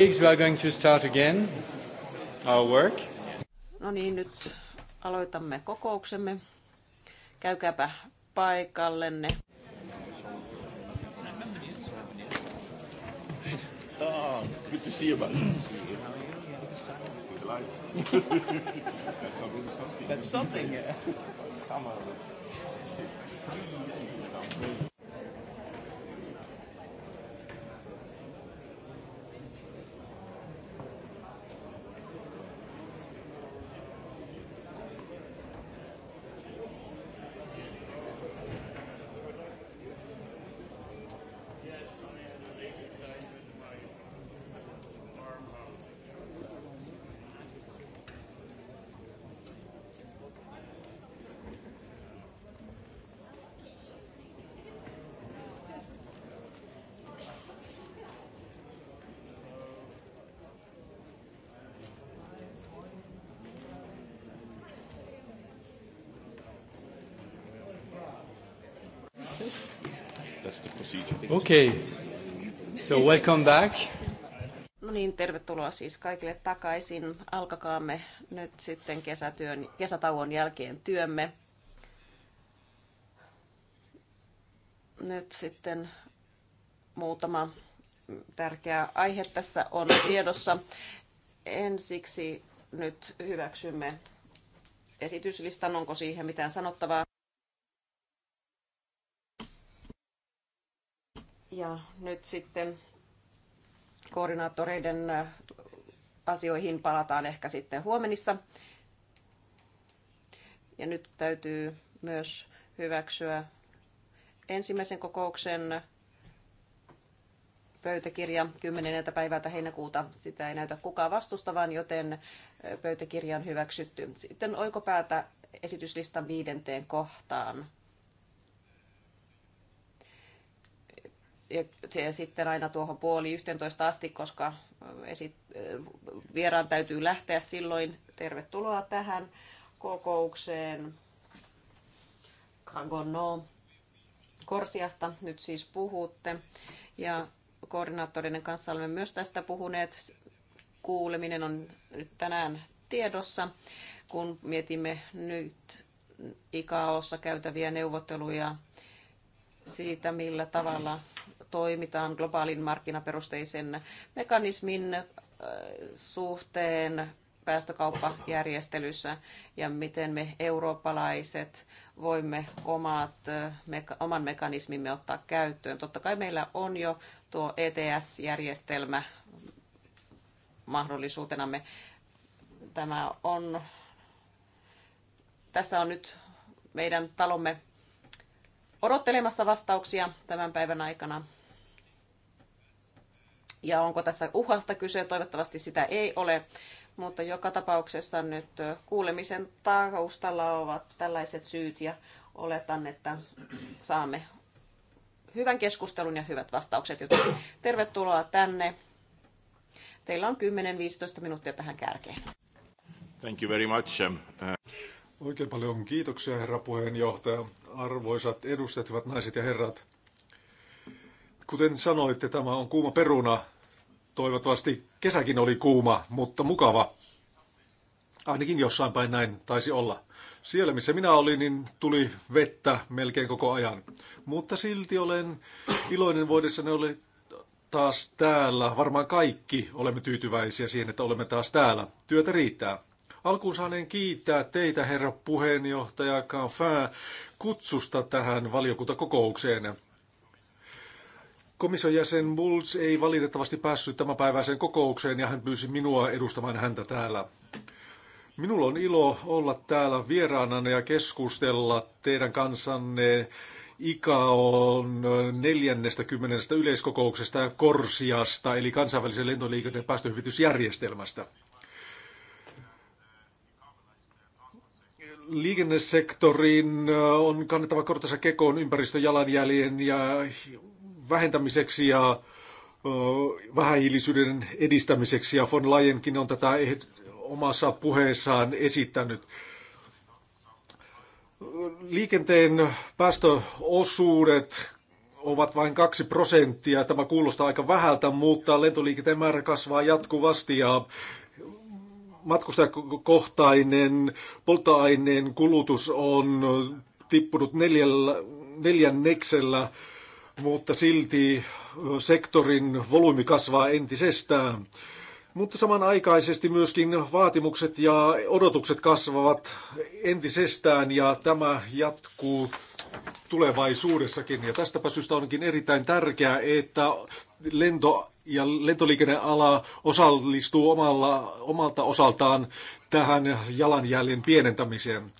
Colleagues, we are going to start again our work. No niin, nyt aloitamme kokouksemme. Käykääpä paikallenne. Ah, good to see you, buddy. That's something. yeah. Okay. So welcome back. No niin, tervetuloa siis kaikille takaisin. Alkakaamme nyt sitten kesätyön, kesätauon jälkeen työmme. Nyt sitten muutama tärkeä aihe tässä on tiedossa. Ensiksi nyt hyväksymme esityslistan. Onko siihen mitään sanottavaa? Ja nyt sitten koordinaattoreiden asioihin palataan ehkä sitten huomenissa. Ja nyt täytyy myös hyväksyä ensimmäisen kokouksen pöytäkirja 10. päivältä heinäkuuta. Sitä ei näytä kukaan vastustavan, joten pöytäkirja on hyväksytty. Sitten oikopäätä esityslistan viidenteen kohtaan. ja, ja sitten aina tuohon puoli 11 asti, koska äh, esit, äh, vieraan täytyy lähteä silloin. Tervetuloa tähän kokoukseen. Hagono Korsiasta nyt siis puhutte. Ja koordinaattorinen kanssa olemme myös tästä puhuneet. Kuuleminen on nyt tänään tiedossa, kun mietimme nyt IKAOssa käytäviä neuvotteluja siitä, millä tavalla toimitaan globaalin markkinaperusteisen mekanismin äh, suhteen päästökauppajärjestelyssä ja miten me eurooppalaiset voimme omat, äh, meka, oman mekanismimme ottaa käyttöön. Totta kai meillä on jo tuo ETS-järjestelmä mahdollisuutenamme. Tämä on, tässä on nyt meidän talomme odottelemassa vastauksia tämän päivän aikana ja onko tässä uhasta kyse, toivottavasti sitä ei ole, mutta joka tapauksessa nyt kuulemisen taustalla ovat tällaiset syyt ja oletan, että saamme hyvän keskustelun ja hyvät vastaukset, joten tervetuloa tänne. Teillä on 10-15 minuuttia tähän kärkeen. Thank you very much. Um, uh, Oikein paljon kiitoksia, herra puheenjohtaja. Arvoisat edustajat, hyvät naiset ja herrat. Kuten sanoitte, tämä on kuuma peruna. Toivottavasti kesäkin oli kuuma, mutta mukava. Ainakin jossain päin näin taisi olla. Siellä missä minä olin, niin tuli vettä melkein koko ajan. Mutta silti olen iloinen voidessani oli taas täällä. Varmaan kaikki olemme tyytyväisiä siihen, että olemme taas täällä. Työtä riittää. Alkuun saaneen kiittää teitä, herra puheenjohtaja Kanfää, kutsusta tähän valiokuntakokoukseen. Komission jäsen Bulls ei valitettavasti päässyt tämänpäiväiseen kokoukseen ja hän pyysi minua edustamaan häntä täällä. Minulla on ilo olla täällä vieraananne ja keskustella teidän kanssanne ICAOn 40. yleiskokouksesta ja Korsiasta, eli kansainvälisen lentoliikenteen päästöhyvitysjärjestelmästä. Liikennesektorin on kannettava kortensa kekoon ympäristöjalanjäljen ja vähentämiseksi ja vähähiilisyyden edistämiseksi ja von Leyenkin on tätä omassa puheessaan esittänyt. Liikenteen päästöosuudet ovat vain 2 prosenttia. Tämä kuulostaa aika vähältä, mutta lentoliikenteen määrä kasvaa jatkuvasti ja matkustajakohtainen polttoaineen kulutus on tippunut neljällä, neljänneksellä mutta silti sektorin volyymi kasvaa entisestään. Mutta samanaikaisesti myöskin vaatimukset ja odotukset kasvavat entisestään ja tämä jatkuu tulevaisuudessakin. Ja tästäpä syystä onkin erittäin tärkeää, että lento- ja lentoliikenneala osallistuu omalla, omalta osaltaan tähän jalanjäljen pienentämiseen.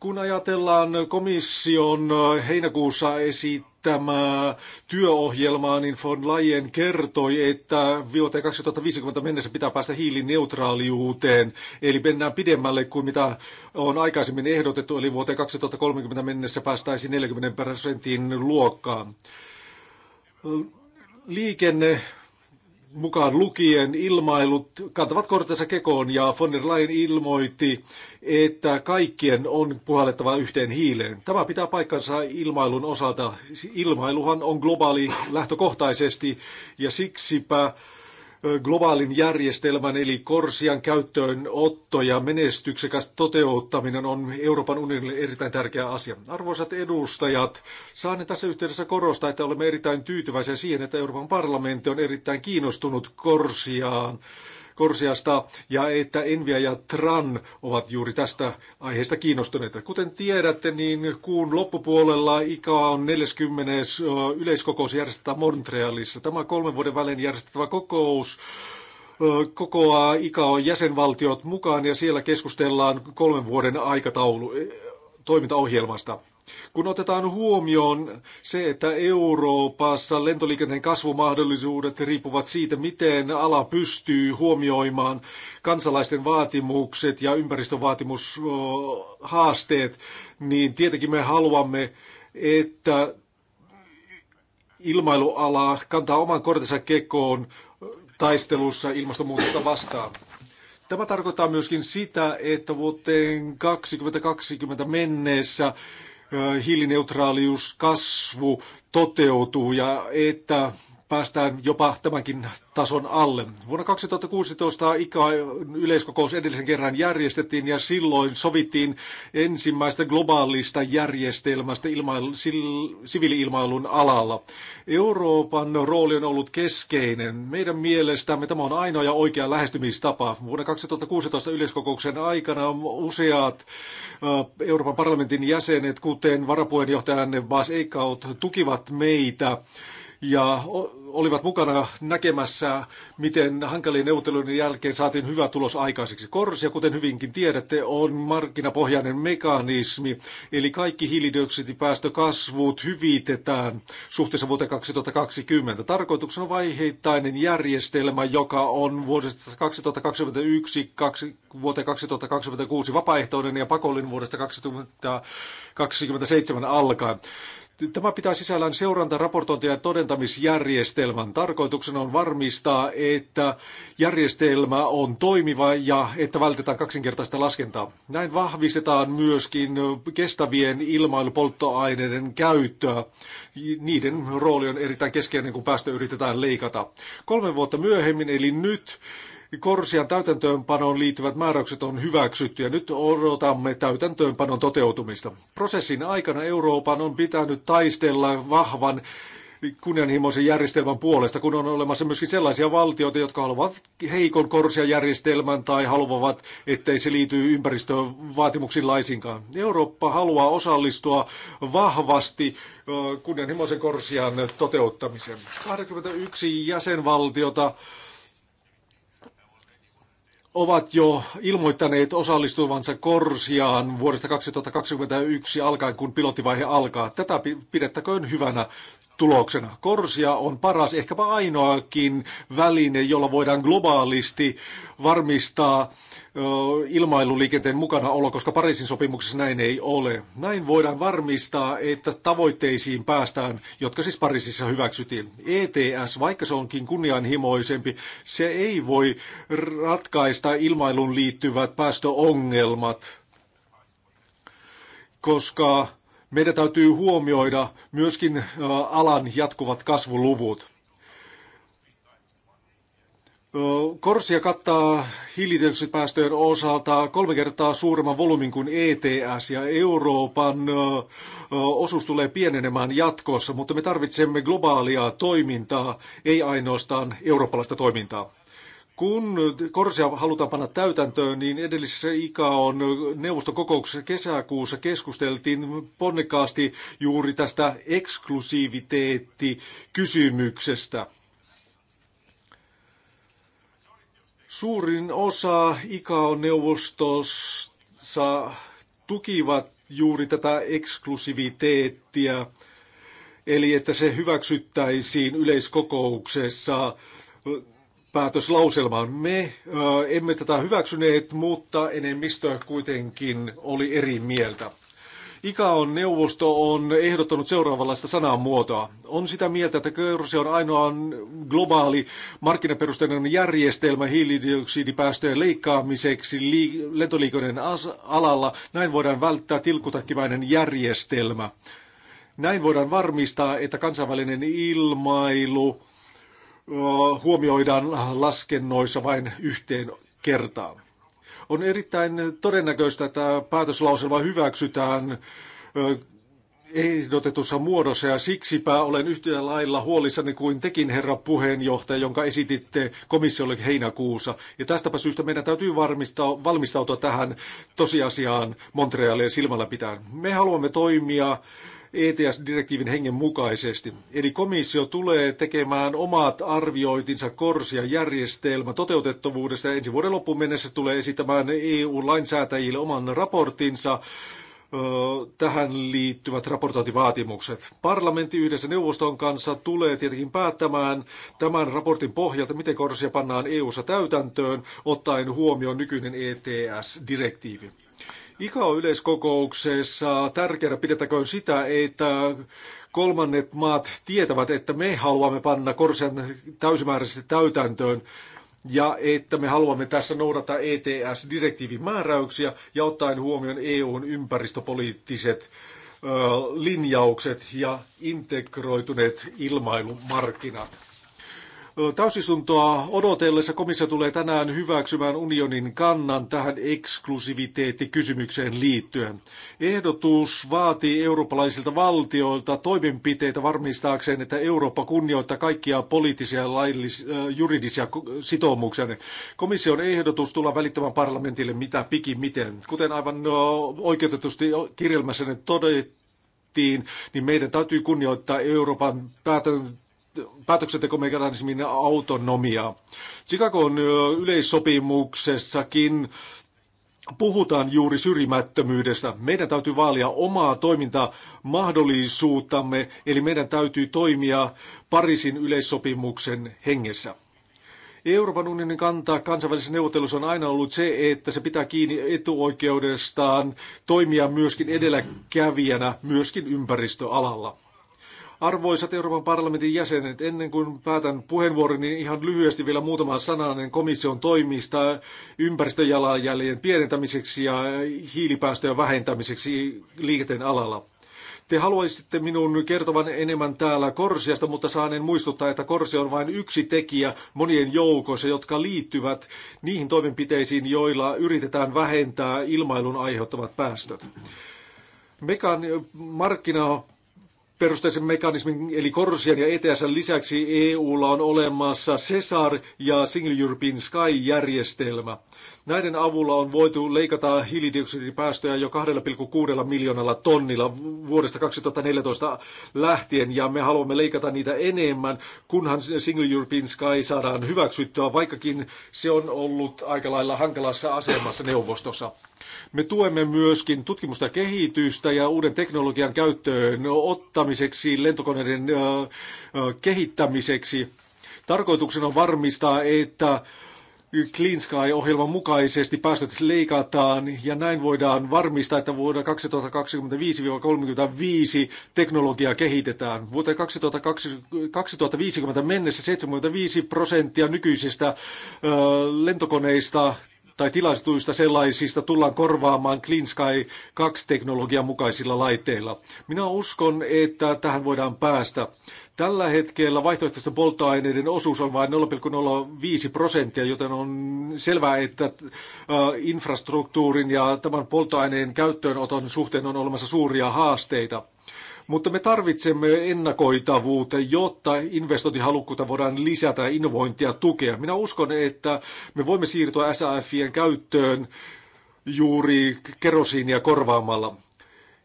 Kun ajatellaan komission heinäkuussa esittämää tämä työohjelmaa, niin von Leyen kertoi, että vuoteen 2050 mennessä pitää päästä hiilineutraaliuuteen, eli mennään pidemmälle kuin mitä on aikaisemmin ehdotettu, eli vuoteen 2030 mennessä päästäisiin 40 prosentin luokkaan. Liikenne mukaan lukien ilmailut kantavat kortensa kekoon ja von der Leyen ilmoitti, että kaikkien on puhallettava yhteen hiileen. Tämä pitää paikkansa ilmailun osalta. Siis ilmailuhan on globaali lähtökohtaisesti ja siksipä globaalin järjestelmän eli Korsian käyttöönotto ja menestyksekäs toteuttaminen on Euroopan unionille erittäin tärkeä asia. Arvoisat edustajat, saan tässä yhteydessä korostaa, että olemme erittäin tyytyväisiä siihen, että Euroopan parlamentti on erittäin kiinnostunut Korsiaan Korsiasta ja että Envia ja Tran ovat juuri tästä aiheesta kiinnostuneita. Kuten tiedätte, niin kuun loppupuolella IKA on 40. yleiskokous järjestetään Montrealissa. Tämä kolmen vuoden välein järjestettävä kokous kokoaa ICAOn jäsenvaltiot mukaan ja siellä keskustellaan kolmen vuoden aikataulu toimintaohjelmasta. Kun otetaan huomioon se, että Euroopassa lentoliikenteen kasvumahdollisuudet riippuvat siitä, miten ala pystyy huomioimaan kansalaisten vaatimukset ja ympäristövaatimushaasteet, niin tietenkin me haluamme, että ilmailuala kantaa oman kortensa kekoon taistelussa ilmastonmuutosta vastaan. Tämä tarkoittaa myöskin sitä, että vuoteen 2020 mennessä hiilineutraaliuskasvu toteutuu ja että päästään jopa tämänkin tason alle. Vuonna 2016 ICAO yleiskokous edellisen kerran järjestettiin ja silloin sovittiin ensimmäistä globaalista järjestelmästä ilmailu, siviiliilmailun alalla. Euroopan rooli on ollut keskeinen. Meidän mielestämme tämä on ainoa ja oikea lähestymistapa. Vuonna 2016 yleiskokouksen aikana useat Euroopan parlamentin jäsenet, kuten varapuheenjohtajanne Bas Eikaut, tukivat meitä ja olivat mukana näkemässä, miten hankalien neuvottelujen jälkeen saatiin hyvä tulos aikaiseksi. Korsia, kuten hyvinkin tiedätte, on markkinapohjainen mekanismi, eli kaikki hiilidioksidipäästökasvut hyvitetään suhteessa vuoteen 2020. Tarkoituksena on vaiheittainen järjestelmä, joka on vuodesta 2021 vuoteen 2026 vapaaehtoinen ja pakollinen vuodesta 2027 alkaen. Tämä pitää sisällään seuranta, raportointi ja todentamisjärjestelmän. Tarkoituksena on varmistaa, että järjestelmä on toimiva ja että vältetään kaksinkertaista laskentaa. Näin vahvistetaan myöskin kestävien ilmailupolttoaineiden käyttöä. Niiden rooli on erittäin keskeinen, kun päästö yritetään leikata. Kolme vuotta myöhemmin, eli nyt, niin korsian täytäntöönpanoon liittyvät määräykset on hyväksytty ja nyt odotamme täytäntöönpanon toteutumista. Prosessin aikana Euroopan on pitänyt taistella vahvan kunnianhimoisen järjestelmän puolesta, kun on olemassa myöskin sellaisia valtioita, jotka haluavat heikon korsia-järjestelmän tai haluavat, ettei se liity ympäristöön vaatimuksiin laisinkaan. Eurooppa haluaa osallistua vahvasti kunnianhimoisen korsian toteuttamiseen. 81 jäsenvaltiota ovat jo ilmoittaneet osallistuvansa Korsiaan vuodesta 2021 alkaen, kun pilottivaihe alkaa. Tätä pidettäköön hyvänä tuloksena. Korsia on paras, ehkäpä ainoakin väline, jolla voidaan globaalisti varmistaa ilmailuliikenteen mukana olo, koska Pariisin sopimuksessa näin ei ole. Näin voidaan varmistaa, että tavoitteisiin päästään, jotka siis Pariisissa hyväksyttiin. ETS, vaikka se onkin kunnianhimoisempi, se ei voi ratkaista ilmailun liittyvät päästöongelmat, koska meidän täytyy huomioida myöskin alan jatkuvat kasvuluvut. Korsia kattaa hiilidioksidipäästöjen osalta kolme kertaa suuremman volyymin kuin ETS ja Euroopan osuus tulee pienenemään jatkossa, mutta me tarvitsemme globaalia toimintaa, ei ainoastaan eurooppalaista toimintaa. Kun Korsia halutaan panna täytäntöön, niin edellisessä ICAON neuvostokokouksessa kesäkuussa keskusteltiin ponnekaasti juuri tästä eksklusiiviteettikysymyksestä. Suurin osa on neuvostossa tukivat juuri tätä eksklusiviteettia, eli että se hyväksyttäisiin yleiskokouksessa Päätöslauselmaan Me emme tätä hyväksyneet, mutta enemmistö kuitenkin oli eri mieltä. on neuvosto on ehdottanut seuraavanlaista sanamuotoa. On sitä mieltä, että Körsi on ainoa globaali markkinaperusteinen järjestelmä hiilidioksidipäästöjen leikkaamiseksi lentoliikenteen alalla. Näin voidaan välttää tilkutakkimainen järjestelmä. Näin voidaan varmistaa, että kansainvälinen ilmailu huomioidaan laskennoissa vain yhteen kertaan. On erittäin todennäköistä, että päätöslauselma hyväksytään ehdotetussa muodossa ja siksipä olen yhtä lailla huolissani kuin tekin herra puheenjohtaja, jonka esititte komissiolle heinäkuussa. Ja tästäpä syystä meidän täytyy varmistaa, valmistautua tähän tosiasiaan Montrealille silmällä pitäen. Me haluamme toimia ETS-direktiivin hengen mukaisesti. Eli komissio tulee tekemään omat arviointinsa korsia järjestelmä toteutettavuudesta ja ensi vuoden loppuun mennessä tulee esittämään EU-lainsäätäjille oman raportinsa tähän liittyvät raportointivaatimukset. Parlamentti yhdessä neuvoston kanssa tulee tietenkin päättämään tämän raportin pohjalta, miten korsia pannaan EU-ssa täytäntöön, ottaen huomioon nykyinen ETS-direktiivi. ICAO yleiskokouksessa tärkeänä pidetäköön sitä, että kolmannet maat tietävät, että me haluamme panna korsen täysimääräisesti täytäntöön ja että me haluamme tässä noudata ETS-direktiivin määräyksiä ja ottaen huomioon EUn ympäristöpoliittiset linjaukset ja integroituneet ilmailumarkkinat. Täysisuntoa odotellessa komissio tulee tänään hyväksymään unionin kannan tähän eksklusiviteettikysymykseen liittyen. Ehdotus vaatii eurooppalaisilta valtioilta toimenpiteitä varmistaakseen, että Eurooppa kunnioittaa kaikkia poliittisia ja juridisia sitoumuksia. Komission ehdotus tullaan välittämään parlamentille mitä pikimiten. Kuten aivan oikeutetusti kirjelmässä todettiin, niin meidän täytyy kunnioittaa Euroopan päätön päätöksentekomekanismin autonomiaa. Chicagon yleissopimuksessakin puhutaan juuri syrjimättömyydestä. Meidän täytyy vaalia omaa toimintamahdollisuuttamme, eli meidän täytyy toimia Pariisin yleissopimuksen hengessä. Euroopan unionin kanta kansainvälisessä neuvottelussa on aina ollut se, että se pitää kiinni etuoikeudestaan toimia myöskin edelläkävijänä myöskin ympäristöalalla. Arvoisat Euroopan parlamentin jäsenet, ennen kuin päätän puheenvuoroni niin ihan lyhyesti vielä muutama sananen komission toimista ympäristöjalanjäljen pienentämiseksi ja hiilipäästöjen vähentämiseksi liikenteen alalla. Te haluaisitte minun kertovan enemmän täällä Korsiasta, mutta saanen muistuttaa, että Korsi on vain yksi tekijä monien joukossa, jotka liittyvät niihin toimenpiteisiin, joilla yritetään vähentää ilmailun aiheuttamat päästöt. Mekan markkina perusteisen mekanismin eli Korsian ja ETS lisäksi EUlla on olemassa CESAR ja Single European Sky-järjestelmä. Näiden avulla on voitu leikata hiilidioksidipäästöjä jo 2,6 miljoonalla tonnilla vuodesta 2014 lähtien, ja me haluamme leikata niitä enemmän, kunhan Single European Sky saadaan hyväksyttyä, vaikkakin se on ollut aika lailla hankalassa asemassa neuvostossa. Me tuemme myöskin tutkimusta ja kehitystä ja uuden teknologian käyttöön ottamiseksi, lentokoneiden kehittämiseksi. Tarkoituksena on varmistaa, että Clean Sky-ohjelman mukaisesti päästöt leikataan ja näin voidaan varmistaa, että vuonna 2025 35 teknologiaa kehitetään. Vuoteen 2050 mennessä 75 prosenttia nykyisistä lentokoneista tai tilastuista sellaisista tullaan korvaamaan Clean Sky 2-teknologian mukaisilla laitteilla. Minä uskon, että tähän voidaan päästä. Tällä hetkellä vaihtoehtoisten polttoaineiden osuus on vain 0,05 prosenttia, joten on selvää, että äh, infrastruktuurin ja tämän polttoaineen käyttöönoton suhteen on olemassa suuria haasteita. Mutta me tarvitsemme ennakoitavuutta, jotta investointihalukkuutta voidaan lisätä, innovointia tukea. Minä uskon, että me voimme siirtyä SAFien käyttöön juuri kerosiinia korvaamalla.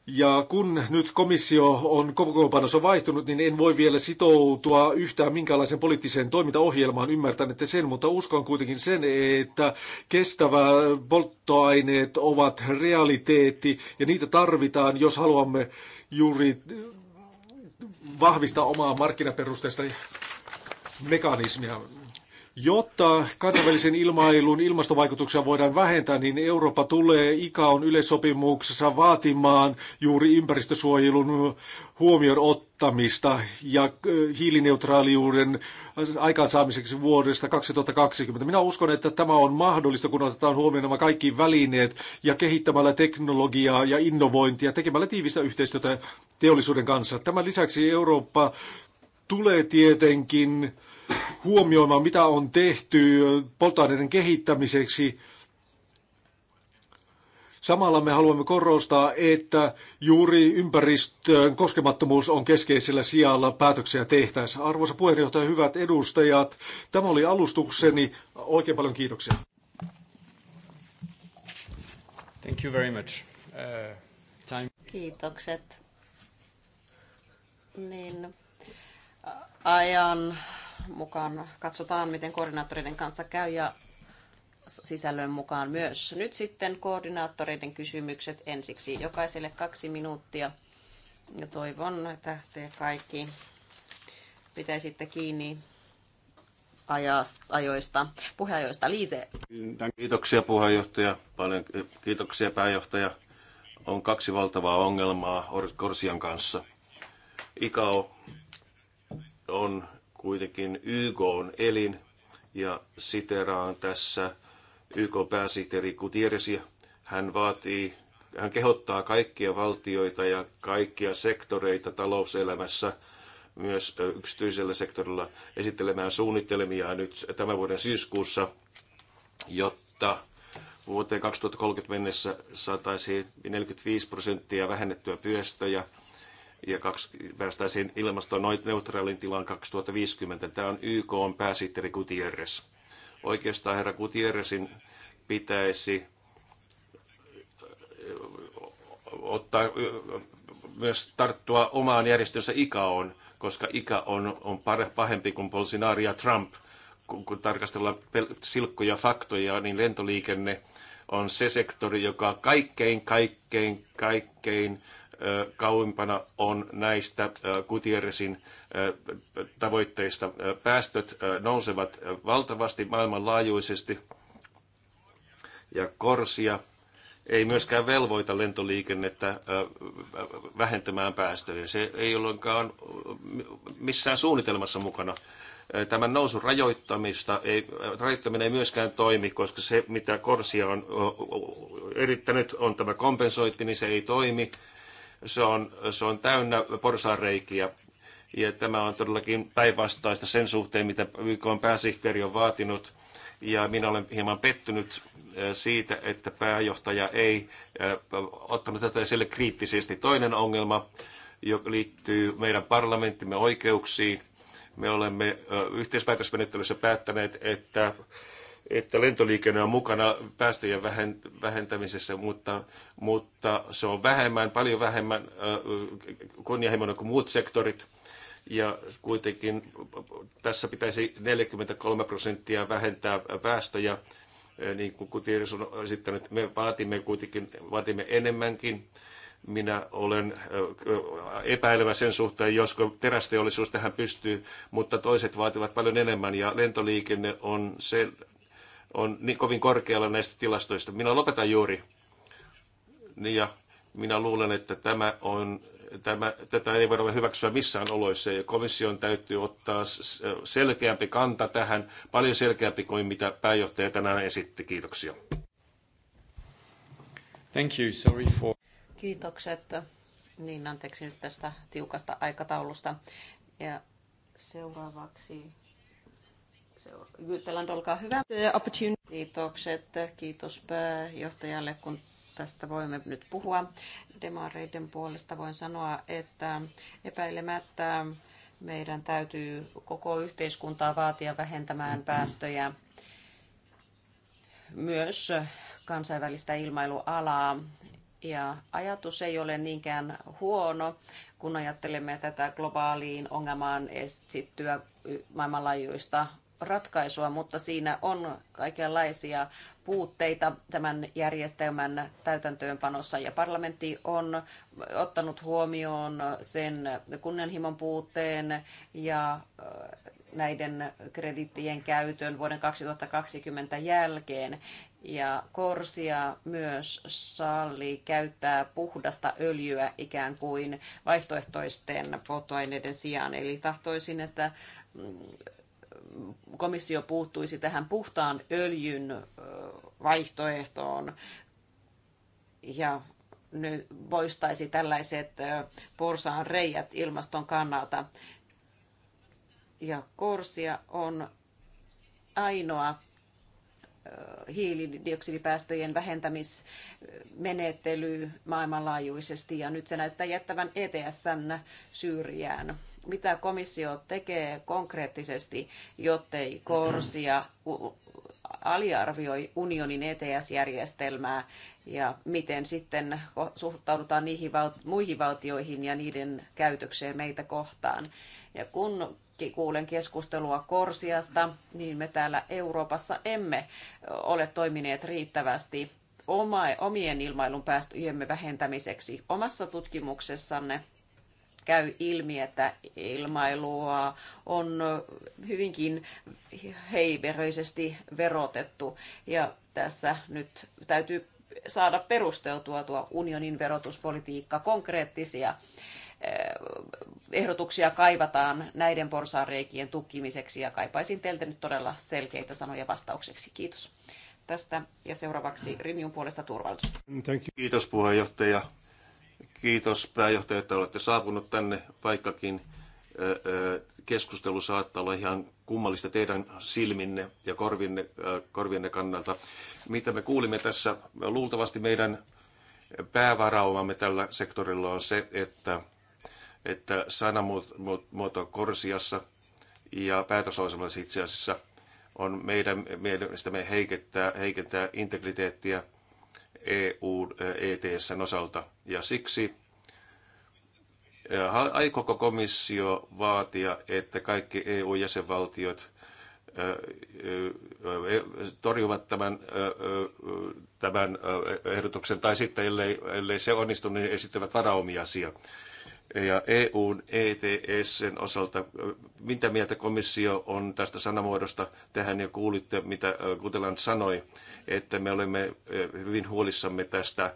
Ja kun nyt komissio on kokoonpanossa vaihtunut, niin en voi vielä sitoutua yhtään minkäänlaisen poliittiseen toimintaohjelmaan, ymmärtän, että sen, mutta uskon kuitenkin sen, että kestävä polttoaineet ovat realiteetti ja niitä tarvitaan, jos haluamme juuri vahvistaa omaa markkinaperusteista mekanismia. Jotta kansainvälisen ilmailun ilmastovaikutuksia voidaan vähentää, niin Eurooppa tulee ICAon yleissopimuksessa vaatimaan juuri ympäristösuojelun huomioon ottamista ja hiilineutraaliuden aikaansaamiseksi vuodesta 2020. Minä uskon, että tämä on mahdollista, kun otetaan huomioon nämä kaikki välineet ja kehittämällä teknologiaa ja innovointia, tekemällä tiivistä yhteistyötä teollisuuden kanssa. Tämän lisäksi Eurooppa tulee tietenkin huomioimaan, mitä on tehty polttoaineiden kehittämiseksi. Samalla me haluamme korostaa, että juuri ympäristön koskemattomuus on keskeisellä sijalla päätöksiä tehtäessä. Arvoisa puheenjohtaja, hyvät edustajat, tämä oli alustukseni. Oikein paljon kiitoksia. Thank you very much. Uh, time... Kiitokset. Niin, ajan mukaan katsotaan, miten koordinaattoreiden kanssa käy ja sisällön mukaan myös. Nyt sitten koordinaattoreiden kysymykset ensiksi. Jokaiselle kaksi minuuttia. Ja toivon, että te kaikki pitäisitte kiinni ajoista, puheenjohtaja Liise. Kiitoksia puheenjohtaja, paljon kiitoksia pääjohtaja. On kaksi valtavaa ongelmaa Korsian kanssa. ICAO on kuitenkin YK on elin ja siteraan tässä YK pääsihteeri Gutierrezia. Hän vaatii, hän kehottaa kaikkia valtioita ja kaikkia sektoreita talouselämässä myös yksityisellä sektorilla esittelemään suunnitelmia nyt tämän vuoden syyskuussa, jotta vuoteen 2030 mennessä saataisiin 45 prosenttia vähennettyä pyöstöjä – ja kaksi, päästäisiin ilmastoneutraalin tilaan 2050. Tämä on YK on pääsihteeri Gutierrez. Oikeastaan herra Gutierrezin pitäisi ottaa myös tarttua omaan järjestönsä ICAOon, koska ICA on, on pahempi kuin Bolsonaro ja Trump. Kun, kun tarkastellaan pel- silkkoja faktoja, niin lentoliikenne on se sektori, joka kaikkein, kaikkein, kaikkein kauimpana on näistä Gutierrezin tavoitteista. Päästöt nousevat valtavasti maailmanlaajuisesti ja Korsia ei myöskään velvoita lentoliikennettä vähentämään päästöjä. Se ei ollenkaan missään suunnitelmassa mukana. Tämän nousun rajoittamista ei, rajoittaminen ei myöskään toimi, koska se, mitä Korsia on erittänyt, on tämä kompensointi, niin se ei toimi se on, se on täynnä porsaanreikiä. Ja tämä on todellakin päinvastaista sen suhteen, mitä YK on pääsihteeri on vaatinut. Ja minä olen hieman pettynyt äh, siitä, että pääjohtaja ei äh, ottanut tätä esille kriittisesti. Toinen ongelma joka liittyy meidän parlamenttimme oikeuksiin. Me olemme äh, yhteispäätösmenettelyssä päättäneet, että että lentoliikenne on mukana päästöjen vähentämisessä, mutta, mutta se on vähemmän, paljon vähemmän kunnianhimoinen kuin muut sektorit. Ja kuitenkin tässä pitäisi 43 prosenttia vähentää päästöjä, niin kuin Kutieris on esittänyt. Me vaatimme kuitenkin vaatimme enemmänkin minä olen epäilevä sen suhteen, josko terästeollisuus tähän pystyy, mutta toiset vaativat paljon enemmän ja lentoliikenne on se on niin kovin korkealla näistä tilastoista. Minä lopetan juuri. Niin ja minä luulen, että tämä on, tämä, tätä ei voida hyväksyä missään oloissa. Ja komission täytyy ottaa selkeämpi kanta tähän, paljon selkeämpi kuin mitä pääjohtaja tänään esitti. Kiitoksia. Thank you. Sorry for... Kiitokset. Niin, anteeksi nyt tästä tiukasta aikataulusta. Ja seuraavaksi Jytteland, olkaa hyvä. Kiitokset, kiitos pääjohtajalle, kun tästä voimme nyt puhua. Demareiden puolesta voin sanoa, että epäilemättä meidän täytyy koko yhteiskuntaa vaatia vähentämään päästöjä myös kansainvälistä ilmailualaa. Ja ajatus ei ole niinkään huono, kun ajattelemme tätä globaaliin ongelmaan esittyä maailmanlaajuista ratkaisua, mutta siinä on kaikenlaisia puutteita tämän järjestelmän täytäntöönpanossa ja parlamentti on ottanut huomioon sen kunnianhimon puutteen ja äh, näiden kredittien käytön vuoden 2020 jälkeen. Ja Korsia myös salli käyttää puhdasta öljyä ikään kuin vaihtoehtoisten polttoaineiden sijaan. Eli tahtoisin, että mm, komissio puuttuisi tähän puhtaan öljyn vaihtoehtoon ja nyt poistaisi tällaiset porsaan reijät ilmaston kannalta. Ja Korsia on ainoa hiilidioksidipäästöjen vähentämismenettely maailmanlaajuisesti, ja nyt se näyttää jättävän ETSn syrjään mitä komissio tekee konkreettisesti, jottei Korsia aliarvioi unionin ETS-järjestelmää ja miten sitten suhtaudutaan niihin valt- muihin valtioihin ja niiden käytökseen meitä kohtaan. Ja kun kuulen keskustelua Korsiasta, niin me täällä Euroopassa emme ole toimineet riittävästi oma, omien ilmailun päästöjemme vähentämiseksi. Omassa tutkimuksessanne käy ilmi, että ilmailua on hyvinkin heiveröisesti verotettu. Ja tässä nyt täytyy saada perusteltua tuo unionin verotuspolitiikka konkreettisia eh, ehdotuksia kaivataan näiden porsaareikien tukkimiseksi ja kaipaisin teiltä nyt todella selkeitä sanoja vastaukseksi. Kiitos tästä ja seuraavaksi Rinjun puolesta turvallisuus. Kiitos puheenjohtaja. Kiitos pääjohtaja, että olette saapunut tänne, vaikkakin keskustelu saattaa olla ihan kummallista teidän silminne ja korvinne, korvinne kannalta. Mitä me kuulimme tässä, luultavasti meidän päävaraumamme tällä sektorilla on se, että, että sanamuoto Korsiassa ja päätöslauselmassa itse asiassa on meidän mielestämme heikentää, heikentää integriteettiä – EU ETSn osalta. Ja siksi äh, aikooko komissio vaatia, että kaikki EU-jäsenvaltiot äh, äh, e, torjuvat tämän, tämän ehdotuksen, tai sitten ellei, ellei se onnistu, niin esittävät asiaa ja EUn ETSn osalta. Mitä mieltä komissio on tästä sanamuodosta? Tähän jo kuulitte, mitä Kuteland sanoi, että me olemme hyvin huolissamme tästä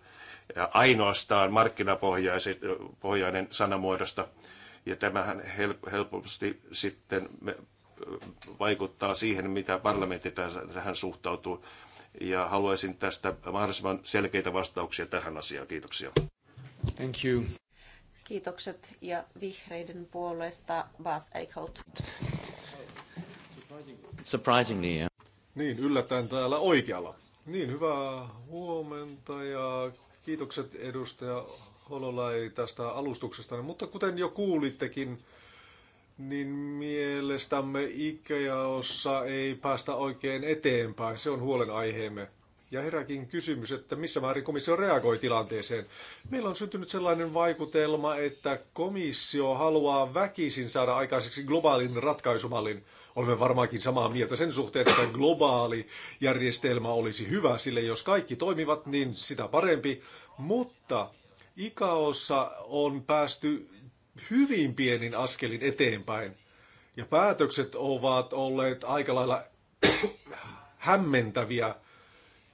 ainoastaan markkinapohjainen sanamuodosta. Ja tämähän helposti sitten vaikuttaa siihen, mitä parlamentti tähän suhtautuu. Ja haluaisin tästä mahdollisimman selkeitä vastauksia tähän asiaan. Kiitoksia. Thank you. Kiitokset ja vihreiden puolesta Bas Eichholt. Surprisingly, yeah. Niin, yllättäen täällä oikealla. Niin, hyvää huomenta ja kiitokset edustaja Hololai tästä alustuksesta. Mutta kuten jo kuulittekin, niin mielestämme Ikeaossa ei päästä oikein eteenpäin. Se on huolenaiheemme. Ja heräkin kysymys, että missä määrin komissio reagoi tilanteeseen. Meillä on syntynyt sellainen vaikutelma, että komissio haluaa väkisin saada aikaiseksi globaalin ratkaisumallin. Olemme varmaankin samaa mieltä sen suhteen, että globaali järjestelmä olisi hyvä, sille, jos kaikki toimivat, niin sitä parempi. Mutta ikaossa on päästy hyvin pienin askelin eteenpäin. Ja päätökset ovat olleet aika lailla hämmentäviä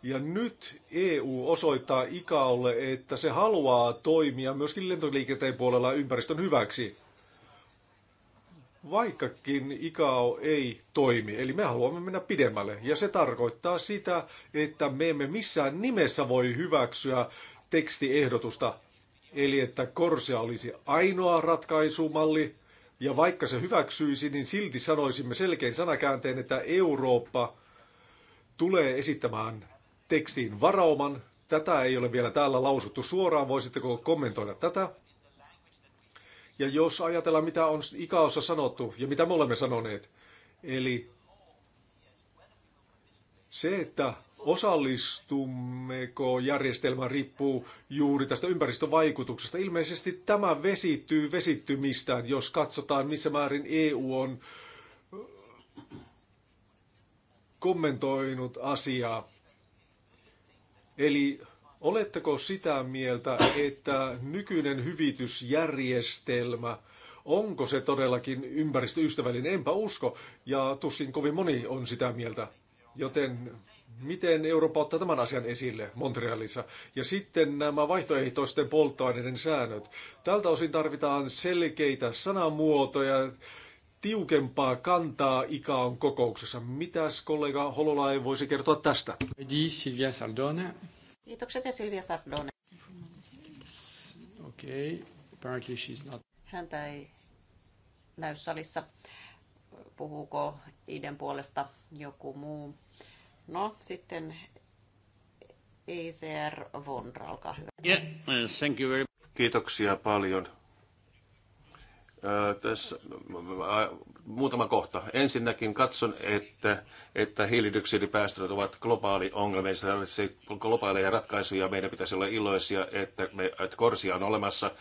ja nyt EU osoittaa ICAOlle, että se haluaa toimia myöskin lentoliikenteen puolella ympäristön hyväksi. Vaikkakin ICAO ei toimi, eli me haluamme mennä pidemmälle. Ja se tarkoittaa sitä, että me emme missään nimessä voi hyväksyä tekstiehdotusta. Eli että Korsia olisi ainoa ratkaisumalli, ja vaikka se hyväksyisi, niin silti sanoisimme selkein sanakäänteen, että Eurooppa tulee esittämään tekstiin varauman. Tätä ei ole vielä täällä lausuttu suoraan. Voisitteko kommentoida tätä? Ja jos ajatellaan, mitä on ikaossa sanottu ja mitä me olemme sanoneet, eli se, että osallistummeko järjestelmä riippuu juuri tästä ympäristövaikutuksesta. Ilmeisesti tämä vesittyy vesittymistään, jos katsotaan missä määrin EU on kommentoinut asiaa. Eli oletteko sitä mieltä, että nykyinen hyvitysjärjestelmä, onko se todellakin ympäristöystävällinen? Enpä usko, ja tuskin kovin moni on sitä mieltä. Joten miten Eurooppa ottaa tämän asian esille Montrealissa. Ja sitten nämä vaihtoehtoisten polttoaineiden säännöt. Tältä osin tarvitaan selkeitä sanamuotoja, tiukempaa kantaa ICAon kokouksessa. Mitäs kollega Hololai voisi kertoa tästä? Silvia Sardone. Kiitokset ja Silvia Sardone. Okay. Apparently she's not... Häntä ei näy salissa. Puhuuko Iden puolesta joku muu? No, sitten ECR Vondra, olkaa hyvä. Yeah, thank you very... Kiitoksia paljon tässä muutama kohta. Ensinnäkin katson, että, että hiilidioksidipäästöt ovat globaali ongelma. Se tarvitsee globaaleja ratkaisuja. Meidän pitäisi olla iloisia, että, me, että korsia on olemassa.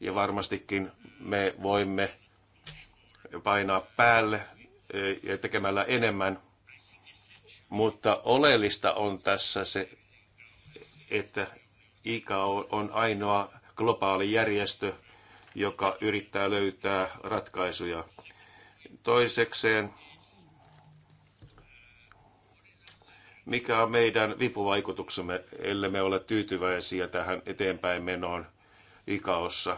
Ja varmastikin me voimme painaa päälle ja tekemällä enemmän. Mutta oleellista on tässä se, että ICAO on ainoa globaali järjestö, joka yrittää löytää ratkaisuja. Toisekseen, mikä on meidän vipuvaikutuksemme, ellei me ole tyytyväisiä tähän eteenpäin menoon ikaossa?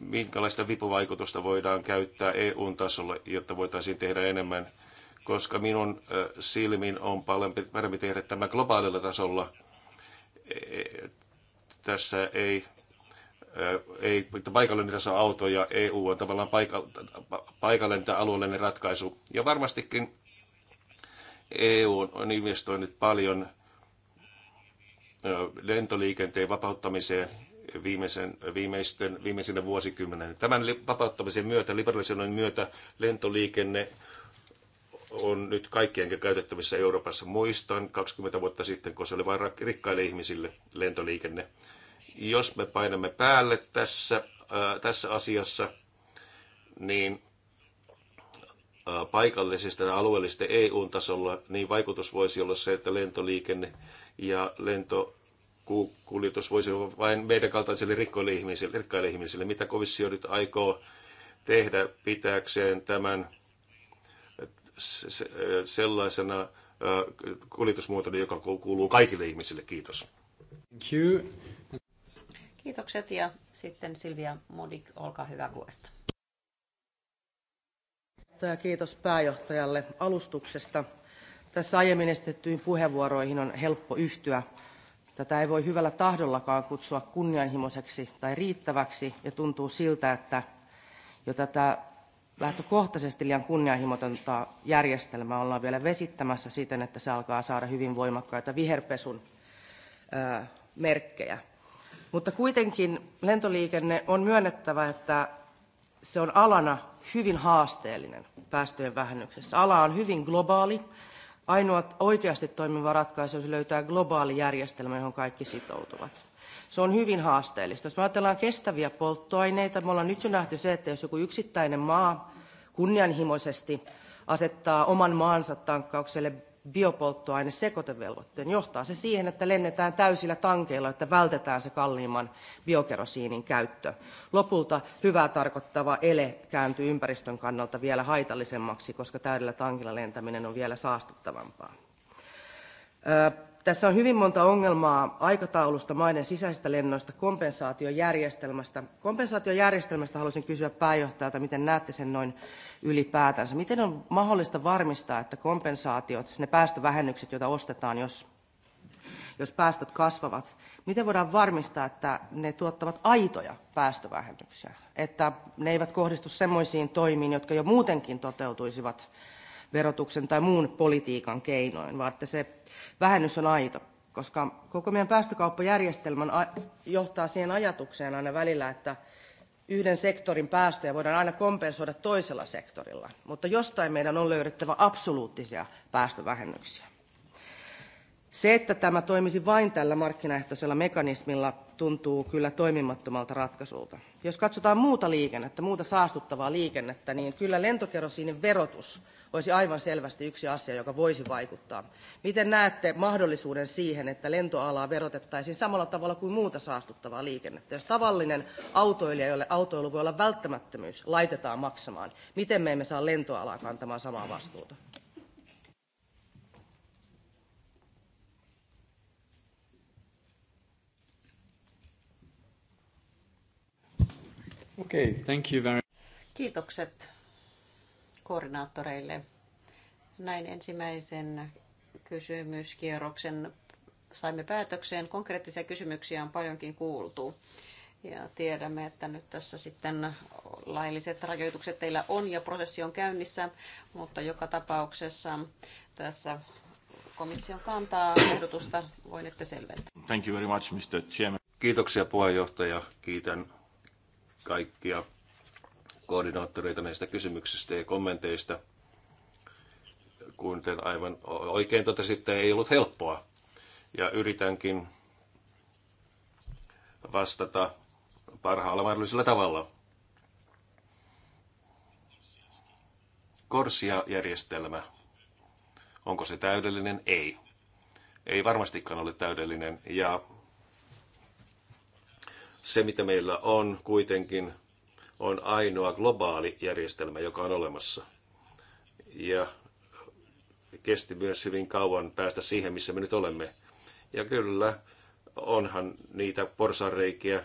Minkälaista vipuvaikutusta voidaan käyttää EU-tasolle, jotta voitaisiin tehdä enemmän? Koska minun silmin on paljon parempi tehdä tämä globaalilla tasolla. E, e, tässä ei ei paikallinen saa autoja, EU on tavallaan paika, paikallinen tai alueellinen ratkaisu. Ja varmastikin EU on investoinut paljon lentoliikenteen vapauttamiseen viimeisen, viimeisten, viimeisinä vuosikymmenen. Tämän vapauttamisen myötä, liberalisoinnin myötä lentoliikenne on nyt kaikkien käytettävissä Euroopassa. Muistan 20 vuotta sitten, kun se oli vain rikkaille ihmisille lentoliikenne. Jos me painamme päälle tässä, tässä asiassa, niin paikallisista ja alueellisista EU-tasolla, niin vaikutus voisi olla se, että lentoliikenne ja lentokuljetus voisi olla vain meidän kaltaisille rikkoille ihmisille, rikkaille ihmisille. Mitä komissio nyt aikoo tehdä pitääkseen tämän sellaisena kuljetusmuotona, joka kuuluu kaikille ihmisille? Kiitos. Thank you. Kiitokset ja sitten Silvia Modik, olkaa hyvä Ja Kiitos pääjohtajalle alustuksesta. Tässä aiemmin esitettyihin puheenvuoroihin on helppo yhtyä. Tätä ei voi hyvällä tahdollakaan kutsua kunnianhimoiseksi tai riittäväksi, ja tuntuu siltä, että jo tätä lähtökohtaisesti liian kunnianhimotonta järjestelmää ollaan vielä vesittämässä siten, että se alkaa saada hyvin voimakkaita viherpesun merkkejä. Mutta kuitenkin lentoliikenne on myönnettävä, että se on alana hyvin haasteellinen päästöjen vähennyksessä. Ala on hyvin globaali. Ainoa oikeasti toimiva ratkaisu on löytää globaali järjestelmä, johon kaikki sitoutuvat. Se on hyvin haasteellista. Jos me ajatellaan kestäviä polttoaineita, me ollaan nyt jo nähty se, että jos joku yksittäinen maa kunnianhimoisesti asettaa oman maansa tankkaukselle biopolttoainesekoitevelvoitteen, johtaa se siihen, että lennetään täysillä tankeilla, että vältetään se kalliimman biokerosiinin käyttö. Lopulta hyvää tarkoittava ele kääntyy ympäristön kannalta vielä haitallisemmaksi, koska täydellä tankilla lentäminen on vielä saastuttavampaa tässä on hyvin monta ongelmaa aikataulusta maiden sisäisistä lennoista kompensaatiojärjestelmästä. kompensaatiojärjestelmästä haluaisin kysyä pääjohtajalta miten näette sen noin ylipäätänsä. miten on mahdollista varmistaa että kompensaatiot ne päästövähennykset joita ostetaan jos jos päästöt kasvavat, miten voidaan varmistaa, että ne tuottavat aitoja päästövähennyksiä, että ne eivät kohdistu semmoisiin toimiin, jotka jo muutenkin toteutuisivat verotuksen tai muun politiikan keinoin, vaan että se vähennys on aito. Koska koko meidän päästökauppajärjestelmän johtaa siihen ajatukseen aina välillä, että yhden sektorin päästöjä voidaan aina kompensoida toisella sektorilla, mutta jostain meidän on löydettävä absoluuttisia päästövähennyksiä. Se, että tämä toimisi vain tällä markkinaehtoisella mekanismilla, tuntuu kyllä toimimattomalta ratkaisulta. Jos katsotaan muuta liikennettä, muuta saastuttavaa liikennettä, niin kyllä lentokerosiinin verotus olisi aivan selvästi yksi asia, joka voisi vaikuttaa. Miten näette mahdollisuuden siihen, että lentoalaa verotettaisiin samalla tavalla kuin muuta saastuttavaa liikennettä? Jos tavallinen autoilija, jolle autoilu voi olla välttämättömyys, laitetaan maksamaan, miten me emme saa lentoalaa kantamaan samaa vastuuta? Okay, thank you very Kiitokset koordinaattoreille. Näin ensimmäisen kysymyskierroksen saimme päätökseen. Konkreettisia kysymyksiä on paljonkin kuultu. Ja tiedämme, että nyt tässä sitten lailliset rajoitukset teillä on ja prosessi on käynnissä, mutta joka tapauksessa tässä komission kantaa ehdotusta voinette selventää. Thank you very much, Mr. Chairman. Kiitoksia puheenjohtaja. Kiitän kaikkia koordinaattoreita näistä kysymyksistä ja kommenteista. Kuten aivan oikein totesitte, ei ollut helppoa. Ja yritänkin vastata parhaalla mahdollisella tavalla. Korsia-järjestelmä. Onko se täydellinen? Ei. Ei varmastikaan ole täydellinen. Ja se, mitä meillä on kuitenkin, on ainoa globaali järjestelmä, joka on olemassa. Ja kesti myös hyvin kauan päästä siihen, missä me nyt olemme. Ja kyllä, onhan niitä porsareikiä,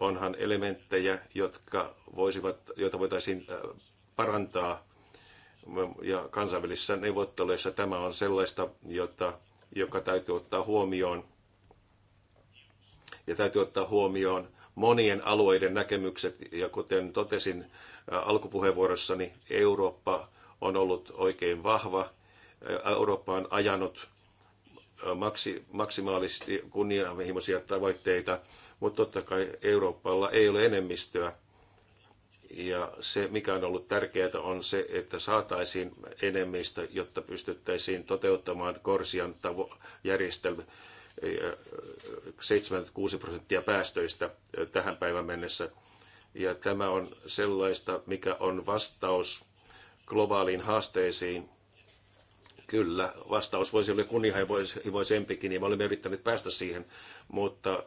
onhan elementtejä, jotka voisivat, joita voitaisiin äh, parantaa. Ja kansainvälisissä neuvotteluissa tämä on sellaista, jota, joka täytyy ottaa huomioon. Ja täytyy ottaa huomioon monien alueiden näkemykset. Ja kuten totesin alkupuheenvuorossani, Eurooppa on ollut oikein vahva. Eurooppa on ajanut maksi, maksimaalisesti kunnianhimoisia tavoitteita, mutta totta kai Euroopalla ei ole enemmistöä. Ja se, mikä on ollut tärkeää, on se, että saataisiin enemmistö, jotta pystyttäisiin toteuttamaan Korsian tavo- järjestelmä. 76 prosenttia päästöistä tähän päivän mennessä. Ja tämä on sellaista, mikä on vastaus globaaliin haasteisiin. Kyllä, vastaus voisi olla kunnianhimoisempikin, ja me olemme yrittäneet päästä siihen, mutta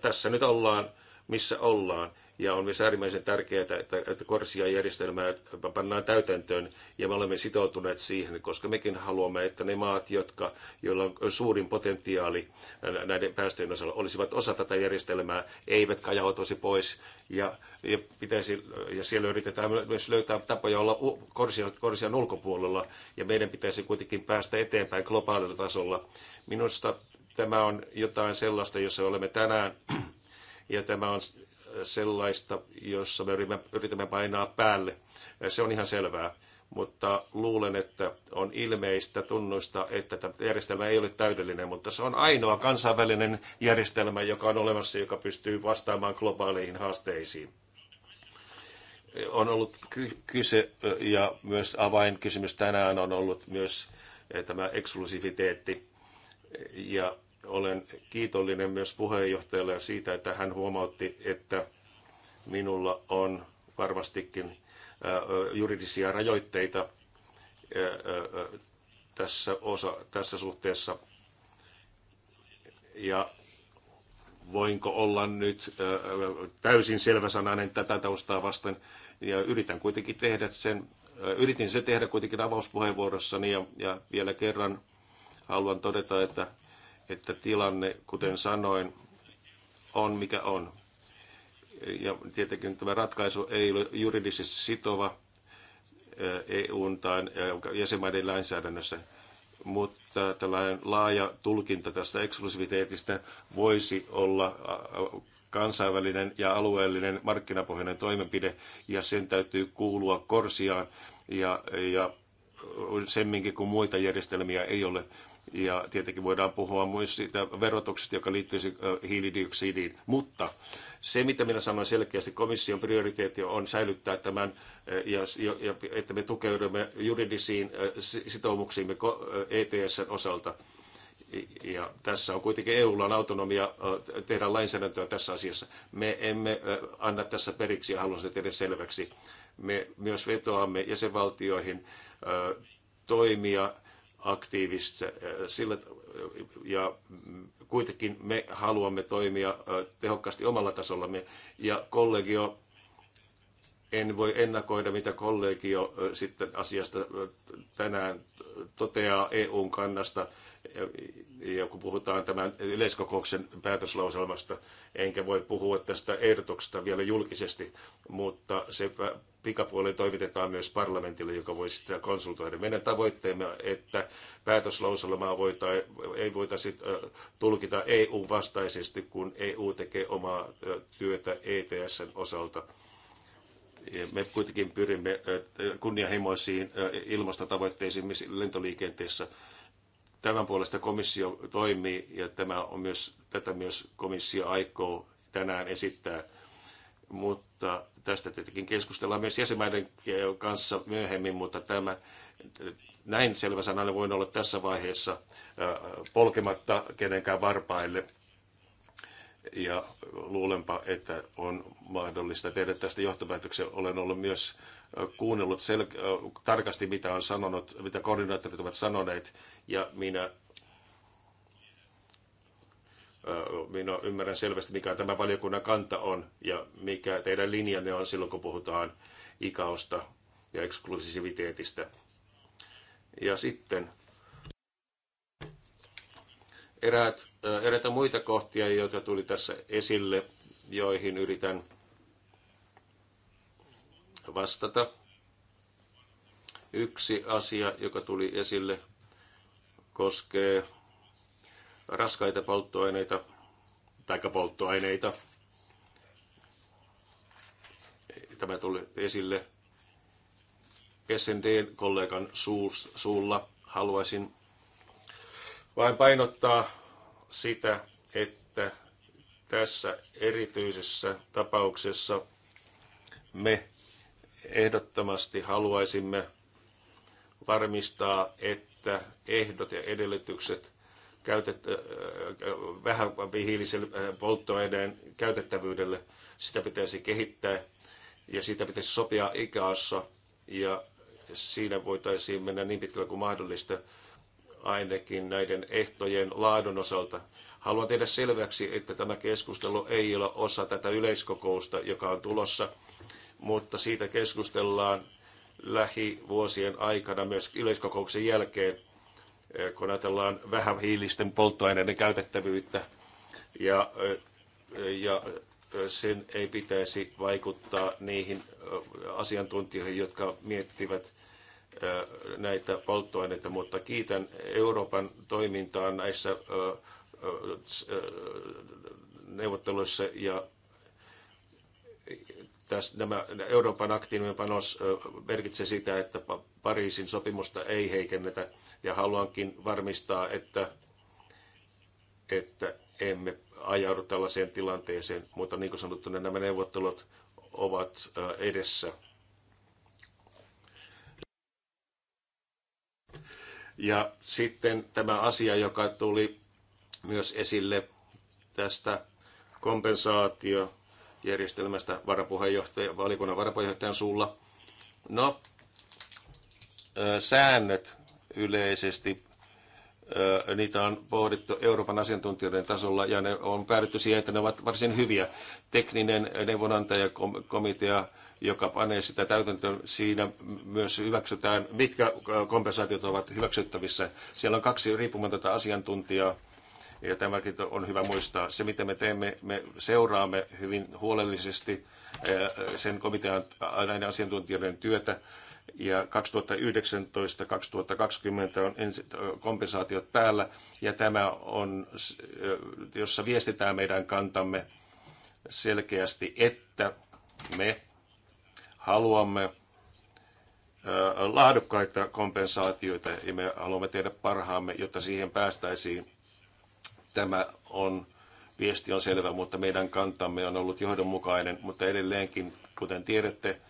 tässä nyt ollaan, missä ollaan ja on myös äärimmäisen tärkeää, että, että korsia järjestelmää pannaan täytäntöön ja me olemme sitoutuneet siihen, koska mekin haluamme, että ne maat, jotka, joilla on suurin potentiaali näiden päästöjen osalla, olisivat osa tätä järjestelmää, eivät kajautuisi pois ja, ja, pitäisi, ja siellä yritetään myös löytää tapoja olla korsian, korsian ulkopuolella ja meidän pitäisi kuitenkin päästä eteenpäin globaalilla tasolla. Minusta tämä on jotain sellaista, jossa olemme tänään ja tämä on sellaista, jossa me yritämme painaa päälle. Se on ihan selvää. Mutta luulen, että on ilmeistä tunnusta, että tämä järjestelmä ei ole täydellinen, mutta se on ainoa kansainvälinen järjestelmä, joka on olemassa, joka pystyy vastaamaan globaaleihin haasteisiin on ollut kyse ja myös avainkysymys tänään on ollut myös eh, tämä eksklusiviteetti. Ja olen kiitollinen myös puheenjohtajalle siitä, että hän huomautti, että minulla on varmastikin juridisia rajoitteita tässä, osa, tässä suhteessa. Ja voinko olla nyt täysin selväsanainen tätä taustaa vasten. Ja yritän kuitenkin tehdä sen, yritin se tehdä kuitenkin avauspuheenvuorossani ja, ja vielä kerran haluan todeta, että että tilanne, kuten sanoin, on mikä on. Ja tietenkin tämä ratkaisu ei ole juridisesti sitova eh, EUn tai eh, jäsenmaiden lainsäädännössä, mutta tällainen laaja tulkinta tästä eksklusiviteetistä voisi olla kansainvälinen ja alueellinen markkinapohjainen toimenpide, ja sen täytyy kuulua korsiaan, ja, ja semminkin kun muita järjestelmiä ei ole. Ja tietenkin voidaan puhua myös siitä verotuksesta, joka liittyisi hiilidioksidiin. Mutta se, mitä minä sanoin selkeästi, komission prioriteetti on säilyttää tämän, ja, ja että me tukeudumme juridisiin sitoumuksiimme ETSn osalta. Ja tässä on kuitenkin EUlla on autonomia tehdä lainsäädäntöä tässä asiassa. Me emme anna tässä periksi ja haluan sen tehdä selväksi. Me myös vetoamme jäsenvaltioihin toimia aktiivista äh, sillä, äh, ja kuitenkin me haluamme toimia äh, tehokkaasti omalla tasollamme. Ja kollegio, en voi ennakoida, mitä kollegio sitten asiasta tänään toteaa EUn kannasta ja kun puhutaan tämän yleiskokouksen päätöslauselmasta, enkä voi puhua tästä ehdotuksesta vielä julkisesti, mutta se pikapuoli toimitetaan myös parlamentille, joka voi sitä konsultoida. Meidän tavoitteemme, että päätöslauselmaa ei voitaisi tulkita EU-vastaisesti, kun EU tekee omaa työtä ETSn osalta me kuitenkin pyrimme kunnianhimoisiin ilmastotavoitteisiin lentoliikenteessä. Tämän puolesta komissio toimii ja tämä on myös, tätä myös komissio aikoo tänään esittää. Mutta tästä tietenkin keskustellaan myös jäsenmaiden kanssa myöhemmin, mutta tämä, näin selvä sanainen voin olla tässä vaiheessa äh, polkematta kenenkään varpaille. Ja luulenpa, että on mahdollista tehdä tästä johtopäätöksen. Olen ollut myös kuunnellut sel- tarkasti, mitä on sanonut, mitä koordinaattorit ovat sanoneet, ja minä minä ymmärrän selvästi, mikä tämä valiokunnan kanta on ja mikä teidän linjanne on silloin, kun puhutaan ikaosta ja eksklusiiviteetistä. Ja sitten eräät, eräitä muita kohtia, joita tuli tässä esille, joihin yritän vastata. Yksi asia, joka tuli esille, koskee raskaita polttoaineita, tai polttoaineita. Tämä tuli esille SND-kollegan suulla. Haluaisin vain painottaa sitä, että tässä erityisessä tapauksessa me ehdottomasti haluaisimme varmistaa, että ehdot ja edellytykset käytet, vähähiilisen polttoaineen käytettävyydelle, sitä pitäisi kehittää ja siitä pitäisi sopia ikäassa ja siinä voitaisiin mennä niin pitkälle kuin mahdollista ainakin näiden ehtojen laadun osalta. Haluan tehdä selväksi, että tämä keskustelu ei ole osa tätä yleiskokousta, joka on tulossa mutta siitä keskustellaan lähivuosien aikana myös yleiskokouksen jälkeen, eh, kun ajatellaan vähähiilisten polttoaineiden käytettävyyttä ja, eh, eh, ja sen ei pitäisi vaikuttaa niihin asiantuntijoihin, jotka miettivät näitä polttoaineita, mutta kiitän Euroopan toimintaa näissä neuvotteluissa ja tässä nämä Euroopan aktiivinen panos merkitsee sitä, että Pariisin sopimusta ei heikennetä ja haluankin varmistaa, että, että emme ajaudu tällaiseen tilanteeseen, mutta niin kuin sanottu, nämä neuvottelut ovat edessä. Ja sitten tämä asia, joka tuli myös esille tästä kompensaatio järjestelmästä varapuheenjohtaja, valikunnan varapuheenjohtajan suulla. No, säännöt yleisesti, niitä on pohdittu Euroopan asiantuntijoiden tasolla ja ne on päädytty siihen, että ne ovat varsin hyviä. Tekninen neuvonantajakomitea, joka panee sitä täytäntöön, siinä myös hyväksytään, mitkä kompensaatiot ovat hyväksyttävissä. Siellä on kaksi riippumatonta asiantuntijaa, ja tämäkin on hyvä muistaa. Se, mitä me teemme, me seuraamme hyvin huolellisesti eh, sen komitean näiden asiantuntijoiden työtä, ja 2019-2020 on kompensaatiot päällä, ja tämä on, eh, jossa viestitään meidän kantamme selkeästi, että me haluamme eh, laadukkaita kompensaatioita ja me haluamme tehdä parhaamme, jotta siihen päästäisiin Tämä on, viesti on selvä, mutta meidän kantamme on ollut johdonmukainen, mutta edelleenkin, kuten tiedätte,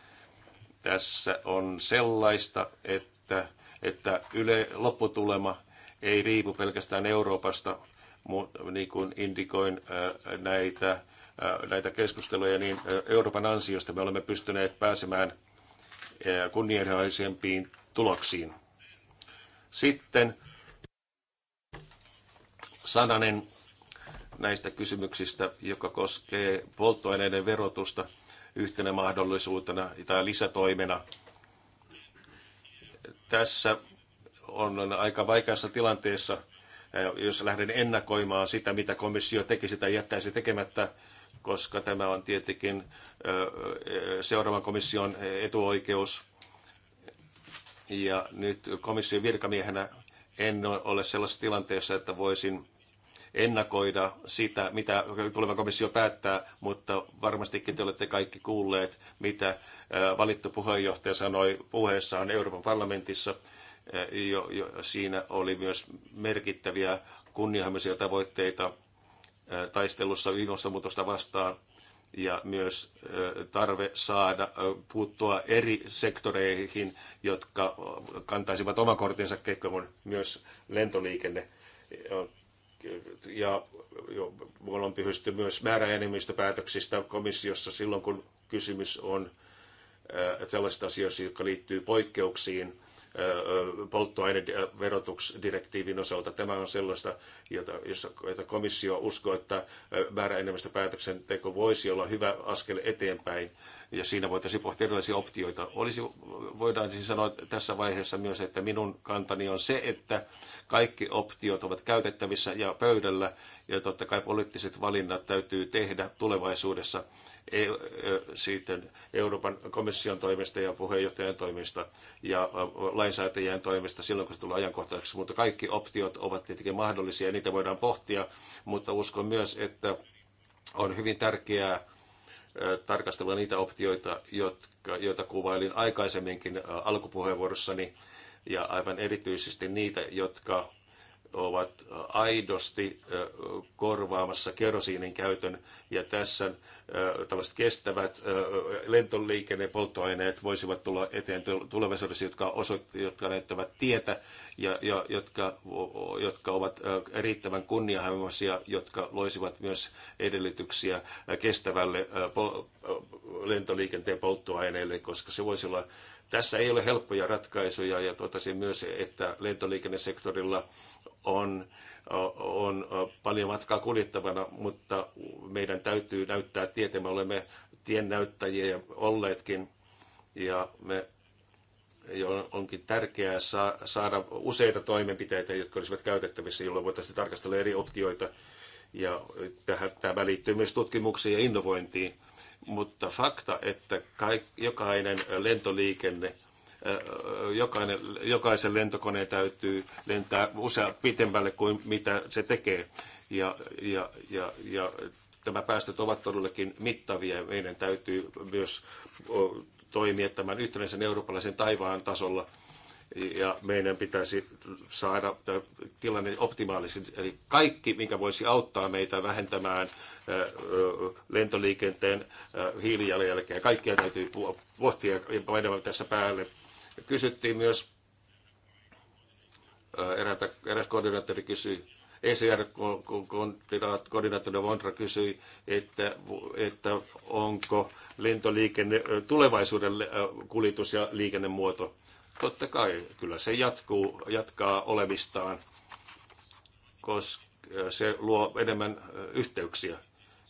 tässä on sellaista, että, että yle, lopputulema ei riipu pelkästään Euroopasta, niin kuin indikoin äh, näitä, äh, näitä keskusteluja, niin äh, Euroopan ansiosta me olemme pystyneet pääsemään kunnianhimoisempiin tuloksiin. Sitten sananen näistä kysymyksistä, joka koskee polttoaineiden verotusta yhtenä mahdollisuutena tai lisätoimena. Tässä on aika vaikeassa tilanteessa, eh, jos lähden ennakoimaan sitä, mitä komissio tekisi tai jättäisi tekemättä, koska tämä on tietenkin eh, seuraavan komission etuoikeus. Ja nyt komission virkamiehenä en ole sellaisessa tilanteessa, että voisin ennakoida sitä, mitä tuleva komissio päättää, mutta varmastikin te olette kaikki kuulleet, mitä valittu puheenjohtaja sanoi puheessaan Euroopan parlamentissa. Jo, jo, siinä oli myös merkittäviä kunnianhimoisia tavoitteita taistelussa ilmastonmuutosta vastaan ja myös tarve saada puuttua eri sektoreihin, jotka kantaisivat omakortinsa kekkoon myös lentoliikenne ja on pyhysty myös määräenemmistöpäätöksistä komissiossa silloin, kun kysymys on äh, sellaisista asioista, jotka liittyy poikkeuksiin polttoaineverotusdirektiivin osalta. Tämä on sellaista, jota, jossa, jota komissio uskoo, että määräenemmistöpäätöksenteko voisi olla hyvä askel eteenpäin ja siinä voitaisiin pohtia erilaisia optioita. Olisi, voidaan siis sanoa tässä vaiheessa myös, että minun kantani on se, että kaikki optiot ovat käytettävissä ja pöydällä ja totta kai poliittiset valinnat täytyy tehdä tulevaisuudessa – E, e, sitten Euroopan komission toimesta ja puheenjohtajan toimesta ja lainsäätäjien toimesta silloin, kun se tulee ajankohtaiseksi. Mutta kaikki optiot ovat tietenkin mahdollisia ja niitä voidaan pohtia, mutta uskon myös, että on hyvin tärkeää tarkastella niitä optioita, jotka, joita kuvailin aikaisemminkin alkupuheenvuorossani ja aivan erityisesti niitä, jotka ovat aidosti korvaamassa kerosiinin käytön ja tässä tällaiset kestävät lentoliikennepolttoaineet voisivat tulla eteen tulevaisuudessa, jotka, osoitt- jotka näyttävät tietä ja, ja jotka, jotka ovat riittävän kunnianhimoisia, jotka loisivat myös edellytyksiä kestävälle lentoliikenteen polttoaineelle, koska se voisi olla tässä ei ole helppoja ratkaisuja ja totesin myös, että lentoliikennesektorilla on, on paljon matkaa kuljettavana, mutta meidän täytyy näyttää tietä. Me olemme tiennäyttäjiä ja olleetkin, ja me onkin tärkeää saada useita toimenpiteitä, jotka olisivat käytettävissä, jolloin voitaisiin tarkastella eri optioita. Ja tähän, tämä liittyy myös tutkimuksiin ja innovointiin. Mutta fakta, että kaik, jokainen lentoliikenne jokainen, jokaisen lentokoneen täytyy lentää usea pitemmälle kuin mitä se tekee. Ja, ja, ja, ja tämä päästöt ovat todellakin mittavia. Meidän täytyy myös toimia tämän yhtenäisen eurooppalaisen taivaan tasolla ja meidän pitäisi saada tilanne optimaalisesti. Eli kaikki, mikä voisi auttaa meitä vähentämään lentoliikenteen hiilijalanjälkeä, kaikkia täytyy pohtia ja painamaan tässä päälle. Kysyttiin myös, erätä, eräs koordinaattori kysyi, ECR-koordinaattori Vondra kysyi, että, että onko lentoliikenne tulevaisuuden kuljetus- ja liikennemuoto. Totta kai, kyllä se jatkuu, jatkaa olemistaan, koska se luo enemmän yhteyksiä.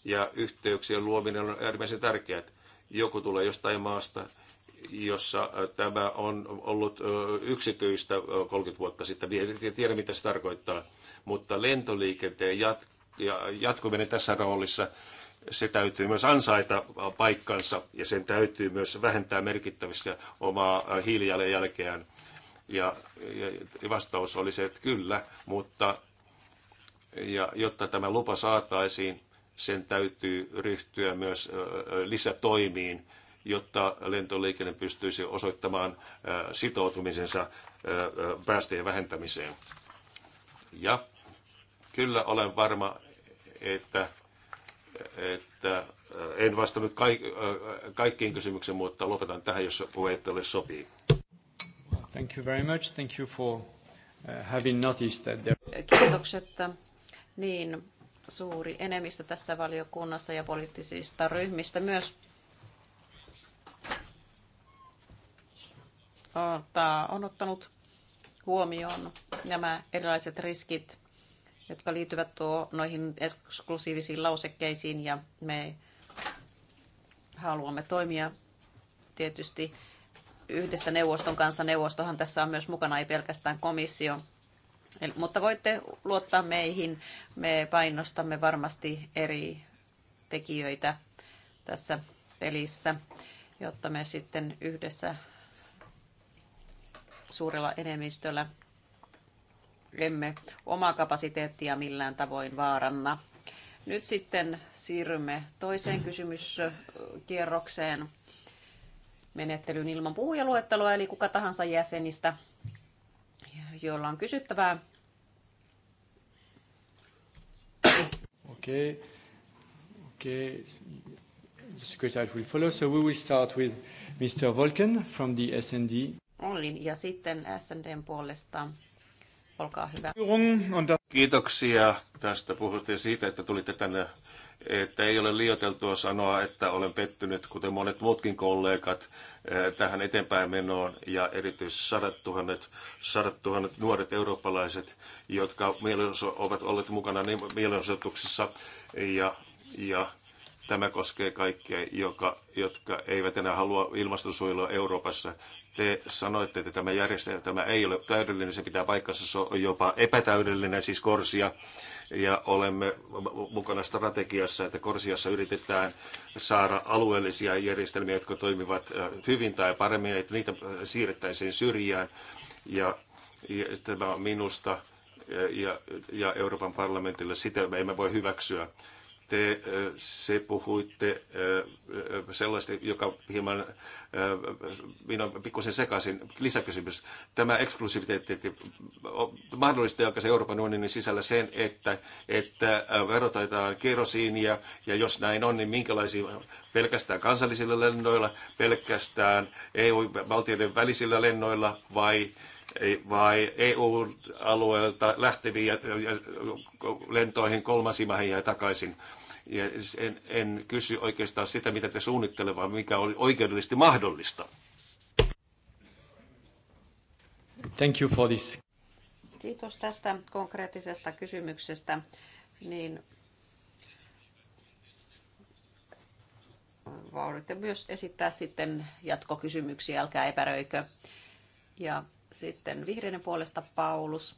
Ja yhteyksien luominen on äärimmäisen tärkeää. Joku tulee jostain maasta, jossa äh, tämä on ollut äh, yksityistä 30 äh, vuotta sitten. En tiedä, mitä se tarkoittaa, mutta lentoliikenteen jat, jatkuminen tässä roolissa, se täytyy myös ansaita paikkansa ja sen täytyy myös vähentää merkittävissä omaa hiilijalanjälkeään. Ja, ja vastaus oli se, että kyllä, mutta ja jotta tämä lupa saataisiin, sen täytyy ryhtyä myös lisätoimiin jotta lentoliikenne pystyisi osoittamaan äh, sitoutumisensa äh, äh, päästöjen vähentämiseen. Ja kyllä olen varma, että, että en vastannut kaikkiin kysymyksiin, mutta lopetan tähän, jos puheenjohtajalle sopii. Thank you very much. Thank you for uh, having noticed that there... Kiitokset. Niin suuri enemmistö tässä valiokunnassa ja poliittisista ryhmistä myös on ottanut huomioon nämä erilaiset riskit, jotka liittyvät tuo, noihin eksklusiivisiin lausekkeisiin ja me haluamme toimia tietysti yhdessä neuvoston kanssa. Neuvostohan tässä on myös mukana, ei pelkästään komissio. Eli, mutta voitte luottaa meihin. Me painostamme varmasti eri tekijöitä tässä pelissä, jotta me sitten yhdessä suurella enemmistöllä. Emme omaa kapasiteettia millään tavoin vaaranna. Nyt sitten siirrymme toiseen kysymyskierrokseen menettelyyn ilman puhujaluettelua, eli kuka tahansa jäsenistä, jolla on kysyttävää. Okei. Okay. Okay. The secretary will follow. So we will start with Mr. Volken from the SND. Ollin ja sitten SNDn puolesta. Olkaa hyvä. Kiitoksia tästä. Puhuttiin siitä, että tulitte tänne että ei ole liioteltua sanoa, että olen pettynyt, kuten monet muutkin kollegat, eh, tähän eteenpäin menoon ja erityisesti sadat tuhannet, sadat tuhannet nuoret eurooppalaiset, jotka ovat olleet mukana niin mielenosoituksissa ja, ja Tämä koskee kaikkia, joka, jotka eivät enää halua ilmastonsuojelua Euroopassa te sanoitte, että tämä järjestelmä ei ole täydellinen, se pitää paikkansa, se on jopa epätäydellinen, siis Korsia, ja olemme mukana strategiassa, että Korsiassa yritetään saada alueellisia järjestelmiä, jotka toimivat äh, hyvin tai paremmin, että niitä äh, siirrettäisiin syrjään, ja, ja tämä on minusta äh, ja, ja Euroopan parlamentille, sitä me emme voi hyväksyä te se puhuitte sellaista, joka hieman, minä pikkusen sekaisin, lisäkysymys. Tämä eksklusiviteetti mahdollistaako se Euroopan unionin sisällä sen, että, että verotetaan kerosiinia, ja jos näin on, niin minkälaisia pelkästään kansallisilla lennoilla, pelkästään EU-valtioiden välisillä lennoilla vai vai EU-alueelta lähteviin lentoihin kolmasimahin ja takaisin. Ja en, en kysy oikeastaan sitä, mitä te suunnittele, vaan mikä oli oikeudellisesti mahdollista. Thank you for this. Kiitos tästä konkreettisesta kysymyksestä. Niin, voitte myös esittää sitten jatkokysymyksiä, älkää epäröikö. Ja sitten vihreiden puolesta Paulus.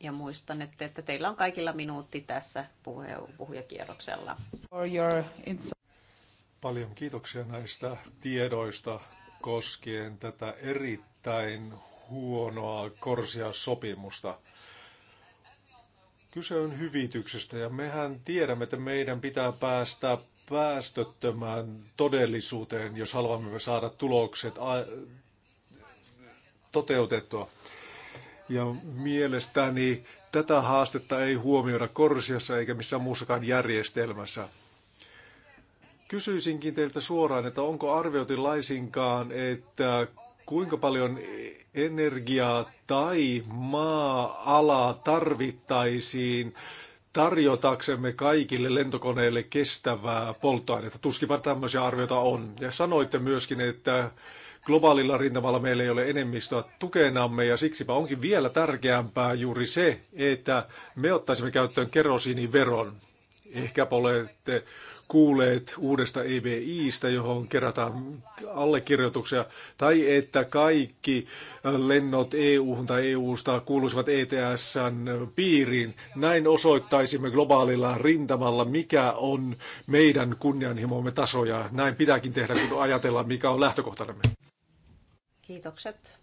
Ja muistan, että, että teillä on kaikilla minuutti tässä puhe, puhujakierroksella. Paljon kiitoksia näistä tiedoista koskien tätä erittäin huonoa Korsia-sopimusta. Kyse on hyvityksestä ja mehän tiedämme, että meidän pitää päästä päästöttömään todellisuuteen, jos haluamme saada tulokset toteutettua. Ja mielestäni tätä haastetta ei huomioida Korsiassa eikä missään muussakaan järjestelmässä. Kysyisinkin teiltä suoraan, että onko arvioitu laisinkaan, että kuinka paljon energiaa tai maa-alaa tarvittaisiin tarjotaksemme kaikille lentokoneille kestävää polttoainetta. Tuskinpa tämmöisiä arvioita on. Ja sanoitte myöskin, että Globaalilla rintamalla meillä ei ole enemmistöä tukenamme ja siksipä onkin vielä tärkeämpää juuri se, että me ottaisimme käyttöön kerosiiniveron. Ehkä olette kuuleet uudesta EBIstä, johon kerätään allekirjoituksia, tai että kaikki lennot EU-hun tai EU-sta kuuluisivat ETSn piiriin. Näin osoittaisimme globaalilla rintamalla, mikä on meidän kunnianhimomme taso, ja näin pitääkin tehdä, kun ajatellaan, mikä on lähtökohtamme. Kiitokset.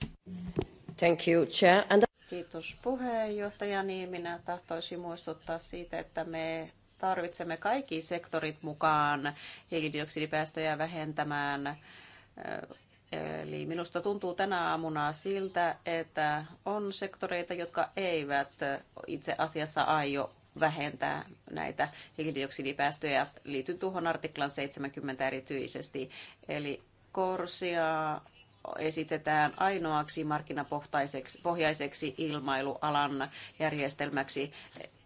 Thank you, Chair. And... Kiitos puheenjohtaja. Niin minä tahtoisin muistuttaa siitä, että me tarvitsemme kaikki sektorit mukaan hiilidioksidipäästöjä vähentämään. Eli minusta tuntuu tänä aamuna siltä, että on sektoreita, jotka eivät itse asiassa aio vähentää näitä hiilidioksidipäästöjä. Liityn tuohon artiklan 70 erityisesti. Eli Korsia esitetään ainoaksi markkinapohjaiseksi ilmailualan järjestelmäksi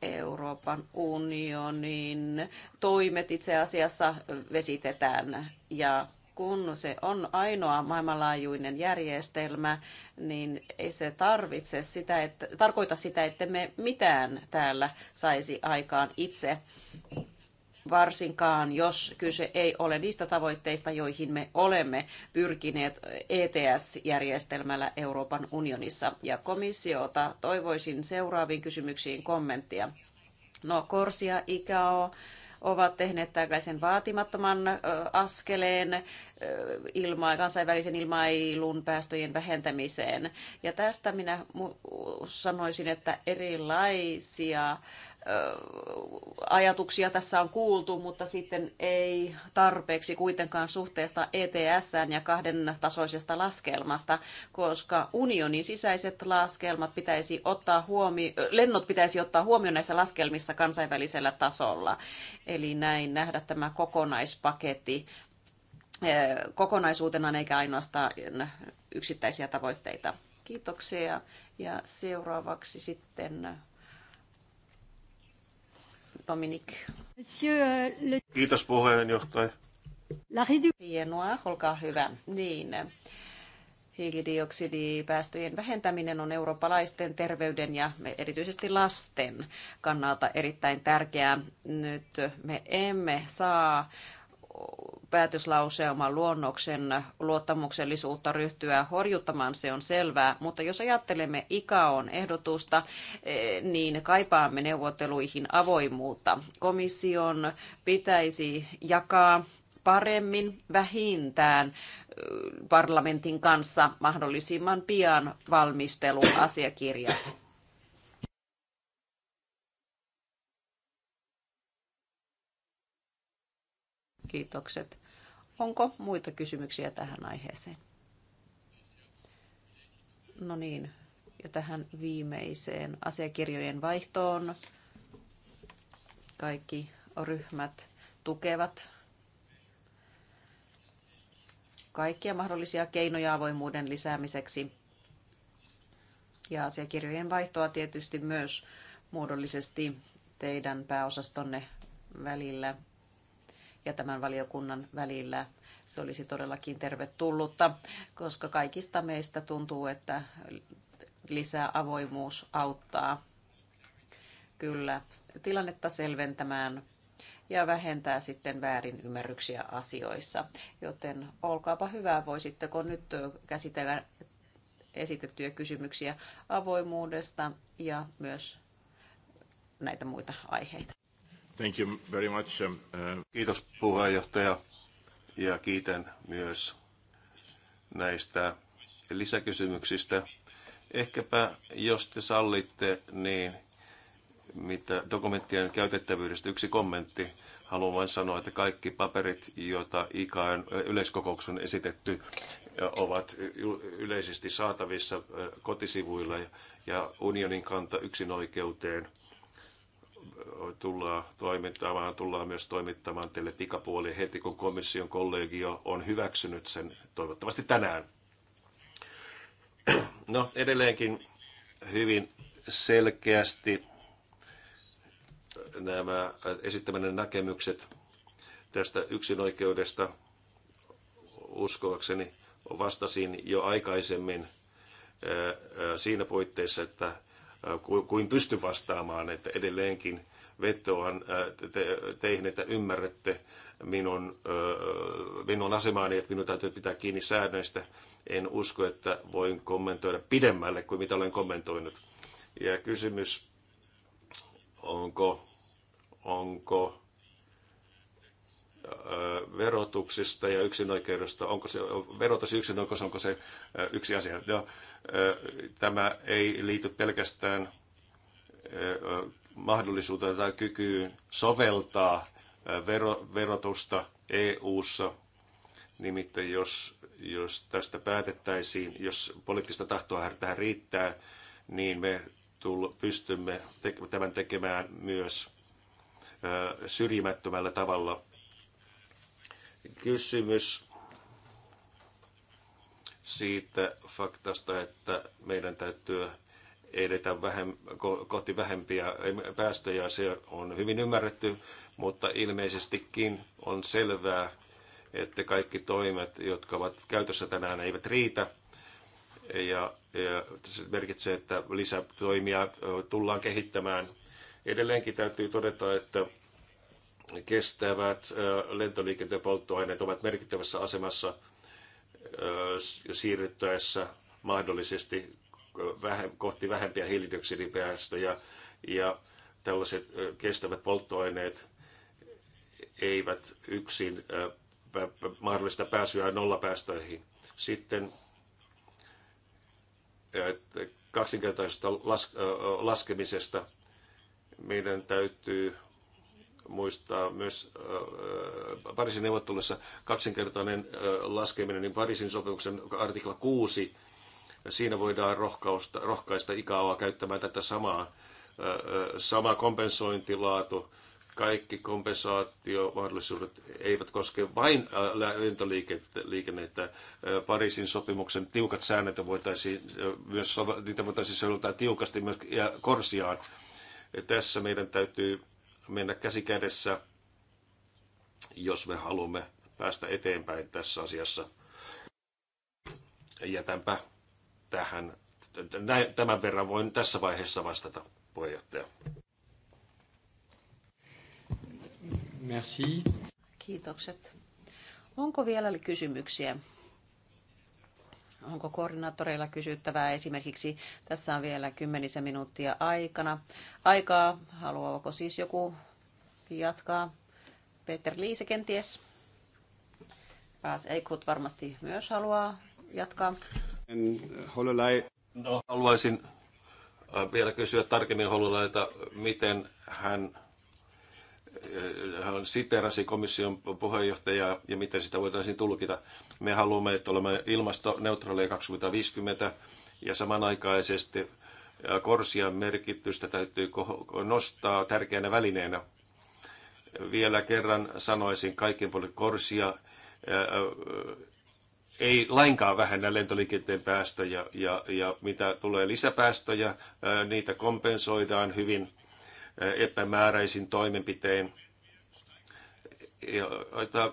Euroopan unionin toimet itse asiassa vesitetään ja kun se on ainoa maailmanlaajuinen järjestelmä, niin ei se tarvitse sitä, että, tarkoita sitä, että me mitään täällä saisi aikaan itse varsinkaan jos kyse ei ole niistä tavoitteista, joihin me olemme pyrkineet ETS-järjestelmällä Euroopan unionissa. Ja komissiota toivoisin seuraaviin kysymyksiin kommenttia. No, Korsia, ICAO, ovat tehneet tällaisen vaatimattoman askeleen ilma- kansainvälisen ilmailun päästöjen vähentämiseen. Ja tästä minä sanoisin, että erilaisia ajatuksia tässä on kuultu, mutta sitten ei tarpeeksi kuitenkaan suhteesta ETS ja kahden tasoisesta laskelmasta, koska unionin sisäiset laskelmat pitäisi ottaa huomioon, lennot pitäisi ottaa huomioon näissä laskelmissa kansainvälisellä tasolla. Eli näin nähdä tämä kokonaispaketti kokonaisuutena eikä ainoastaan yksittäisiä tavoitteita. Kiitoksia ja seuraavaksi sitten Euh, Kiitos puheenjohtaja. La redu... Hienoa, olkaa hyvä. Niin. Hiilidioksidipäästöjen vähentäminen on eurooppalaisten terveyden ja erityisesti lasten kannalta erittäin tärkeää. Nyt me emme saa päätöslauselman luonnoksen luottamuksellisuutta ryhtyä horjuttamaan, se on selvää. Mutta jos ajattelemme ICAON ehdotusta, eh, niin kaipaamme neuvotteluihin avoimuutta. Komission pitäisi jakaa paremmin vähintään eh, parlamentin kanssa mahdollisimman pian valmisteluasiakirjat. Kiitokset. Onko muita kysymyksiä tähän aiheeseen? No niin, ja tähän viimeiseen asiakirjojen vaihtoon kaikki ryhmät tukevat kaikkia mahdollisia keinoja avoimuuden lisäämiseksi. Ja asiakirjojen vaihtoa tietysti myös muodollisesti teidän pääosastonne välillä ja tämän valiokunnan välillä. Se olisi todellakin tervetullutta, koska kaikista meistä tuntuu, että lisää avoimuus auttaa kyllä tilannetta selventämään ja vähentää sitten väärinymmärryksiä asioissa. Joten olkaapa hyvä, voisitteko nyt käsitellä esitettyjä kysymyksiä avoimuudesta ja myös näitä muita aiheita. Thank you very much. Um, uh, Kiitos puheenjohtaja ja kiitän myös näistä lisäkysymyksistä. Ehkäpä, jos te sallitte, niin mitä dokumenttien käytettävyydestä yksi kommentti. Haluan vain sanoa, että kaikki paperit, joita IKN yleiskokouksen esitetty, ovat yleisesti saatavissa kotisivuilla ja unionin kanta yksinoikeuteen – tullaan toimittamaan, tullaan myös toimittamaan teille pikapuoli heti, kun komission kollegio on hyväksynyt sen toivottavasti tänään. No, edelleenkin hyvin selkeästi nämä esittämänne näkemykset tästä yksinoikeudesta uskoakseni vastasin jo aikaisemmin siinä puitteissa, että kuin pysty vastaamaan, että edelleenkin vetoan teihin, että ymmärrätte minun, minun asemaani, että minun täytyy pitää kiinni säännöistä. En usko, että voin kommentoida pidemmälle kuin mitä olen kommentoinut. Ja kysymys, onko, onko verotuksista ja yksinoikeudesta, onko se verotus yksinoikeus, onko se yksi asia. No, tämä ei liity pelkästään mahdollisuuteen tai kykyyn soveltaa vero, verotusta EU-ssa, nimittäin jos, jos tästä päätettäisiin, jos poliittista tahtoa tähän riittää, niin me tull, pystymme tämän tekemään myös syrjimättömällä tavalla kysymys siitä faktasta, että meidän täytyy edetä vähem, kohti vähempiä päästöjä. Se on hyvin ymmärretty, mutta ilmeisestikin on selvää, että kaikki toimet, jotka ovat käytössä tänään, eivät riitä. Ja, ja se merkitsee, että lisätoimia tullaan kehittämään. Edelleenkin täytyy todeta, että kestävät lentoliikenteen polttoaineet ovat merkittävässä asemassa siirryttäessä mahdollisesti kohti vähempiä hiilidioksidipäästöjä ja tällaiset kestävät polttoaineet eivät yksin mahdollista pääsyä nollapäästöihin. Sitten kaksinkertaisesta laskemisesta meidän täytyy muistaa myös äh, äh, Pariisin neuvottelussa kaksinkertainen äh, laskeminen, niin Pariisin sopimuksen artikla 6, siinä voidaan rohkausta, rohkaista ikaoa käyttämään tätä samaa, sama kompensointilaatu, kaikki kompensaatiomahdollisuudet eivät koske vain lentoliikennettä. Pariisin sopimuksen tiukat säännöt voitaisiin myös, niitä voitaisiin soveltaa tiukasti myös Korsiaan. Ja tässä meidän täytyy mennä kädessä, jos me haluamme päästä eteenpäin tässä asiassa. Jätänpä tähän. Tämän verran voin tässä vaiheessa vastata, puheenjohtaja. Merci. Kiitokset. Onko vielä kysymyksiä? Onko koordinaattoreilla kysyttävää? Esimerkiksi tässä on vielä kymmenisen minuuttia aikana. aikaa. Haluaako siis joku jatkaa? Peter Liise kenties. Pääs Eikut varmasti myös haluaa jatkaa. No, haluaisin äh, vielä kysyä tarkemmin Holulailta, miten hän hän siterasi komission puheenjohtajaa ja miten sitä voitaisiin tulkita. Me haluamme, että olemme ilmastoneutraaleja 2050 ja samanaikaisesti Korsian merkitystä täytyy nostaa tärkeänä välineenä. Vielä kerran sanoisin kaiken puolen Korsia ei lainkaan vähennä lentoliikenteen päästöjä ja, ja mitä tulee lisäpäästöjä, niitä kompensoidaan hyvin – epämääräisin toimenpitein.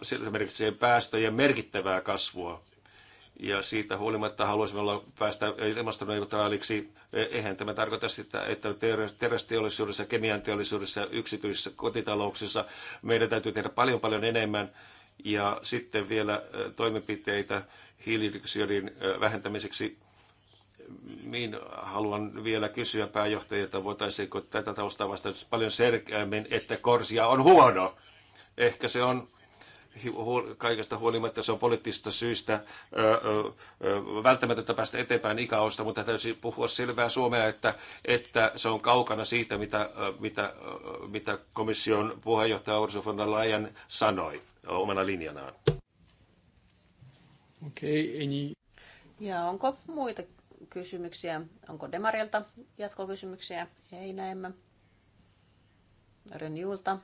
Sillä merkitsee päästöjen merkittävää kasvua. Ja siitä huolimatta haluaisimme olla päästä ilmastoneutraaliksi. Eihän tämä tarkoita sitä, että terästeollisuudessa, kemian teollisuudessa, yksityisissä kotitalouksissa meidän täytyy tehdä paljon paljon enemmän. Ja sitten vielä toimenpiteitä hiilidioksidin vähentämiseksi niin haluan vielä kysyä pääjohtajilta, voitaisiinko tätä taustaa vastata siis paljon selkeämmin, että Korsia on huono. Ehkä se on kaikesta huolimatta se on poliittista syistä öö, välttämätöntä päästä eteenpäin ikäosta, mutta täytyy puhua selvää suomea, että, että se on kaukana siitä, mitä, mitä, mitä komission puheenjohtaja Ursula von der Leyen sanoi omana linjanaan. Okei, okay, any... Niin. Ja onko muita kysymyksiä. Onko Demarilta jatkokysymyksiä? Ei näemmä. Renjulta?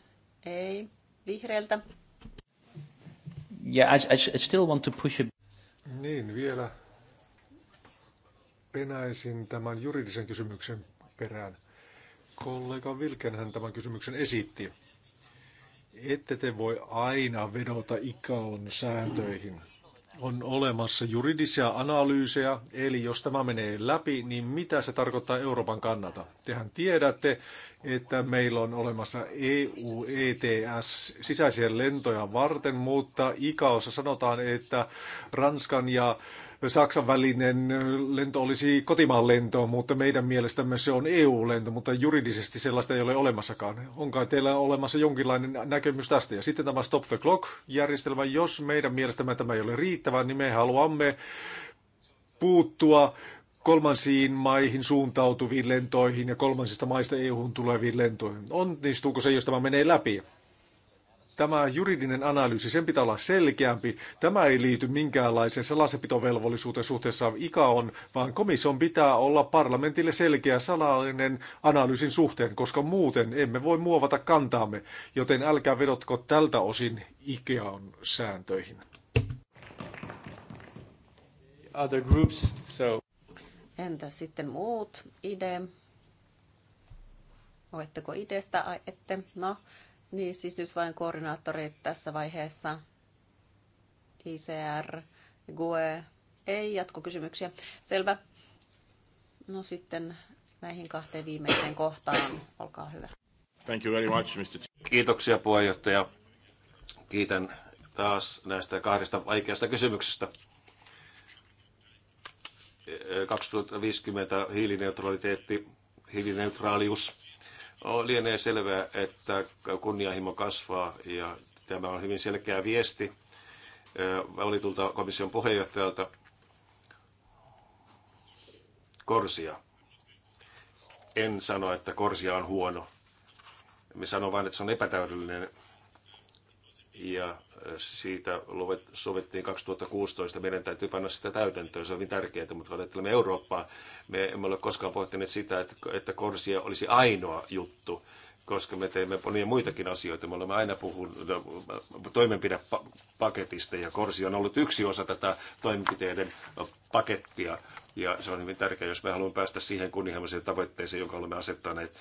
Ei. Vihreiltä? Yeah, I, I, still want to push it. Niin, vielä penäisin tämän juridisen kysymyksen perään. Kollega Vilkenhän tämän kysymyksen esitti. Ette te voi aina vedota ikaon sääntöihin. Mm on olemassa juridisia analyysejä, eli jos tämä menee läpi, niin mitä se tarkoittaa Euroopan kannalta? Tehän tiedätte, että meillä on olemassa EU ETS sisäisiä lentoja varten, mutta ikaossa sanotaan, että Ranskan ja Saksan välinen lento olisi kotimaan lento, mutta meidän mielestämme se on EU-lento, mutta juridisesti sellaista ei ole olemassakaan. Onko teillä olemassa jonkinlainen näkemys tästä? Ja sitten tämä Stop the Clock-järjestelmä, jos meidän mielestämme tämä ei ole riittävä, niin me haluamme puuttua kolmansiin maihin suuntautuviin lentoihin ja kolmansista maista EU-hun tuleviin lentoihin. Onnistuuko se, jos tämä menee läpi? Tämä juridinen analyysi, sen pitää olla selkeämpi. Tämä ei liity minkäänlaiseen salasepitovelvollisuuteen suhteessa ICAON, vaan komission pitää olla parlamentille selkeä salallinen analyysin suhteen, koska muuten emme voi muovata kantaamme, joten älkää vedotko tältä osin ICAON sääntöihin. Other groups, so. Entä sitten muut? IDE? Oletteko idestä? Ai ette? No, niin, siis nyt vain koordinaattorit tässä vaiheessa. ICR, GUE, ei jatkokysymyksiä. Selvä. No sitten näihin kahteen viimeiseen kohtaan. Olkaa hyvä. Thank you very much, Mr. Kiitoksia puheenjohtaja. Kiitän taas näistä kahdesta vaikeasta kysymyksestä. 2050 e, e, hiilineutraliteetti, hiilineutraalius Lienee selvää, että kunnianhimo kasvaa ja tämä on hyvin selkeä viesti valitulta komission puheenjohtajalta Korsia. En sano, että Korsia on huono. Me sanon vain, että se on epätäydellinen ja siitä sovittiin 2016. Meidän täytyy panna sitä täytäntöön. Se on hyvin tärkeää, mutta ajattelemme Eurooppaa, me emme ole koskaan pohtineet sitä, että, että korsia olisi ainoa juttu koska me teemme monia muitakin asioita. Me olemme aina puhunut toimenpidepaketista ja Korsi on ollut yksi osa tätä toimenpiteiden pakettia, ja se on hyvin tärkeää, jos me haluamme päästä siihen kunnianhimoiseen tavoitteeseen, jonka olemme asettaneet,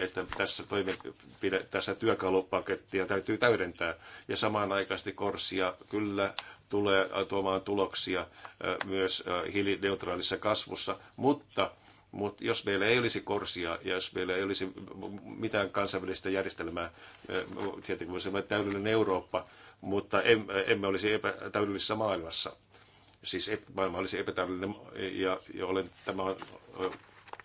että tässä, toimenpide, tässä työkalupakettia täytyy täydentää. Ja samanaikaisesti Korsia kyllä tulee tuomaan tuloksia myös hiilineutraalissa kasvussa, mutta mutta jos meillä ei olisi korsia ja jos meillä ei olisi mitään kansainvälistä järjestelmää, tietenkin voisi olla täydellinen Eurooppa, mutta emme olisi epä, täydellisessä maailmassa siis maailma olisi epätäydellinen ja, ja olen, tämä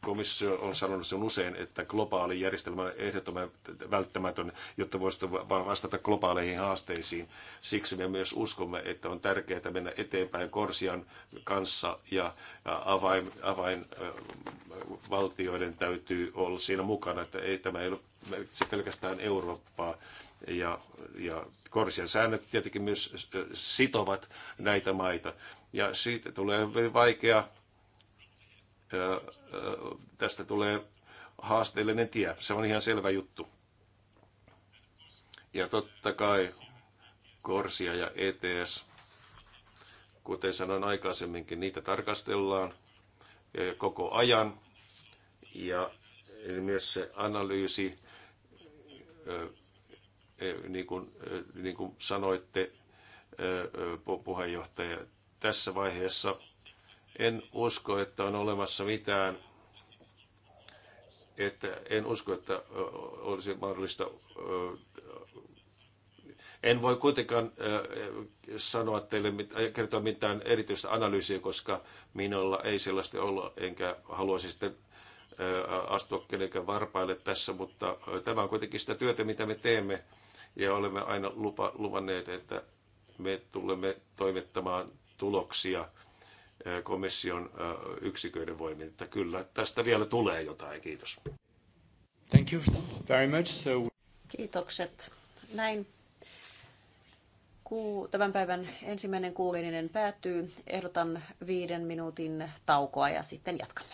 komissio on sanonut sen usein, että globaali järjestelmä on ehdottoman välttämätön, jotta voisi vastata globaaleihin haasteisiin. Siksi me myös uskomme, että on tärkeää mennä eteenpäin Korsian kanssa ja avain, avainvaltioiden täytyy olla siinä mukana, että ei tämä ei ole se pelkästään Eurooppaa. Ja, ja Korsian säännöt tietenkin myös sitovat näitä maita ja siitä tulee hyvin vaikea, tästä tulee haasteellinen tie. Se on ihan selvä juttu. Ja totta kai Korsia ja ETS, kuten sanoin aikaisemminkin, niitä tarkastellaan koko ajan. Ja myös se analyysi, niin kuin, niin kuin sanoitte, puheenjohtaja, tässä vaiheessa. En usko, että on olemassa mitään, että en usko, että olisi mahdollista. En voi kuitenkaan sanoa teille, kertoa mitään erityistä analyysiä, koska minulla ei sellaista olla, enkä haluaisi sitten astua kenenkään varpaille tässä, mutta tämä on kuitenkin sitä työtä, mitä me teemme, ja olemme aina lupa, luvanneet, että me tulemme toimittamaan tuloksia eh, komission eh, yksiköiden voimin. Että kyllä, tästä vielä tulee jotain. Kiitos. Thank you very much. So... Kiitokset. Näin tämän päivän ensimmäinen kuulinen päättyy. Ehdotan viiden minuutin taukoa ja sitten jatkamme.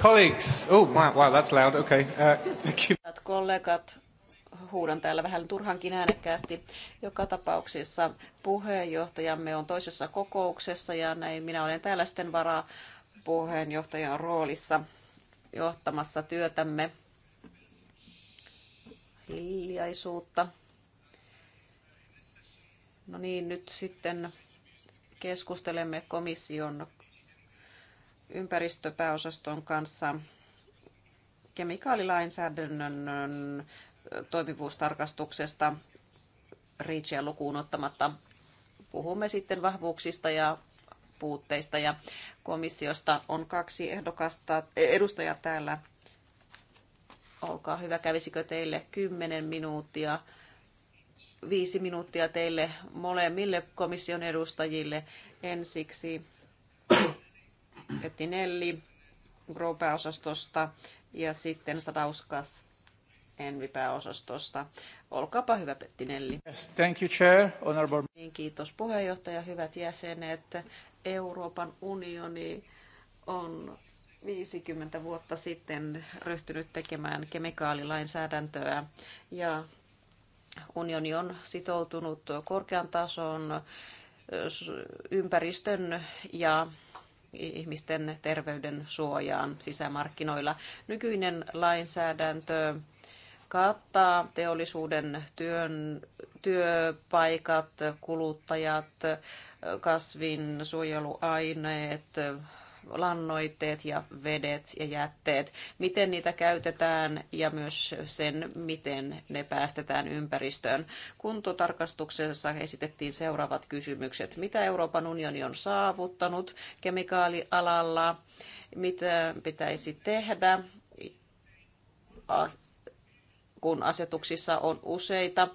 Colleagues. Oh, wow, that's loud. Okay. Uh, thank you. Kollegat, huudan täällä vähän turhankin äänekkäästi. Joka tapauksessa puheenjohtajamme on toisessa kokouksessa ja näin minä olen täällä sitten varaa puheenjohtajan roolissa johtamassa työtämme hiljaisuutta. No niin, nyt sitten keskustelemme komission ympäristöpääosaston kanssa kemikaalilainsäädännön äh, toimivuustarkastuksesta Reachia lukuun ottamatta. Puhumme sitten vahvuuksista ja puutteista ja komissiosta on kaksi ehdokasta, eh, edustajaa täällä. Olkaa hyvä, kävisikö teille 10 minuuttia, viisi minuuttia teille molemmille komission edustajille ensiksi Petinelli Grow-pääosastosta ja sitten Sadauskas Envi-pääosastosta. Olkaapa hyvä Pettinelli. Yes, thank you, Chair. Honorable... Niin, kiitos puheenjohtaja, hyvät jäsenet. Euroopan unioni on 50 vuotta sitten ryhtynyt tekemään kemikaalilainsäädäntöä ja unioni on sitoutunut korkean tason ympäristön ja ihmisten terveyden suojaan sisämarkkinoilla. Nykyinen lainsäädäntö kattaa teollisuuden työn, työpaikat, kuluttajat, kasvinsuojeluaineet, lannoitteet ja vedet ja jätteet, miten niitä käytetään ja myös sen, miten ne päästetään ympäristöön. Kuntotarkastuksessa esitettiin seuraavat kysymykset. Mitä Euroopan unioni on saavuttanut kemikaalialalla? Mitä pitäisi tehdä? kun asetuksissa on useita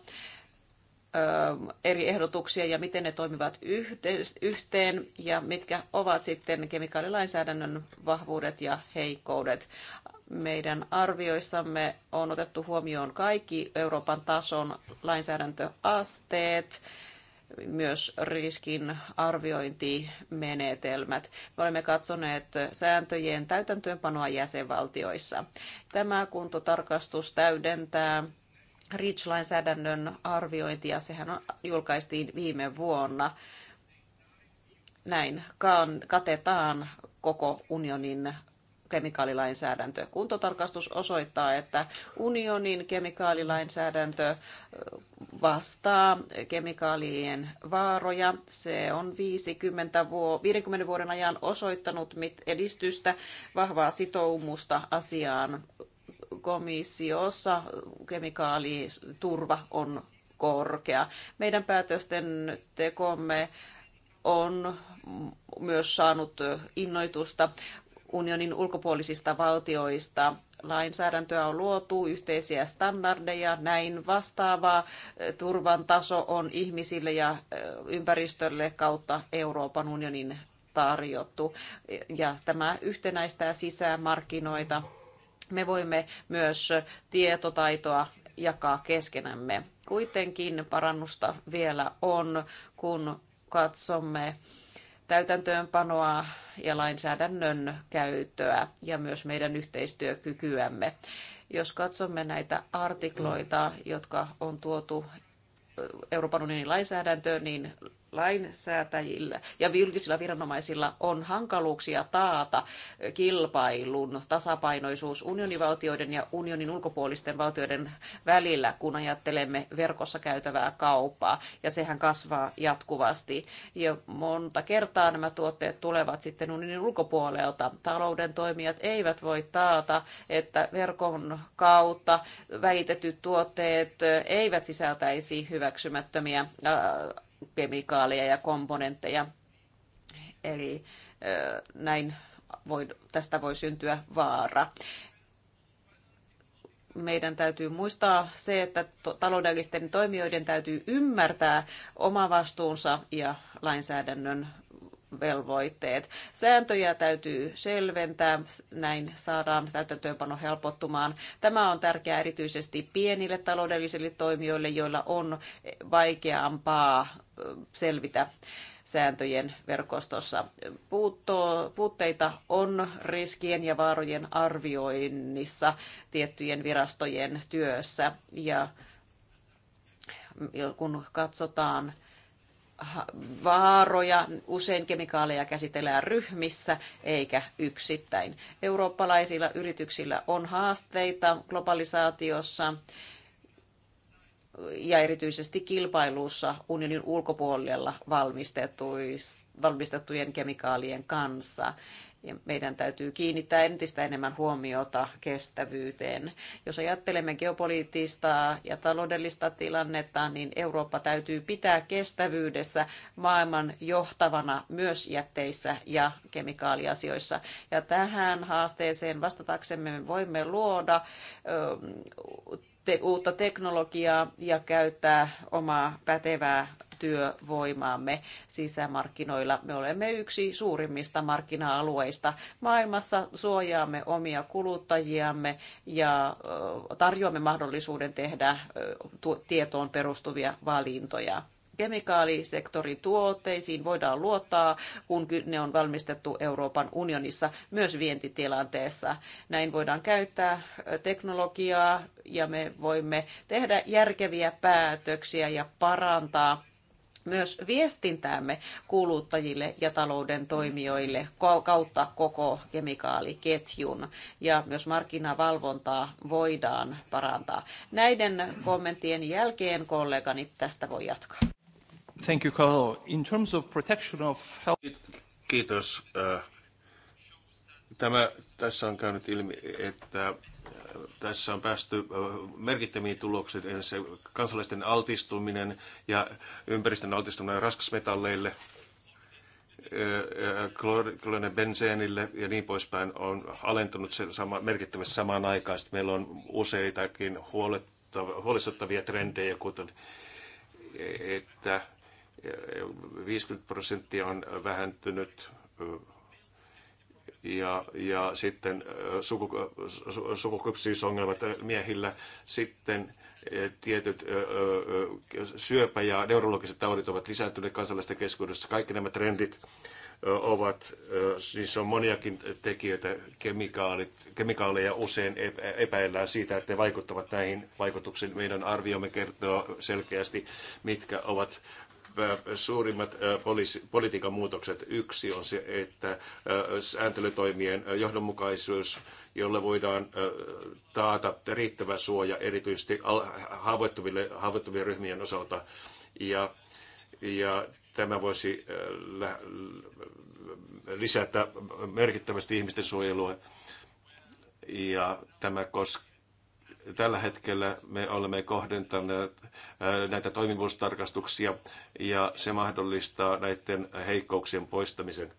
eri ehdotuksia ja miten ne toimivat yhteen ja mitkä ovat sitten kemikaalilainsäädännön vahvuudet ja heikkoudet. Meidän arvioissamme on otettu huomioon kaikki Euroopan tason lainsäädäntöasteet, myös riskin arviointimenetelmät. Me olemme katsoneet sääntöjen täytäntöönpanoa jäsenvaltioissa. Tämä kuntotarkastus täydentää REACH-lainsäädännön arviointi, ja sehän on, julkaistiin viime vuonna. Näin katetaan koko unionin kemikaalilainsäädäntö. Kuntotarkastus osoittaa, että unionin kemikaalilainsäädäntö vastaa kemikaalien vaaroja. Se on 50, vuo, 50 vuoden ajan osoittanut edistystä, vahvaa sitoumusta asiaan komissiossa kemikaaliturva on korkea. Meidän päätösten tekomme on myös saanut innoitusta unionin ulkopuolisista valtioista. Lainsäädäntöä on luotu, yhteisiä standardeja, näin vastaava turvan taso on ihmisille ja ympäristölle kautta Euroopan unionin tarjottu. Ja tämä yhtenäistää sisämarkkinoita me voimme myös tietotaitoa jakaa keskenämme. Kuitenkin parannusta vielä on, kun katsomme täytäntöönpanoa ja lainsäädännön käyttöä ja myös meidän yhteistyökykyämme. Jos katsomme näitä artikloita, jotka on tuotu Euroopan unionin lainsäädäntöön, niin lainsäätäjillä ja julkisilla viranomaisilla on hankaluuksia taata kilpailun tasapainoisuus unionivaltioiden ja unionin ulkopuolisten valtioiden välillä, kun ajattelemme verkossa käytävää kauppaa, ja sehän kasvaa jatkuvasti. Ja monta kertaa nämä tuotteet tulevat sitten unionin ulkopuolelta. Talouden toimijat eivät voi taata, että verkon kautta välitetyt tuotteet eivät sisältäisi hyväksymättömiä äh, kemikaaleja ja komponentteja. Eli näin voi, tästä voi syntyä vaara. Meidän täytyy muistaa se, että taloudellisten toimijoiden täytyy ymmärtää oma vastuunsa ja lainsäädännön velvoitteet. Sääntöjä täytyy selventää, näin saadaan täytäntöönpano helpottumaan. Tämä on tärkeää erityisesti pienille taloudellisille toimijoille, joilla on vaikeampaa selvitä sääntöjen verkostossa. Puutto, puutteita on riskien ja vaarojen arvioinnissa tiettyjen virastojen työssä ja kun katsotaan vaaroja, usein kemikaaleja käsitellään ryhmissä eikä yksittäin. Eurooppalaisilla yrityksillä on haasteita globalisaatiossa ja erityisesti kilpailussa unionin ulkopuolella valmistettujen kemikaalien kanssa. Ja meidän täytyy kiinnittää entistä enemmän huomiota kestävyyteen. Jos ajattelemme geopoliittista ja taloudellista tilannetta, niin Eurooppa täytyy pitää kestävyydessä maailman johtavana myös jätteissä ja kemikaaliasioissa. Ja tähän haasteeseen vastataksemme voimme luoda ö, sitten uutta teknologiaa ja käyttää omaa pätevää työvoimaamme sisämarkkinoilla. Me olemme yksi suurimmista markkina-alueista maailmassa, suojaamme omia kuluttajiamme ja tarjoamme mahdollisuuden tehdä tietoon perustuvia valintoja kemikaalisektorin tuotteisiin voidaan luottaa, kun ne on valmistettu Euroopan unionissa myös vientitilanteessa. Näin voidaan käyttää teknologiaa ja me voimme tehdä järkeviä päätöksiä ja parantaa myös viestintäämme kuluttajille ja talouden toimijoille kautta koko kemikaaliketjun ja myös markkinavalvontaa voidaan parantaa. Näiden kommenttien jälkeen kollegani tästä voi jatkaa. Thank you, In terms of protection of health... Kiitos. Äh, tämä, tässä on käynyt ilmi, että äh, tässä on päästy äh, merkittäviin tuloksiin, se kansalaisten altistuminen ja ympäristön altistuminen raskasmetalleille, klorine benseenille ja niin poispäin on alentunut se sama, merkittävästi samaan aikaan. Sitten meillä on useitakin huolestuttavia trendejä, kuten että 50 prosenttia on vähentynyt ja, ja sitten suku, miehillä, sitten tietyt syöpä- ja neurologiset taudit ovat lisääntyneet kansalaisten keskuudessa. Kaikki nämä trendit ovat, siis on moniakin tekijöitä, kemikaalit, kemikaaleja usein epäillään siitä, että ne vaikuttavat näihin vaikutuksiin. Meidän arviomme kertoo selkeästi, mitkä ovat suurimmat politiikan muutokset. Yksi on se, että sääntelytoimien johdonmukaisuus, jolla voidaan taata riittävä suoja erityisesti haavoittuville, haavoittuvien ryhmien osalta. Ja, ja tämä voisi lisätä merkittävästi ihmisten suojelua. Ja tämä koskee tällä hetkellä me olemme kohdentaneet äh, näitä toimivuustarkastuksia ja se mahdollistaa näiden heikkouksien poistamisen.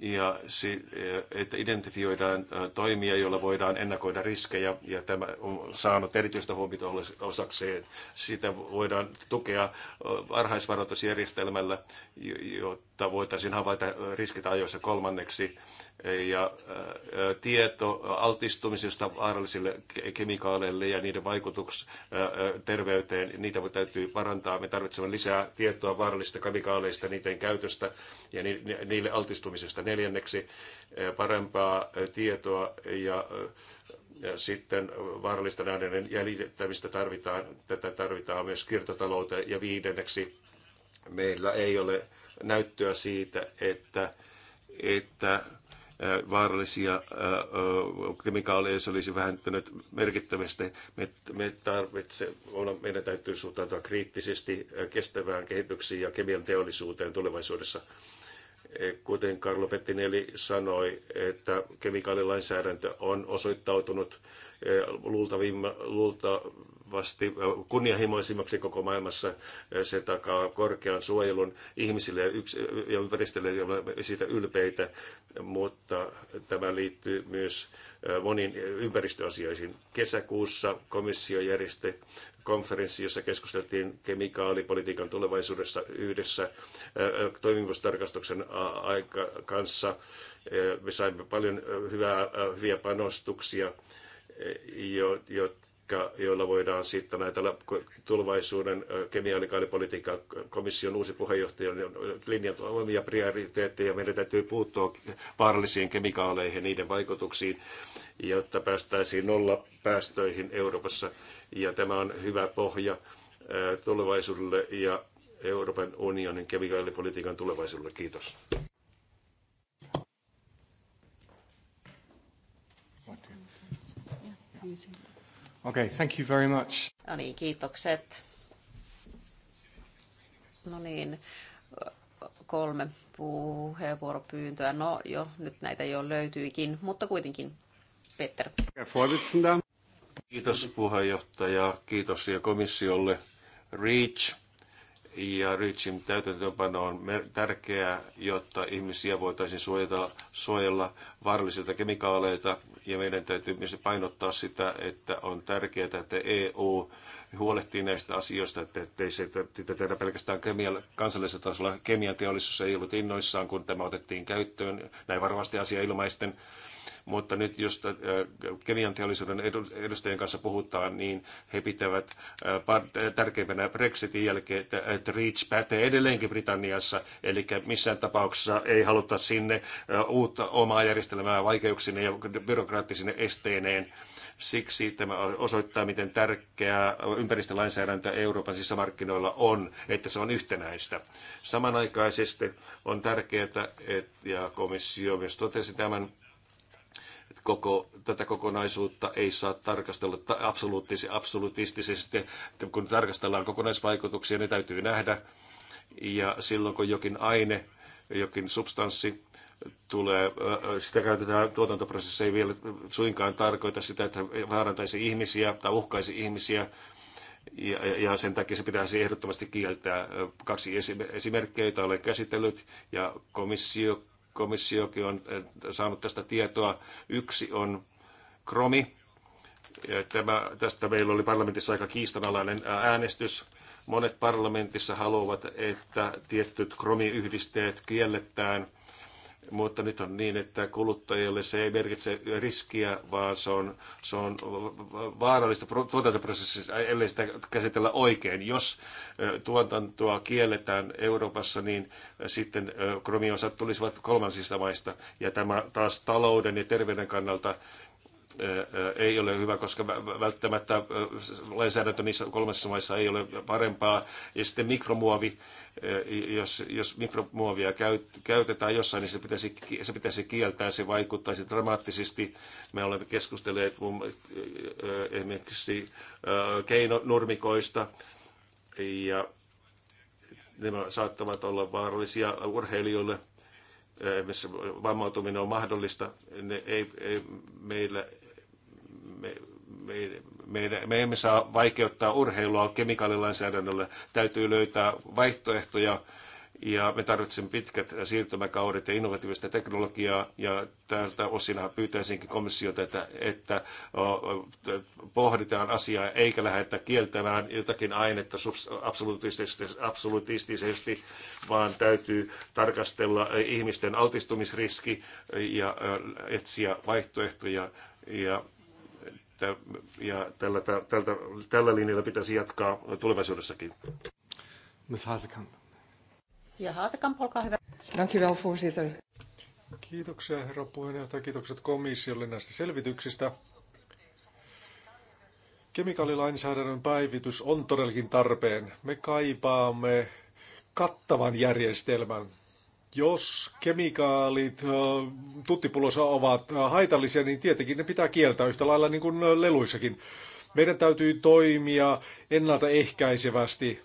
Ja äh, että identifioidaan äh, toimia, joilla voidaan ennakoida riskejä, ja tämä on saanut erityistä huomiota osakseen. Sitä voidaan tukea varhaisvaroitusjärjestelmällä, jotta voitaisiin havaita riskit ajoissa kolmanneksi ja tieto altistumisesta vaarallisille kemikaaleille ja niiden vaikutus terveyteen, niitä täytyy parantaa. Me tarvitsemme lisää tietoa vaarallisista kemikaaleista, niiden käytöstä ja niille altistumisesta. Neljänneksi parempaa tietoa ja ja sitten vaarallisten aineiden jäljittämistä tarvitaan, tätä tarvitaan myös kiertotalouteen. Ja viidenneksi meillä ei ole näyttöä siitä, että, että vaarallisia kemikaaleja, se olisi vähentynyt merkittävästi. Me, me tarvitse, meidän täytyy suhtautua kriittisesti kestävään kehitykseen ja kemian teollisuuteen tulevaisuudessa. E, kuten Karlo Pettinelli sanoi, että kemikaalilainsäädäntö on osoittautunut luultavimma luulta huomattavasti kunnianhimoisimmaksi koko maailmassa. Se takaa korkean suojelun ihmisille ja, yks, ja ympäristölle, ja siitä ylpeitä, mutta tämä liittyy myös moniin ympäristöasioihin. Kesäkuussa komissio järjesti konferenssi, jossa keskusteltiin kemikaalipolitiikan tulevaisuudessa yhdessä toimivuustarkastuksen aika kanssa. Me saimme paljon hyvää, hyviä panostuksia, jotka joilla voidaan sitten näitä tulevaisuuden kemiaalikaalipolitiikkaa, komission uusi puheenjohtaja linjan omia prioriteetteja. Meidän täytyy puuttua vaarallisiin kemikaaleihin ja niiden vaikutuksiin, jotta päästäisiin nolla päästöihin Euroopassa. Ja tämä on hyvä pohja tulevaisuudelle ja Euroopan unionin kemikaalipolitiikan tulevaisuudelle. Kiitos. you. Okay, thank you very much. No niin, kiitokset. No niin, kolme puheenvuoropyyntöä. No jo, nyt näitä jo löytyikin, mutta kuitenkin Peter. Kiitos puheenjohtaja, kiitos ja komissiolle. REACH ja REACHin täytäntöönpano on tärkeää, jotta ihmisiä voitaisiin suojata, suojella vaarallisilta kemikaaleilta ja meidän täytyy myös painottaa sitä, että on tärkeää, että EU huolehtii näistä asioista, että ei se että tehdä pelkästään kemial, kansallisella tasolla. Kemian teollisuus ei ollut innoissaan, kun tämä otettiin käyttöön. Näin varmasti asia ilmaisten mutta nyt jos äh, kemian teollisuuden edustajien kanssa puhutaan, niin he pitävät äh, tärkeimpänä Brexitin jälkeen, että REACH pätee edelleenkin Britanniassa, eli missään tapauksessa ei haluta sinne äh, uutta omaa järjestelmää vaikeuksineen ja byrokraattisine esteineen. Siksi tämä osoittaa, miten tärkeää ympäristölainsäädäntö Euroopan sisämarkkinoilla on, että se on yhtenäistä. Samanaikaisesti on tärkeää, että, ja komissio myös totesi tämän, koko, tätä kokonaisuutta ei saa tarkastella absoluuttisesti, kun tarkastellaan kokonaisvaikutuksia, ne täytyy nähdä. Ja silloin kun jokin aine, jokin substanssi tulee, sitä käytetään tuotantoprosessissa, ei vielä suinkaan tarkoita sitä, että vaarantaisi ihmisiä tai uhkaisi ihmisiä, ja, ja sen takia se pitäisi ehdottomasti kieltää. Kaksi esimerkkiä, joita olen käsitellyt, ja komissio komissiokin on eh, saanut tästä tietoa. Yksi on Kromi. Eh, tämä, tästä meillä oli parlamentissa aika kiistanalainen eh, äänestys. Monet parlamentissa haluavat, että tietyt kromiyhdisteet kielletään – mutta nyt on niin, että kuluttajille se ei merkitse riskiä, vaan se on, se on vaarallista tuotantoprosessissa, ellei sitä käsitellä oikein. Jos tuotantoa kielletään Euroopassa, niin sitten kromiosat tulisivat kolmansista maista. Ja tämä taas talouden ja terveyden kannalta ei ole hyvä, koska välttämättä lainsäädäntö niissä kolmessa maissa ei ole parempaa. Ja sitten mikromuovi, jos, jos mikromuovia käyt, käytetään jossain, niin se pitäisi, se pitäisi kieltää, se vaikuttaisi dramaattisesti. Me olemme keskustelleet esimerkiksi keinonurmikoista ja nämä saattavat olla vaarallisia urheilijoille missä vammautuminen on mahdollista, ne ei, ei, meillä me, me, me, me emme saa vaikeuttaa urheilua kemikaalilainsäädännöllä. Täytyy löytää vaihtoehtoja ja me tarvitsemme pitkät siirtymäkaudet ja innovatiivista teknologiaa ja tältä osin pyytäisinkin komissiota, että, että pohditaan asiaa eikä lähdetä kieltämään jotakin ainetta absolutistisesti vaan täytyy tarkastella ihmisten altistumisriski ja etsiä vaihtoehtoja ja ja tällä, tältä, tällä linjalla pitäisi jatkaa tulevaisuudessakin. Ms. Haasekamp. Ja Haasekamp, olkaa hyvä. Thank you, wel, Kiitoksia herra puheenjohtaja, kiitokset komissiolle näistä selvityksistä. Kemikaalilainsäädännön päivitys on todellakin tarpeen. Me kaipaamme kattavan järjestelmän. Jos kemikaalit tuttipulossa ovat haitallisia, niin tietenkin ne pitää kieltää yhtä lailla niin kuin leluissakin. Meidän täytyy toimia ennaltaehkäisevästi,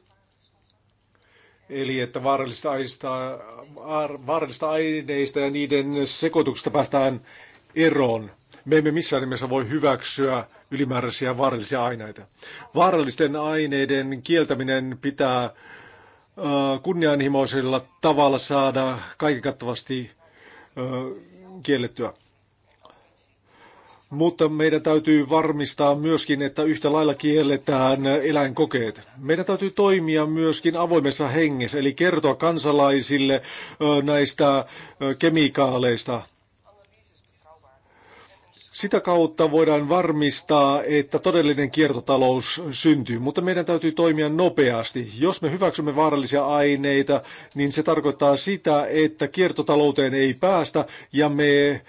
Eli että vaarallista aineista, vaarallista aineista ja niiden sekoituksesta päästään eroon. Me emme missään nimessä voi hyväksyä ylimääräisiä vaarallisia aineita. Vaarallisten aineiden kieltäminen pitää kunnianhimoisella tavalla saada kaiken kattavasti kiellettyä. Mutta meidän täytyy varmistaa myöskin, että yhtä lailla kielletään eläinkokeet. Meidän täytyy toimia myöskin avoimessa hengessä, eli kertoa kansalaisille näistä kemikaaleista – sitä kautta voidaan varmistaa, että todellinen kiertotalous syntyy, mutta meidän täytyy toimia nopeasti. Jos me hyväksymme vaarallisia aineita, niin se tarkoittaa sitä, että kiertotalouteen ei päästä ja me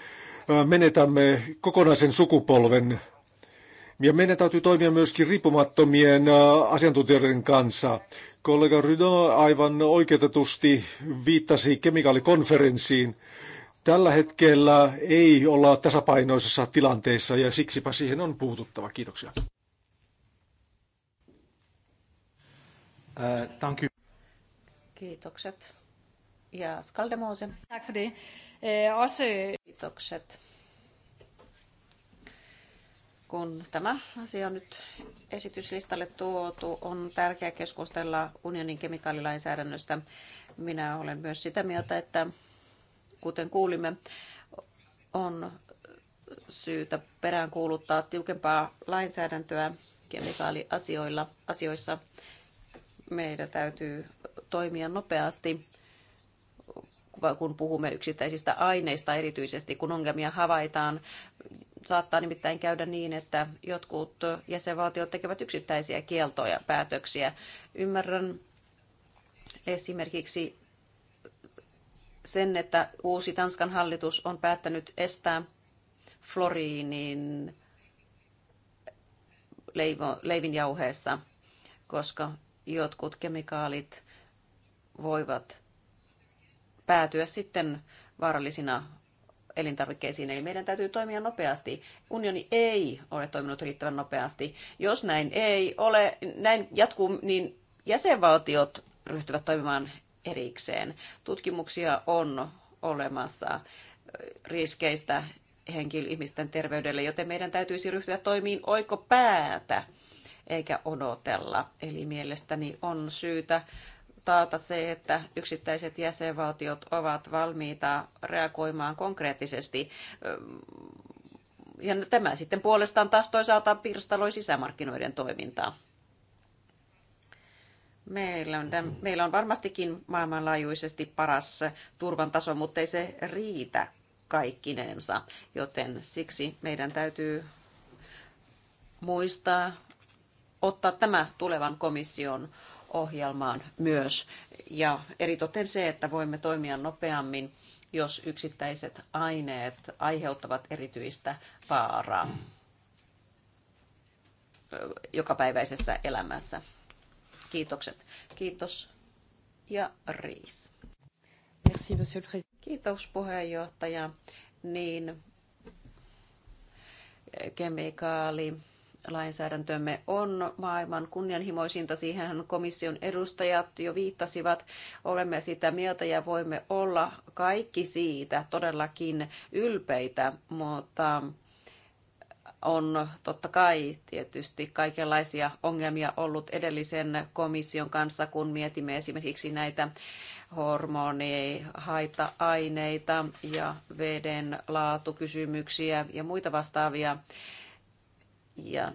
menetämme kokonaisen sukupolven. Ja meidän täytyy toimia myöskin riippumattomien asiantuntijoiden kanssa. Kollega Rydon aivan oikeutetusti viittasi kemikaalikonferenssiin. Tällä hetkellä ei olla tasapainoisessa tilanteessa ja siksipä siihen on puututtava. Kiitoksia. Äh, Kiitokset. Ja Skaldemose. det. Äh, Kiitokset. Kun tämä asia on nyt esityslistalle tuotu, on tärkeää keskustella unionin kemikaalilainsäädännöstä. Minä olen myös sitä mieltä, että kuten kuulimme, on syytä peräänkuuluttaa tiukempaa lainsäädäntöä kemikaaliasioilla. Asioissa meidän täytyy toimia nopeasti, kun puhumme yksittäisistä aineista, erityisesti kun ongelmia havaitaan. Saattaa nimittäin käydä niin, että jotkut jäsenvaltiot tekevät yksittäisiä kieltoja, päätöksiä. Ymmärrän esimerkiksi sen, että uusi Tanskan hallitus on päättänyt estää floriinin leivo, leivinjauheessa, koska jotkut kemikaalit voivat päätyä sitten vaarallisina elintarvikkeisiin. Eli meidän täytyy toimia nopeasti. Unioni ei ole toiminut riittävän nopeasti. Jos näin ei ole, näin jatkuu, niin jäsenvaltiot ryhtyvät toimimaan erikseen. Tutkimuksia on olemassa riskeistä henkilöihmisten terveydelle, joten meidän täytyisi ryhtyä toimiin oikopäätä eikä odotella. Eli mielestäni on syytä taata se, että yksittäiset jäsenvaltiot ovat valmiita reagoimaan konkreettisesti. Ja tämä sitten puolestaan taas toisaalta pirstaloi sisämarkkinoiden toimintaa. Meillä on, meillä on varmastikin maailmanlaajuisesti paras turvan taso, mutta ei se riitä kaikkinensa, joten siksi meidän täytyy muistaa ottaa tämä tulevan komission ohjelmaan myös. Ja eritoten se, että voimme toimia nopeammin, jos yksittäiset aineet aiheuttavat erityistä vaaraa jokapäiväisessä elämässä. Kiitokset. Kiitos ja Riis. Merci, monsieur le Kiitos puheenjohtaja. Niin, kemikaali lainsäädäntömme on maailman kunnianhimoisinta. Siihen komission edustajat jo viittasivat. Olemme sitä mieltä ja voimme olla kaikki siitä todellakin ylpeitä, mutta on totta kai tietysti kaikenlaisia ongelmia ollut edellisen komission kanssa, kun mietimme esimerkiksi näitä hormonihaita aineita ja veden laatukysymyksiä ja muita vastaavia. Ja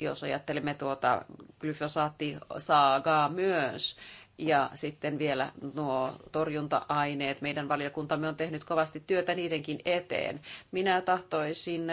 jos ajattelemme tuota glyfosaattisaagaa myös, ja sitten vielä nuo torjunta-aineet. Meidän valiokuntamme on tehnyt kovasti työtä niidenkin eteen. Minä tahtoisin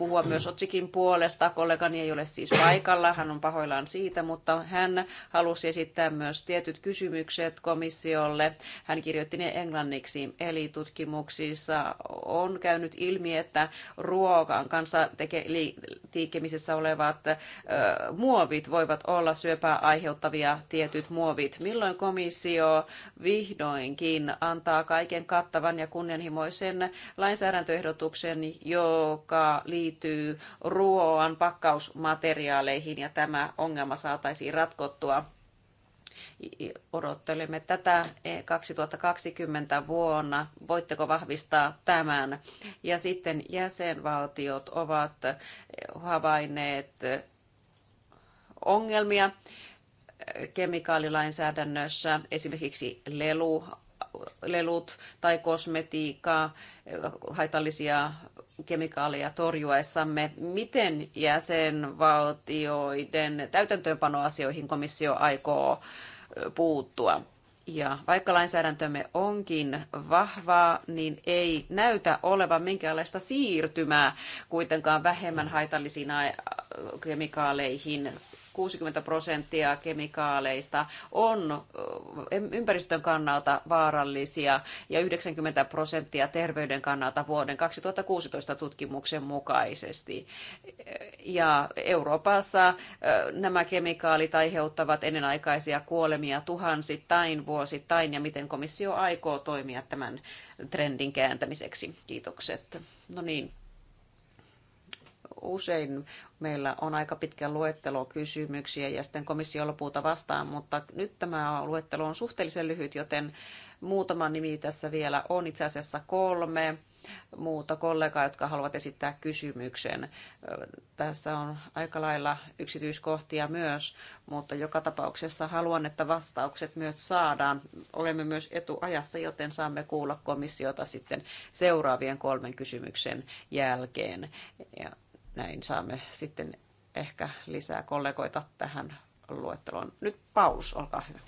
puhua myös Otsikin puolesta. Kollegani ei ole siis paikalla, hän on pahoillaan siitä, mutta hän halusi esittää myös tietyt kysymykset komissiolle. Hän kirjoitti ne englanniksi, eli tutkimuksissa on käynyt ilmi, että ruokan kanssa teke, liikkemisessä olevat ö, muovit voivat olla syöpää aiheuttavia tietyt muovit. Milloin komissio vihdoinkin antaa kaiken kattavan ja kunnianhimoisen lainsäädäntöehdotuksen, joka liittyy liittyy ruoan pakkausmateriaaleihin ja tämä ongelma saataisiin ratkottua. Odottelemme tätä 2020 vuonna. Voitteko vahvistaa tämän? Ja sitten jäsenvaltiot ovat havainneet ongelmia kemikaalilainsäädännössä, esimerkiksi lelu, lelut tai kosmetiikkaa, haitallisia kemikaalia torjuessamme. Miten jäsenvaltioiden täytäntöönpanoasioihin komissio aikoo puuttua? Ja vaikka lainsäädäntömme onkin vahvaa, niin ei näytä olevan minkäänlaista siirtymää kuitenkaan vähemmän haitallisiin kemikaaleihin 60 prosenttia kemikaaleista on ympäristön kannalta vaarallisia ja 90 prosenttia terveyden kannalta vuoden 2016 tutkimuksen mukaisesti. Ja Euroopassa nämä kemikaalit aiheuttavat ennenaikaisia kuolemia tuhansittain vuosittain ja miten komissio aikoo toimia tämän trendin kääntämiseksi. Kiitokset. No niin, usein meillä on aika pitkä luettelo kysymyksiä ja sitten komissio lopulta vastaan, mutta nyt tämä luettelo on suhteellisen lyhyt, joten muutama nimi tässä vielä on, itse asiassa kolme muuta kollegaa, jotka haluavat esittää kysymyksen. Tässä on aika lailla yksityiskohtia myös, mutta joka tapauksessa haluan, että vastaukset myös saadaan. Olemme myös etuajassa, joten saamme kuulla komissiota sitten seuraavien kolmen kysymyksen jälkeen. Ja näin saamme sitten ehkä lisää kollegoita tähän luetteloon. Nyt Paulus, olkaa hyvä.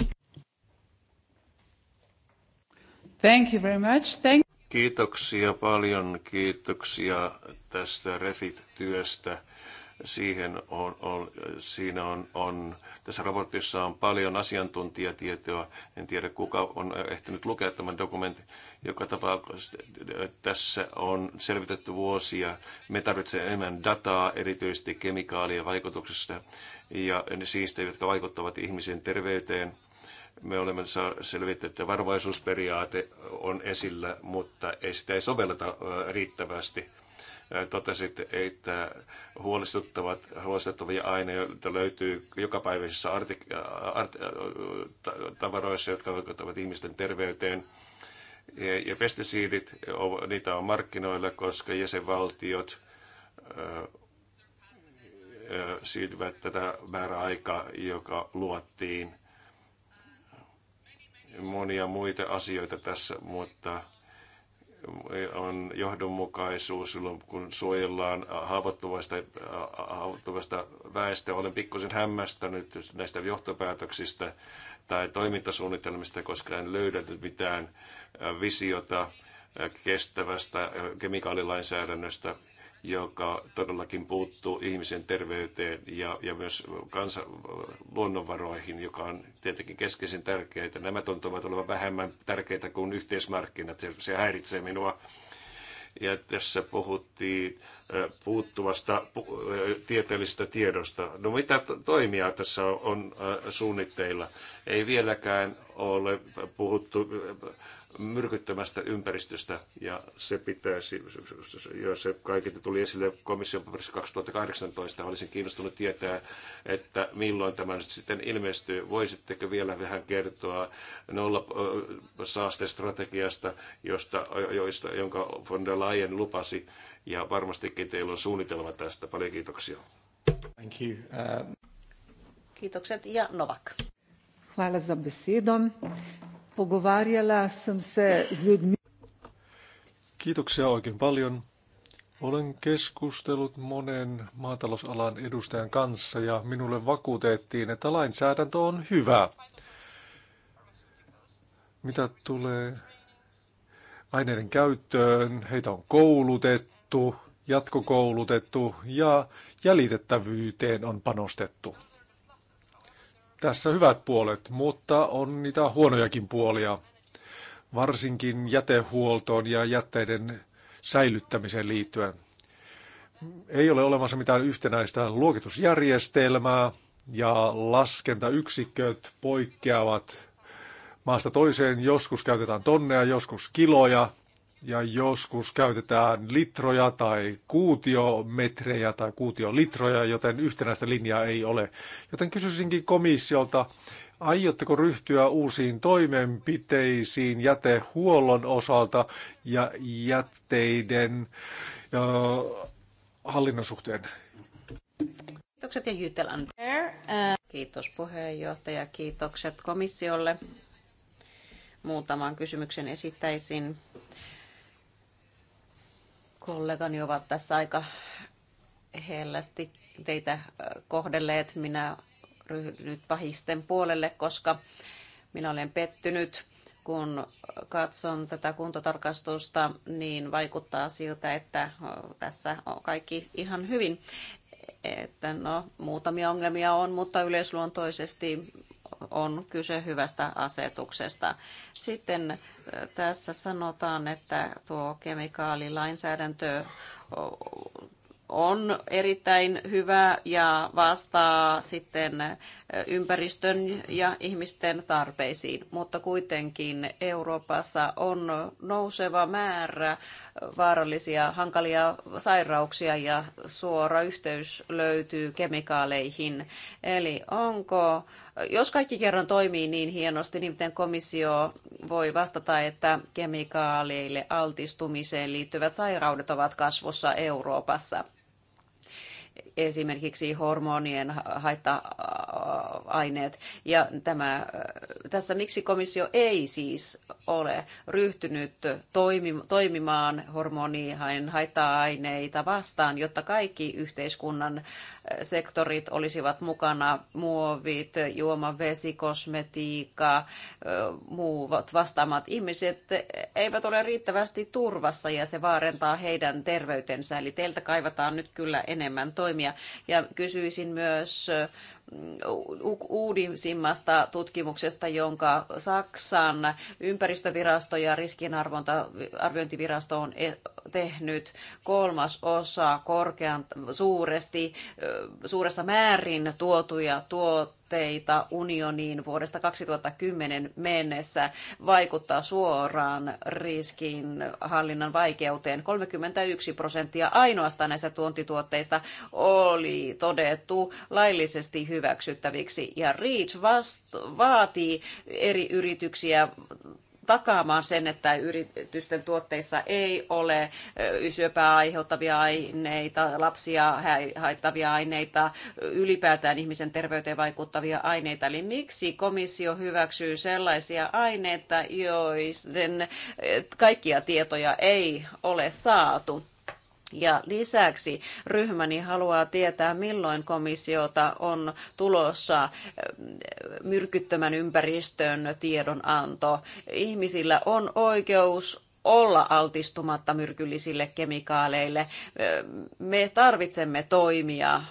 Thank you very much. Thank Kiitoksia paljon, kiitoksia tästä Refit-työstä Siihen on, on, siinä on, on, tässä raportissa on paljon asiantuntijatietoa. En tiedä, kuka on ehtinyt lukea tämän dokumentin. Joka tapauksessa tässä on selvitetty vuosia. Me tarvitsemme enemmän dataa, erityisesti kemikaalien vaikutuksesta ja siistä, jotka vaikuttavat ihmisen terveyteen me olemme selvittäneet, että varovaisuusperiaate on esillä, mutta ei sitä ei sovelleta riittävästi totesit, että huolestuttavat, huolestuttavia aineita löytyy jokapäiväisissä artik- art- tavaroissa, jotka vaikuttavat ihmisten terveyteen. Ja pestisiidit, niitä on markkinoilla, koska jäsenvaltiot siirtyvät tätä määräaikaa, joka luottiin. Monia muita asioita tässä, mutta on johdonmukaisuus silloin, kun suojellaan haavoittuvasta, haavoittuvasta väestöä. Olen pikkusen hämmästänyt näistä johtopäätöksistä tai toimintasuunnitelmista, koska en löydänyt mitään visiota kestävästä kemikaalilainsäädännöstä joka todellakin puuttuu ihmisen terveyteen ja, ja myös kansa, luonnonvaroihin, joka on tietenkin keskeisen tärkeää. Nämä tuntuvat olevan vähemmän tärkeitä kuin yhteismarkkinat. Se, se häiritsee minua. Ja tässä puhuttiin puuttuvasta tieteellisestä tiedosta. No mitä toimia tässä on suunnitteilla? Ei vieläkään ole puhuttu myrkyttömästä ympäristöstä, ja se pitäisi, jos se kaikilta tuli esille komission paperissa 2018, olisin kiinnostunut tietää, että milloin tämä nyt sitten ilmestyy. Voisitteko vielä vähän kertoa nolla saastestrategiasta, josta, joista, jonka von der Leyen lupasi, ja varmastikin teillä on suunnitelma tästä. Paljon kiitoksia. Thank you. Uh... Kiitokset ja Novak. Hvala za besedo. Pogovarjala sem se z ljudmi. Kiitoksia oikein paljon. Olen keskustellut monen maatalousalan edustajan kanssa ja minulle vakuutettiin, että lainsäädäntö on hyvä. Mitä tulee aineiden käyttöön, heitä on koulutettu, jatkokoulutettu ja jäljitettävyyteen on panostettu tässä hyvät puolet, mutta on niitä huonojakin puolia, varsinkin jätehuoltoon ja jätteiden säilyttämiseen liittyen. Ei ole olemassa mitään yhtenäistä luokitusjärjestelmää ja laskentayksiköt poikkeavat maasta toiseen. Joskus käytetään tonneja, joskus kiloja ja joskus käytetään litroja tai kuutiometrejä tai kuutiolitroja, joten yhtenäistä linjaa ei ole. Joten kysyisinkin komissiolta, aiotteko ryhtyä uusiin toimenpiteisiin jätehuollon osalta ja jätteiden ö, hallinnan suhteen? Kiitokset ja Jytelän. Kiitos puheenjohtaja, kiitokset komissiolle. Muutaman kysymyksen esittäisin kollegani ovat tässä aika hellästi teitä kohdelleet. Minä ryhdyn nyt pahisten puolelle, koska minä olen pettynyt kun katson tätä kuntotarkastusta, niin vaikuttaa siltä, että tässä on kaikki ihan hyvin. Että no, muutamia ongelmia on, mutta yleisluontoisesti on kyse hyvästä asetuksesta. Sitten tässä sanotaan, että tuo kemikaalilainsäädäntö on erittäin hyvä ja vastaa sitten ympäristön ja ihmisten tarpeisiin. Mutta kuitenkin Euroopassa on nouseva määrä vaarallisia, hankalia sairauksia ja suora yhteys löytyy kemikaaleihin. Eli onko, jos kaikki kerran toimii niin hienosti, niin miten komissio voi vastata, että kemikaaleille altistumiseen liittyvät sairaudet ovat kasvussa Euroopassa? esimerkiksi hormonien haitta-aineet. Ja tämä, tässä miksi komissio ei siis ole ryhtynyt toimi, toimimaan hormonien haitta-aineita vastaan, jotta kaikki yhteiskunnan äh, sektorit olisivat mukana, muovit, juomavesi, kosmetiikka, äh, muut vastaamat ihmiset eivät ole riittävästi turvassa ja se vaarentaa heidän terveytensä. Eli teiltä kaivataan nyt kyllä enemmän toimia. Ja kysyisin myös mm, uudisimmasta tutkimuksesta, jonka Saksan ympäristövirasto ja riskinarviointivirasto on e- tehnyt kolmas osa korkean, suuresti, suuressa määrin tuotuja tuotteita suhteita unioniin vuodesta 2010 mennessä vaikuttaa suoraan riskin hallinnan vaikeuteen. 31 prosenttia ainoastaan näistä tuontituotteista oli todettu laillisesti hyväksyttäviksi ja REACH vast- vaatii eri yrityksiä takaamaan sen, että yritysten tuotteissa ei ole syöpää aiheuttavia aineita, lapsia haittavia aineita, ylipäätään ihmisen terveyteen vaikuttavia aineita. Eli miksi komissio hyväksyy sellaisia aineita, joiden kaikkia tietoja ei ole saatu? Ja lisäksi ryhmäni haluaa tietää, milloin komissiota on tulossa eh, myrkyttömän ympäristön tiedonanto. Ihmisillä on oikeus olla altistumatta myrkyllisille kemikaaleille. Eh, me tarvitsemme toimia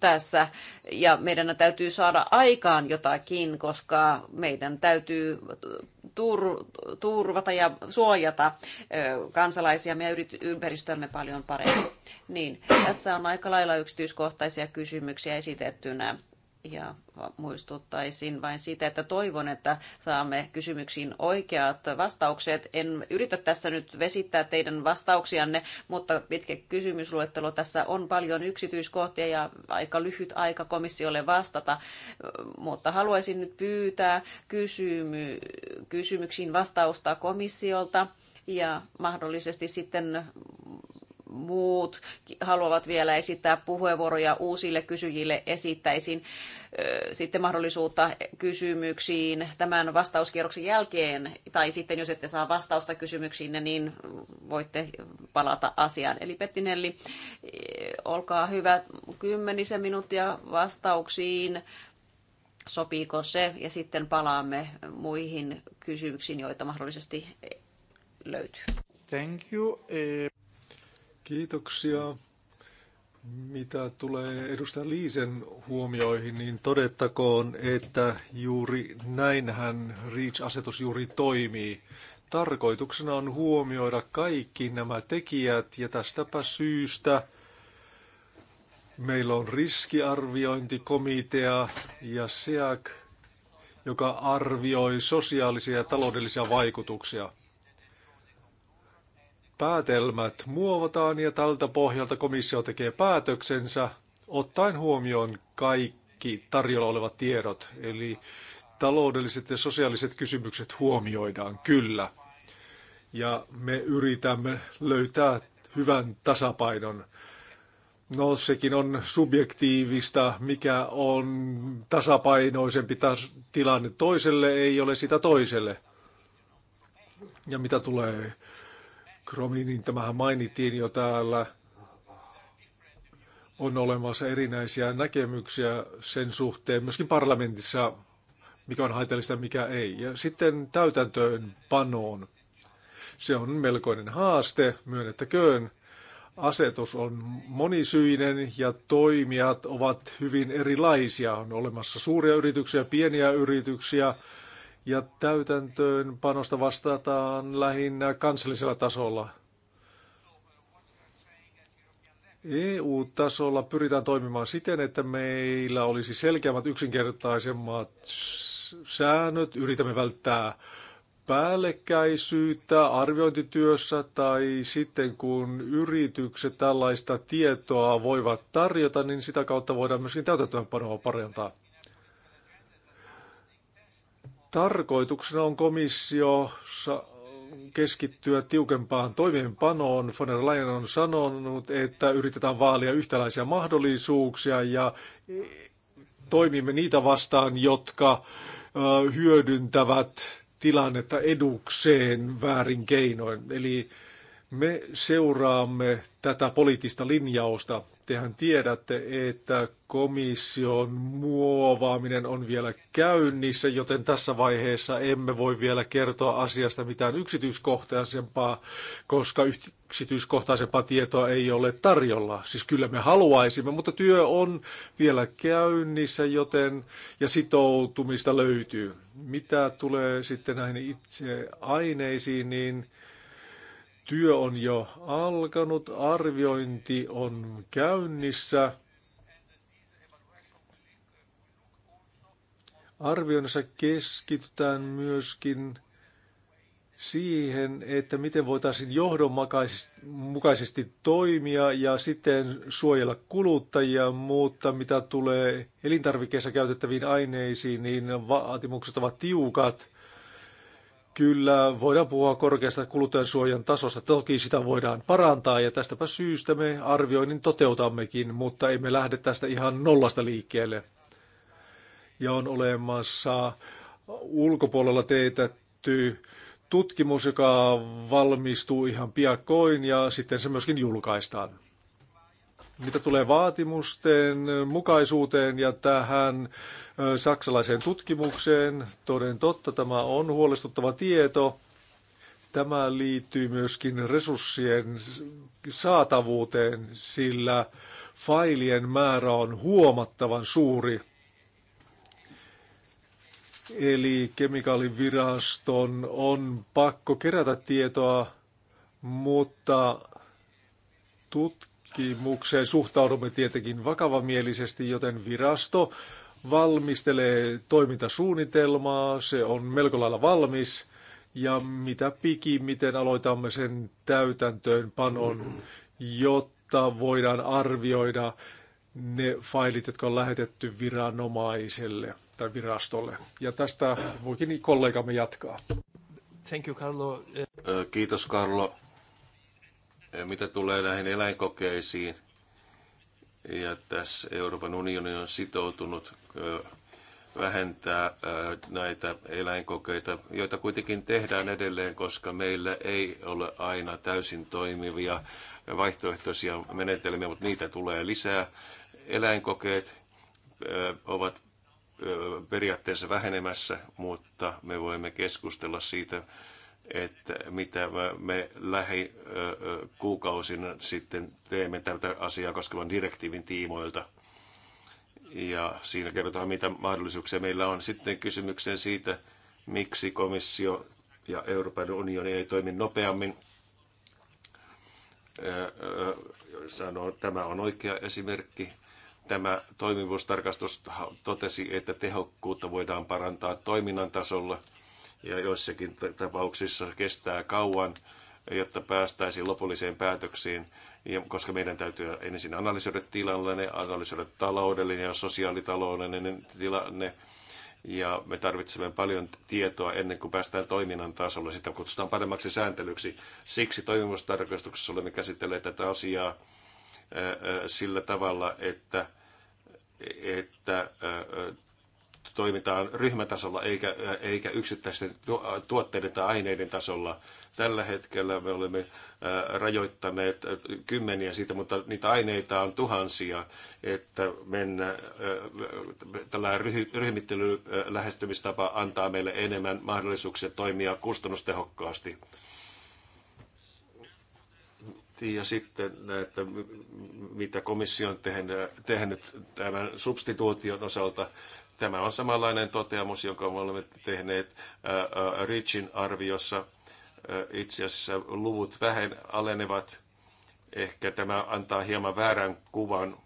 tässä ja meidän täytyy saada aikaan jotakin, koska meidän täytyy tur, turvata ja suojata kansalaisia ja ympäristöämme paljon paremmin. Niin, tässä on aika lailla yksityiskohtaisia kysymyksiä esitettynä ja muistuttaisin vain siitä, että toivon, että saamme kysymyksiin oikeat vastaukset. En yritä tässä nyt vesittää teidän vastauksianne, mutta pitkä kysymysluettelo tässä on paljon yksityiskohtia ja aika lyhyt aika komissiolle vastata, mutta haluaisin nyt pyytää kysymy- kysymyksiin vastausta komissiolta ja mahdollisesti sitten muut haluavat vielä esittää puheenvuoroja uusille kysyjille, esittäisin sitten mahdollisuutta kysymyksiin tämän vastauskierroksen jälkeen, tai sitten jos ette saa vastausta kysymyksiin, niin voitte palata asiaan. Eli Pettinelli, olkaa hyvä, kymmenisen minuuttia vastauksiin, sopiiko se, ja sitten palaamme muihin kysymyksiin, joita mahdollisesti löytyy. Thank you. Eh, Kiitoksia. Mitä tulee edustaja Liisen huomioihin, niin todettakoon, että juuri näinhän REACH-asetus juuri toimii. Tarkoituksena on huomioida kaikki nämä tekijät ja tästäpä syystä meillä on riskiarviointikomitea ja SEAC, joka arvioi sosiaalisia ja taloudellisia vaikutuksia – päätelmät muovataan ja tältä pohjalta komissio tekee päätöksensä ottaen huomioon kaikki tarjolla olevat tiedot, eli taloudelliset ja sosiaaliset kysymykset huomioidaan kyllä. Ja me yritämme löytää hyvän tasapainon. No sekin on subjektiivista, mikä on tasapainoisempi tas- tilanne toiselle, ei ole sitä toiselle. Ja mitä tulee Krominin, niin tämähän mainittiin jo täällä. On olemassa erinäisiä näkemyksiä sen suhteen, myöskin parlamentissa, mikä on haitallista, mikä ei. Ja sitten täytäntöön panoon. Se on melkoinen haaste, myönnettäköön. Asetus on monisyinen ja toimijat ovat hyvin erilaisia. On olemassa suuria yrityksiä, pieniä yrityksiä, ja täytäntöön panosta vastataan lähinnä kansallisella tasolla. EU-tasolla pyritään toimimaan siten, että meillä olisi selkeämmät, yksinkertaisemmat säännöt. Yritämme välttää päällekkäisyyttä arviointityössä tai sitten kun yritykset tällaista tietoa voivat tarjota, niin sitä kautta voidaan myöskin täytäntöönpanoa parantaa. Tarkoituksena on komissiossa keskittyä tiukempaan toimeenpanoon. Von der Leyen on sanonut, että yritetään vaalia yhtäläisiä mahdollisuuksia ja toimimme niitä vastaan, jotka hyödyntävät tilannetta edukseen väärin keinoin. Eli me seuraamme tätä poliittista linjausta. Tehän tiedätte, että komission muovaaminen on vielä käynnissä, joten tässä vaiheessa emme voi vielä kertoa asiasta mitään yksityiskohtaisempaa, koska yksityiskohtaisempaa tietoa ei ole tarjolla. Siis kyllä me haluaisimme, mutta työ on vielä käynnissä, joten ja sitoutumista löytyy. Mitä tulee sitten näihin itse aineisiin, niin Työ on jo alkanut, arviointi on käynnissä. Arvioinnissa keskitytään myöskin siihen, että miten voitaisiin johdonmukaisesti toimia ja sitten suojella kuluttajia, mutta mitä tulee elintarvikkeissa käytettäviin aineisiin, niin vaatimukset ovat tiukat. Kyllä, voidaan puhua korkeasta kuluttajansuojan tasosta. Toki sitä voidaan parantaa ja tästäpä syystä me arvioinnin toteutammekin, mutta emme lähde tästä ihan nollasta liikkeelle. Ja on olemassa ulkopuolella teetetty tutkimus, joka valmistuu ihan piakkoin ja sitten se myöskin julkaistaan. Mitä tulee vaatimusten mukaisuuteen ja tähän saksalaiseen tutkimukseen, toden totta tämä on huolestuttava tieto. Tämä liittyy myöskin resurssien saatavuuteen, sillä failien määrä on huomattavan suuri. Eli kemikaaliviraston on pakko kerätä tietoa, mutta tutkimus tutkimukseen suhtaudumme tietenkin vakavamielisesti, joten virasto valmistelee toimintasuunnitelmaa, se on melko lailla valmis ja mitä miten aloitamme sen täytäntöönpanon, jotta voidaan arvioida ne failit, jotka on lähetetty viranomaiselle tai virastolle. Ja tästä voikin kollegamme jatkaa. Thank you, Carlo. Kiitos, Carlo. Mitä tulee näihin eläinkokeisiin, ja tässä Euroopan unioni on sitoutunut vähentää näitä eläinkokeita, joita kuitenkin tehdään edelleen, koska meillä ei ole aina täysin toimivia vaihtoehtoisia menetelmiä, mutta niitä tulee lisää. Eläinkokeet ovat periaatteessa vähenemässä, mutta me voimme keskustella siitä, että mitä me lähikuukausina sitten teemme tältä asiaa koskevan direktiivin tiimoilta. Ja siinä kerrotaan, mitä mahdollisuuksia meillä on. Sitten kysymykseen siitä, miksi komissio ja Euroopan unioni ei toimi nopeammin. Sanoo, tämä on oikea esimerkki. Tämä toimivuustarkastus totesi, että tehokkuutta voidaan parantaa toiminnan tasolla – ja joissakin tapauksissa kestää kauan, jotta päästäisiin lopulliseen päätöksiin, ja koska meidän täytyy ensin analysoida tilanne, analysoida taloudellinen ja sosiaalitaloudellinen tilanne, ja me tarvitsemme paljon tietoa ennen kuin päästään toiminnan tasolle. Sitä kutsutaan paremmaksi sääntelyksi. Siksi toimimustarkastuksessa olemme käsitelleet tätä asiaa sillä tavalla, että, että toimitaan ryhmätasolla eikä, äh, eikä yksittäisten äh, tuotteiden tai aineiden tasolla. Tällä hetkellä me olemme äh, rajoittaneet kymmeniä siitä, mutta niitä aineita on tuhansia, että mennä, tällainen ryhmittely lähestymistapa antaa meille enemmän mahdollisuuksia toimia kustannustehokkaasti ja sitten, että mitä komissio on tehnyt, tehnyt tämän substituution osalta, Tämä on samanlainen toteamus, jonka me olemme tehneet äh, äh, Richin arviossa. Äh, itse asiassa luvut vähän alenevat. Ehkä tämä antaa hieman väärän kuvan,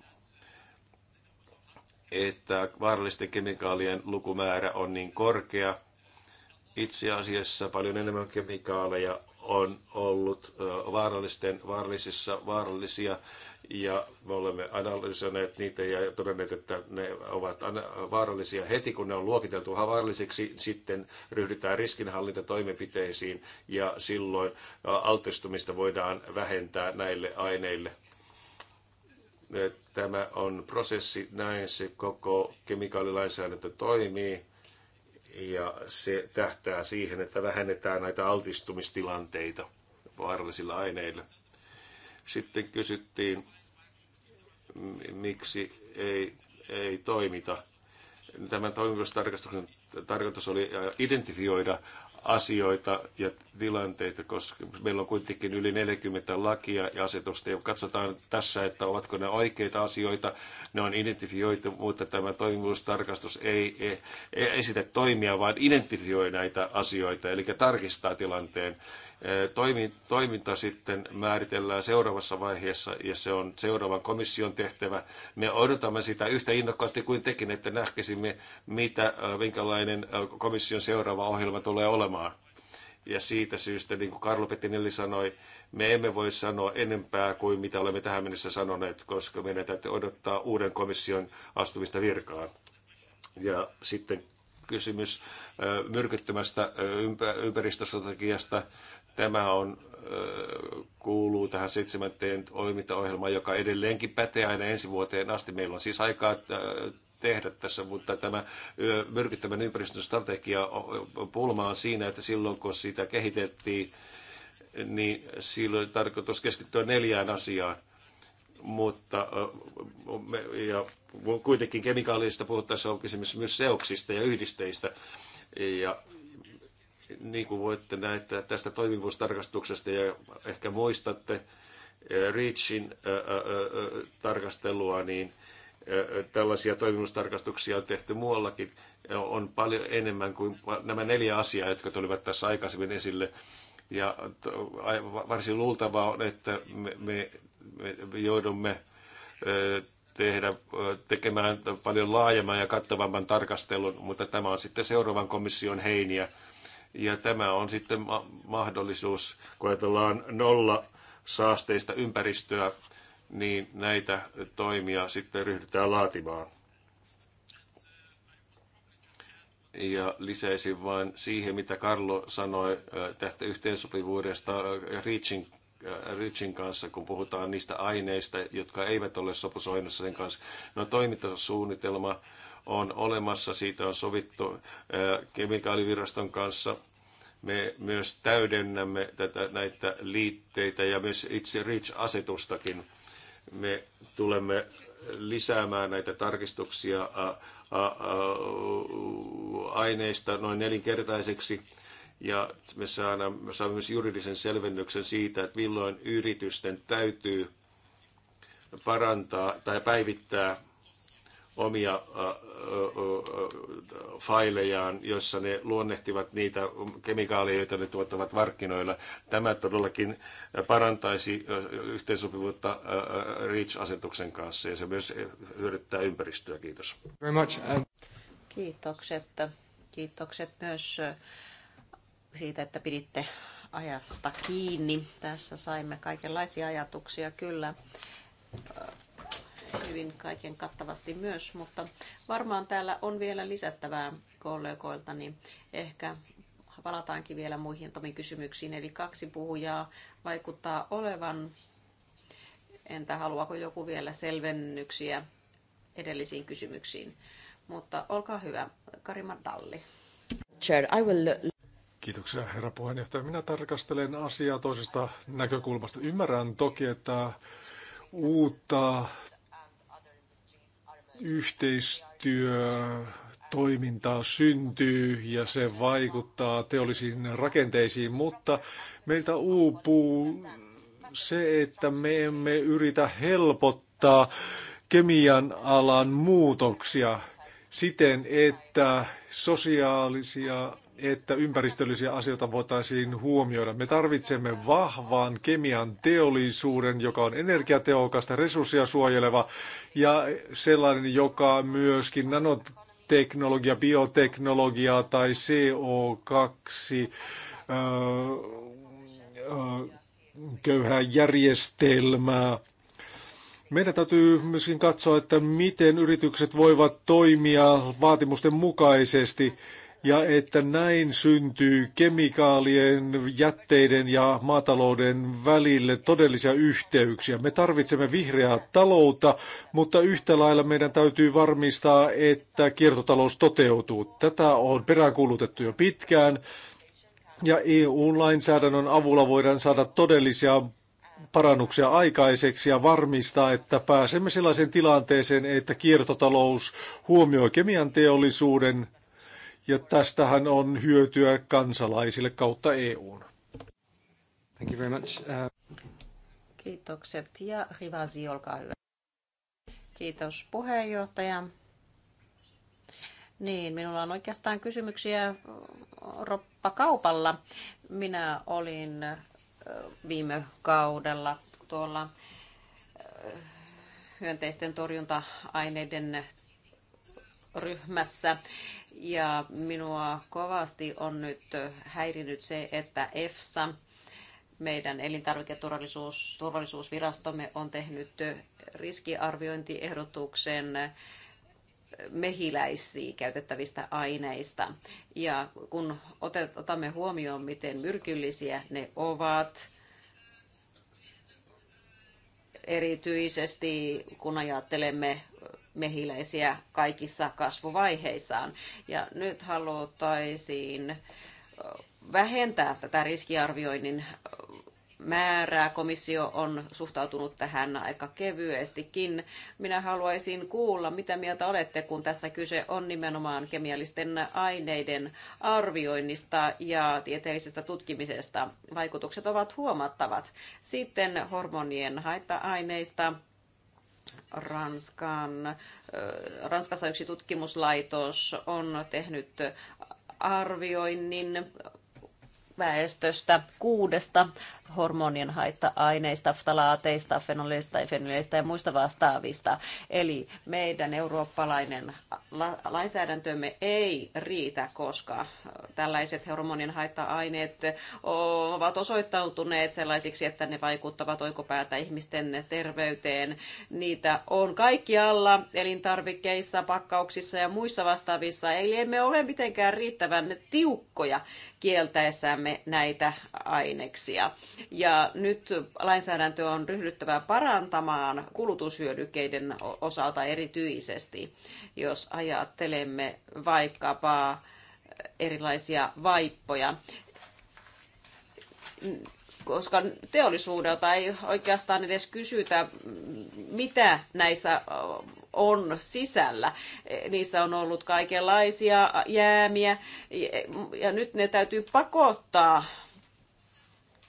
että vaarallisten kemikaalien lukumäärä on niin korkea. Itse asiassa paljon enemmän kemikaaleja on ollut vaarallisten, vaarallisissa, vaarallisia ja me olemme analysoineet niitä ja todenneet, että ne ovat vaarallisia heti, kun ne on luokiteltu vaarallisiksi, sitten ryhdytään riskinhallintatoimenpiteisiin ja silloin altistumista voidaan vähentää näille aineille. Tämä on prosessi, näin se koko kemikaalilainsäädäntö toimii ja se tähtää siihen, että vähennetään näitä altistumistilanteita vaarallisilla aineilla. Sitten kysyttiin miksi ei, ei toimita. Tämän toimivuustarkastuksen tarkoitus oli äh, identifioida asioita ja tilanteita, koska meillä on kuitenkin yli 40 lakia ja asetusta, ja katsotaan tässä, että ovatko ne oikeita asioita, ne on identifioitu, mutta tämä toimivuustarkastus ei, ei, ei esitä toimia, vaan identifioi näitä asioita, eli tarkistaa tilanteen toiminta sitten määritellään seuraavassa vaiheessa ja se on seuraavan komission tehtävä. Me odotamme sitä yhtä innokkaasti kuin tekin, että näkisimme, mitä, minkälainen komission seuraava ohjelma tulee olemaan. Ja siitä syystä, niin kuin Karlo Petinelli sanoi, me emme voi sanoa enempää kuin mitä olemme tähän mennessä sanoneet, koska meidän täytyy odottaa uuden komission astumista virkaan. Ja sitten kysymys myrkyttömästä ympäristöstrategiasta. Tämä on, kuuluu tähän seitsemänteen toimintaohjelmaan, joka edelleenkin pätee aina ensi vuoteen asti. Meillä on siis aikaa tehdä tässä, mutta tämä myrkyttävän ympäristön strategia pulma on siinä, että silloin kun sitä kehitettiin, niin silloin oli tarkoitus keskittyä neljään asiaan. Mutta ja kuitenkin kemikaaleista puhuttaessa on kysymys myös seoksista ja yhdisteistä. Ja niin kuin voitte näyttää tästä toimivuustarkastuksesta ja ehkä muistatte eh, Reachin eh, eh, tarkastelua, niin tällaisia toimivuustarkastuksia on tehty muuallakin. On paljon enemmän kuin nämä neljä asiaa, jotka tulivat tässä aikaisemmin esille. Ja varsin luultavaa on, että me, me, me joudumme tehdä, tekemään paljon laajemman ja kattavamman tarkastelun, mutta tämä on sitten seuraavan komission heiniä. Ja tämä on sitten ma- mahdollisuus, kun ajatellaan nolla saasteista ympäristöä, niin näitä toimia sitten ryhdytään laatimaan. Ja lisäisin vain siihen, mitä Karlo sanoi tästä yhteensopivuudesta reaching-reaching kanssa, kun puhutaan niistä aineista, jotka eivät ole sopusoinnossa sen kanssa. No toimintasuunnitelma on olemassa, siitä on sovittu kemikaaliviraston kanssa – me myös täydennämme tätä, näitä liitteitä ja myös itse REACH-asetustakin. Me tulemme lisäämään näitä tarkistuksia aineista noin nelinkertaiseksi. Ja me saamme, saamme myös juridisen selvennyksen siitä, että milloin yritysten täytyy parantaa tai päivittää omia failejaan, jossa ne luonnehtivat niitä kemikaaleja, joita ne tuottavat markkinoilla. Tämä todellakin parantaisi yhteensopivuutta REACH-asetuksen kanssa ja se myös hyödyttää ympäristöä. Kiitos. Kiitokset. Kiitokset myös siitä, että piditte ajasta kiinni. Tässä saimme kaikenlaisia ajatuksia kyllä hyvin kaiken kattavasti myös, mutta varmaan täällä on vielä lisättävää kollegoilta, niin ehkä palataankin vielä muihin Tomin kysymyksiin. Eli kaksi puhujaa vaikuttaa olevan. Entä haluaako joku vielä selvennyksiä edellisiin kysymyksiin? Mutta olkaa hyvä, Karima Dalli. Chair, I will... Kiitoksia herra puheenjohtaja. Minä tarkastelen asiaa toisesta näkökulmasta. Ymmärrän toki, että uutta toimintaa syntyy ja se vaikuttaa teollisiin rakenteisiin, mutta meiltä uupuu se, että me emme yritä helpottaa kemian alan muutoksia siten, että sosiaalisia että ympäristöllisiä asioita voitaisiin huomioida. Me tarvitsemme vahvan kemian teollisuuden, joka on energiatehokasta, resurssia suojeleva ja sellainen, joka myöskin nanoteknologia, bioteknologia tai CO2 köyhää järjestelmää. Meidän täytyy myöskin katsoa, että miten yritykset voivat toimia vaatimusten mukaisesti ja että näin syntyy kemikaalien, jätteiden ja maatalouden välille todellisia yhteyksiä. Me tarvitsemme vihreää taloutta, mutta yhtä lailla meidän täytyy varmistaa, että kiertotalous toteutuu. Tätä on peräänkuulutettu jo pitkään ja EU-lainsäädännön avulla voidaan saada todellisia parannuksia aikaiseksi ja varmistaa, että pääsemme sellaiseen tilanteeseen, että kiertotalous huomioi kemian teollisuuden ja tästähän on hyötyä kansalaisille kautta EUn. Thank you very much. Uh... Kiitokset ja Rivasi, olkaa hyvä. Kiitos puheenjohtaja. Niin, minulla on oikeastaan kysymyksiä roppakaupalla. Minä olin viime kaudella tuolla hyönteisten torjunta-aineiden ryhmässä. Ja minua kovasti on nyt häirinyt se, että EFSA, meidän elintarviketurvallisuusvirastomme, on tehnyt riskiarviointiehdotuksen mehiläisiä käytettävistä aineista. Ja kun otamme huomioon, miten myrkyllisiä ne ovat, erityisesti kun ajattelemme mehiläisiä kaikissa kasvuvaiheissaan. Ja nyt haluttaisiin vähentää tätä riskiarvioinnin määrää. Komissio on suhtautunut tähän aika kevyestikin. Minä haluaisin kuulla, mitä mieltä olette, kun tässä kyse on nimenomaan kemiallisten aineiden arvioinnista ja tieteellisestä tutkimisesta. Vaikutukset ovat huomattavat. Sitten hormonien haitta-aineista Ranskan, Ranskassa yksi tutkimuslaitos on tehnyt arvioinnin väestöstä kuudesta hormonien haitta-aineista, ftalaateista, fenoleista, fenyleistä ja muista vastaavista. Eli meidän eurooppalainen lainsäädäntömme ei riitä, koska tällaiset hormonien haitta-aineet ovat osoittautuneet sellaisiksi, että ne vaikuttavat oikopäätä ihmisten terveyteen. Niitä on kaikkialla elintarvikkeissa, pakkauksissa ja muissa vastaavissa, eli emme ole mitenkään riittävän tiukkoja kieltäessämme näitä aineksia. Ja nyt lainsäädäntö on ryhdyttävä parantamaan kulutushyödykkeiden osalta erityisesti, jos ajattelemme vaikkapa eh, erilaisia vaippoja koska teollisuudelta ei oikeastaan edes kysytä, mitä näissä eh, on sisällä. Eh, niissä on ollut kaikenlaisia jäämiä ja nyt ne täytyy pakottaa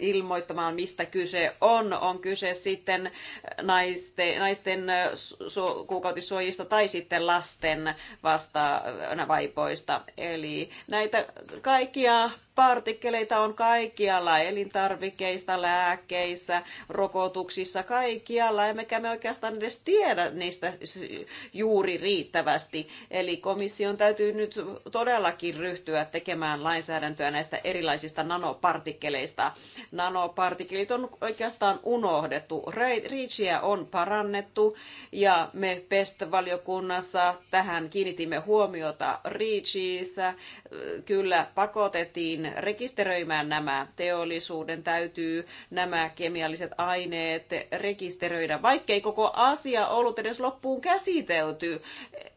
ilmoittamaan, mistä kyse on. On kyse sitten naisten, naisten kuukautissuojista tai sitten lasten vasta vaipoista Eli näitä kaikkia partikkeleita on kaikkialla, elintarvikeista, lääkkeissä, rokotuksissa, kaikkialla, emmekä me oikeastaan edes tiedä niistä juuri riittävästi. Eli komission täytyy nyt todellakin ryhtyä tekemään lainsäädäntöä näistä erilaisista nanopartikkeleista nanopartikelit on oikeastaan unohdettu. Reachia on parannettu ja me PEST-valiokunnassa tähän kiinnitimme huomiota Reachissa. Kyllä pakotettiin rekisteröimään nämä. Teollisuuden täytyy nämä kemialliset aineet rekisteröidä, vaikkei koko asia ollut edes loppuun käsitelty.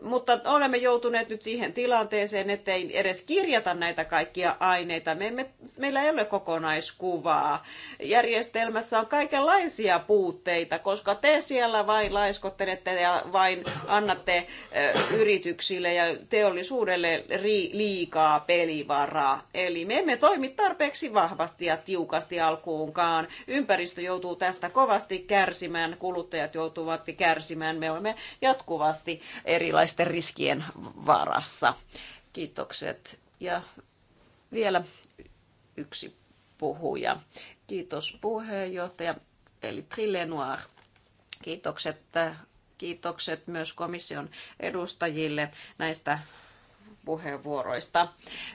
Mutta olemme joutuneet nyt siihen tilanteeseen, ettei edes kirjata näitä kaikkia aineita. Me emme, meillä ei ole kokonaiskuvaa rahaa. Järjestelmässä on kaikenlaisia puutteita, koska te siellä vain laiskottelette ja vain annatte eh, yrityksille ja teollisuudelle liikaa pelivaraa. Eli me emme toimi tarpeeksi vahvasti ja tiukasti alkuunkaan. Ympäristö joutuu tästä kovasti kärsimään, kuluttajat joutuvat kärsimään. Me olemme jatkuvasti erilaisten riskien varassa. Kiitokset. Ja vielä yksi puhuja. Kiitos puheenjohtaja, eli Trillenoir. Kiitokset, äh, kiitokset myös komission edustajille näistä puheenvuoroista.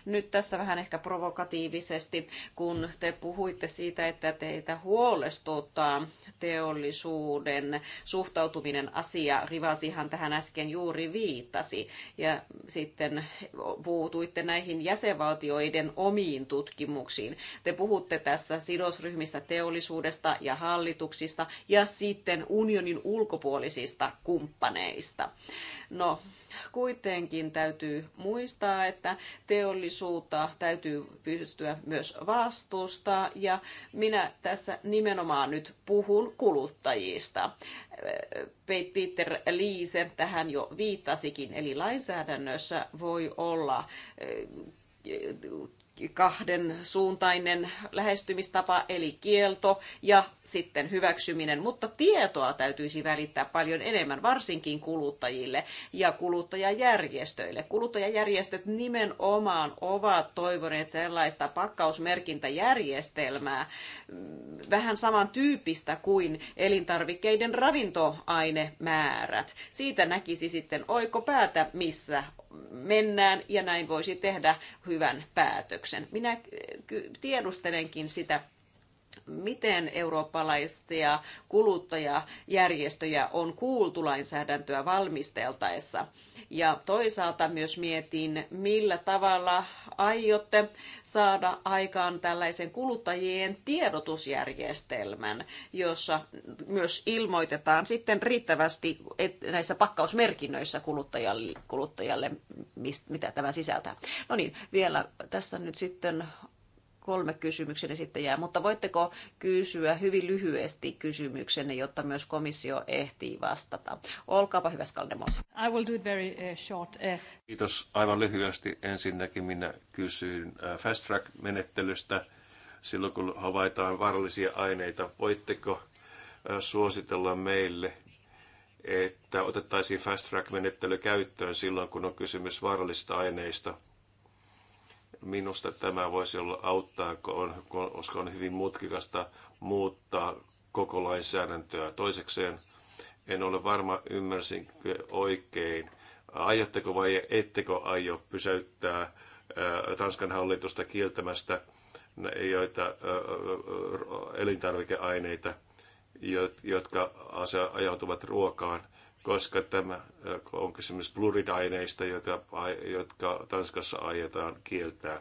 Nyt tässä vähän ehkä provokatiivisesti, kun te puhuitte siitä, että teitä huolestuttaa teollisuuden suhtautuminen asia. Rivasihan tähän äsken juuri viittasi. Ja sitten puutuitte näihin jäsenvaltioiden omiin tutkimuksiin. Te puhutte tässä sidosryhmistä teollisuudesta ja hallituksista ja sitten unionin ulkopuolisista kumppaneista. No, Kuitenkin täytyy muistaa, että teollisuutta täytyy pystyä myös vastustaa ja minä tässä nimenomaan nyt puhun kuluttajista. Peter Liise tähän jo viittasikin, eli lainsäädännössä voi olla eh, kahden suuntainen lähestymistapa, eli kielto ja sitten hyväksyminen, mutta tietoa täytyisi välittää paljon enemmän, varsinkin kuluttajille ja kuluttajajärjestöille. Kuluttajajärjestöt nimenomaan ovat toivoneet sellaista pakkausmerkintäjärjestelmää, mm, vähän samantyyppistä kuin elintarvikkeiden ravintoainemäärät. Siitä näkisi sitten oikopäätä, missä mennään, ja näin voisi tehdä hyvän päätöksen kysymyksen. Minä tiedustelenkin sitä, miten eurooppalaisia kuluttajajärjestöjä on kuultu lainsäädäntöä valmisteltaessa. Ja toisaalta myös mietin, millä tavalla aiotte saada aikaan tällaisen kuluttajien tiedotusjärjestelmän, jossa myös ilmoitetaan sitten riittävästi näissä pakkausmerkinnöissä kuluttajalle, kuluttajalle mitä tämä sisältää. No niin, vielä tässä nyt sitten kolme kysymyksen sitten mutta voitteko kysyä hyvin lyhyesti kysymyksenne, jotta myös komissio ehtii vastata. Olkaapa hyvä, Skaldemos. I will do it very eh, short. Eh. Kiitos aivan lyhyesti. Ensinnäkin minä kysyn eh, fast track-menettelystä. Silloin kun havaitaan vaarallisia aineita, voitteko suositella meille että otettaisiin fast track-menettely käyttöön silloin, kun on kysymys vaarallisista aineista – Minusta tämä voisi olla auttaa, koska on hyvin mutkikasta muuttaa koko lainsäädäntöä. Toisekseen en ole varma, ymmärsinkö oikein. Aiotteko vai ettekö aio pysäyttää Tanskan hallitusta kieltämästä joita elintarvikeaineita, jotka ajautuvat ruokaan koska tämä äh, on kysymys pluridaineista, joita, jotka Tanskassa aiotaan kieltää.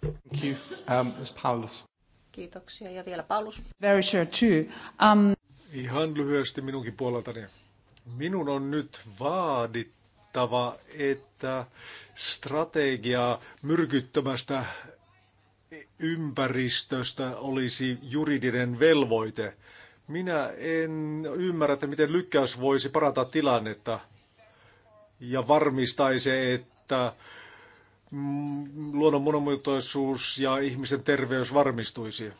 Thank you. Um, Paulus. Kiitoksia. Ja vielä Paulus. Very sure too. Um... Ihan lyhyesti minunkin puoleltani. Minun on nyt vaadittava, että strategia myrkyttömästä ympäristöstä olisi juridinen velvoite – minä en ymmärrä, että miten lykkäys voisi parantaa tilannetta ja varmistaisi, että mm, luonnon monimuotoisuus ja ihmisen terveys varmistuisi.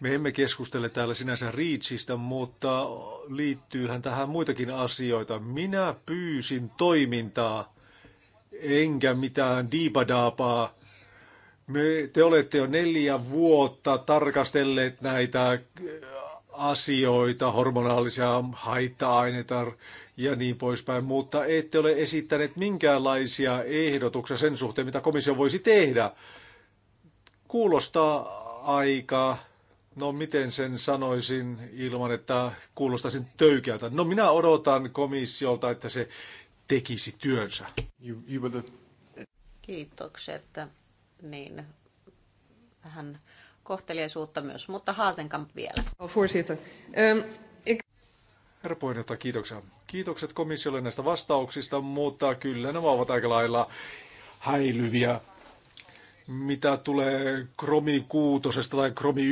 Me emme keskustele täällä sinänsä Riitsistä, mutta liittyyhän tähän muitakin asioita. Minä pyysin toimintaa, enkä mitään diipadaapaa me, te olette jo neljä vuotta tarkastelleet näitä äh, asioita, hormonaalisia haitta-aineita ja niin poispäin, mutta ette ole esittäneet minkäänlaisia ehdotuksia sen suhteen, mitä komissio voisi tehdä. Kuulostaa aika, no miten sen sanoisin ilman, että kuulostaisin töykeältä. No minä odotan komissiolta, että se tekisi työnsä. Kiitokset niin vähän kohteliaisuutta myös, mutta Haasenkamp vielä. Ehm, Herra puheenjohtaja, kiitoksia. Kiitokset komissiolle näistä vastauksista, mutta kyllä nämä ovat aika lailla häilyviä. Mitä tulee kromi kuutosesta tai kromi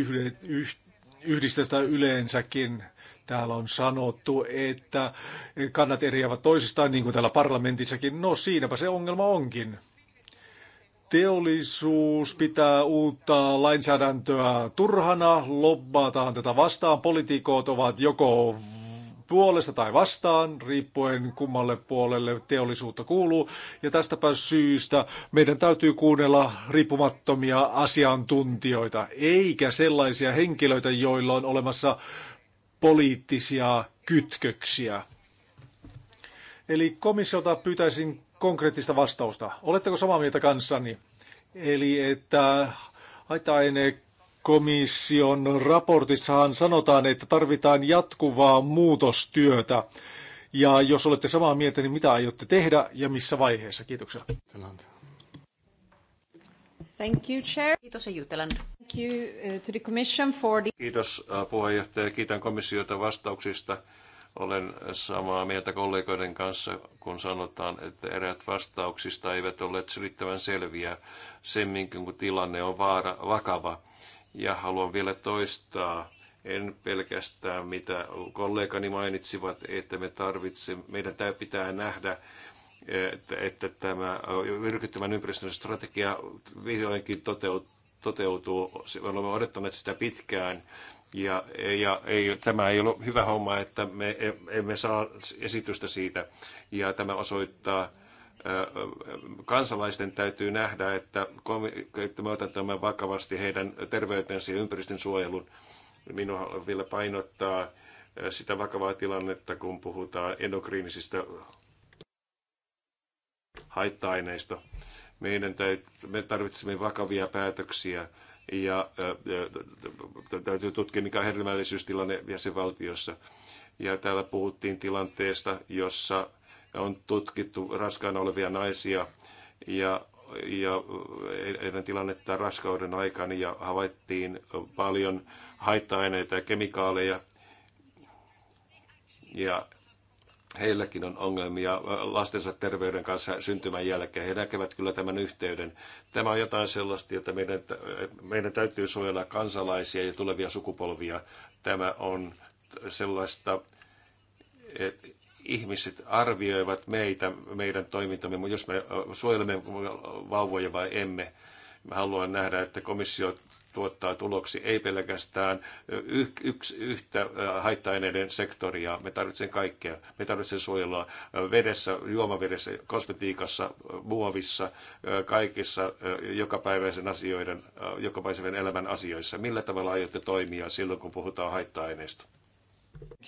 yhdistestä yleensäkin, täällä on sanottu, että kannat eriävät toisistaan, niin kuin täällä parlamentissakin. No siinäpä se ongelma onkin teollisuus pitää uutta lainsäädäntöä turhana, lobbaataan tätä vastaan. Politiikot ovat joko puolesta tai vastaan, riippuen kummalle puolelle teollisuutta kuuluu. Ja tästäpä syystä meidän täytyy kuunnella riippumattomia asiantuntijoita, eikä sellaisia henkilöitä, joilla on olemassa poliittisia kytköksiä. Eli komissiolta pyytäisin konkreettista vastausta. Oletteko samaa mieltä kanssani? Eli että haitta-aine komission raportissahan sanotaan, että tarvitaan jatkuvaa muutostyötä. Ja jos olette samaa mieltä, niin mitä aiotte tehdä ja missä vaiheessa? Kiitoksia. Thank you, Chair. Kiitos Jutland. Thank you uh, to the Commission for the... Kiitos uh, puheenjohtaja. Kiitän komissiota vastauksista olen samaa mieltä kollegoiden kanssa, kun sanotaan, että eräät vastauksista eivät ole riittävän selviä semminkin, kun tilanne on vaara, vakava. Ja haluan vielä toistaa, en pelkästään mitä kollegani mainitsivat, että me tarvitsemme, meidän tämä pitää nähdä, että, että tämä myrkyttömän ympäristön strategia vihdoinkin toteutuu. Toteutuu. Me olemme odottaneet sitä pitkään ja, ja ei, tämä ei ole hyvä homma, että me e-, emme saa esitystä siitä. Ja tämä osoittaa, kansalaisten täytyy nähdä, että, että me otamme vakavasti heidän terveytensä ja ympäristön suojelun. Minua vielä painottaa sitä vakavaa tilannetta, kun puhutaan endokriinisistä haitta-aineista. Meidän täytyy, me tarvitsemme vakavia päätöksiä ja täytyy tutkia, mikä on hedelmällisyystilanne jäsenvaltiossa. Ja täällä puhuttiin tilanteesta, jossa on tutkittu raskaana olevia naisia ja, ja e-, heidän tilannetta raskauden aikana ja havaittiin paljon haitta-aineita ja kemikaaleja. Ja heilläkin on ongelmia lastensa terveyden kanssa syntymän jälkeen. He näkevät kyllä tämän yhteyden. Tämä on jotain sellaista, jota meidän, meidän täytyy suojella kansalaisia ja tulevia sukupolvia. Tämä on sellaista, että ihmiset arvioivat meitä, meidän toimintamme, jos me suojelemme vauvoja vai emme. Mä haluan nähdä, että komissio tuottaa tuloksi ei pelkästään y- yksi yhtä haitta-aineiden sektoria. Me tarvitsemme kaikkea. Me tarvitsemme suojelua vedessä, juomavedessä, kosmetiikassa, muovissa, kaikissa jokapäiväisen asioiden, jokapäiväisen elämän asioissa. Millä tavalla aiotte toimia silloin, kun puhutaan haitta-aineista?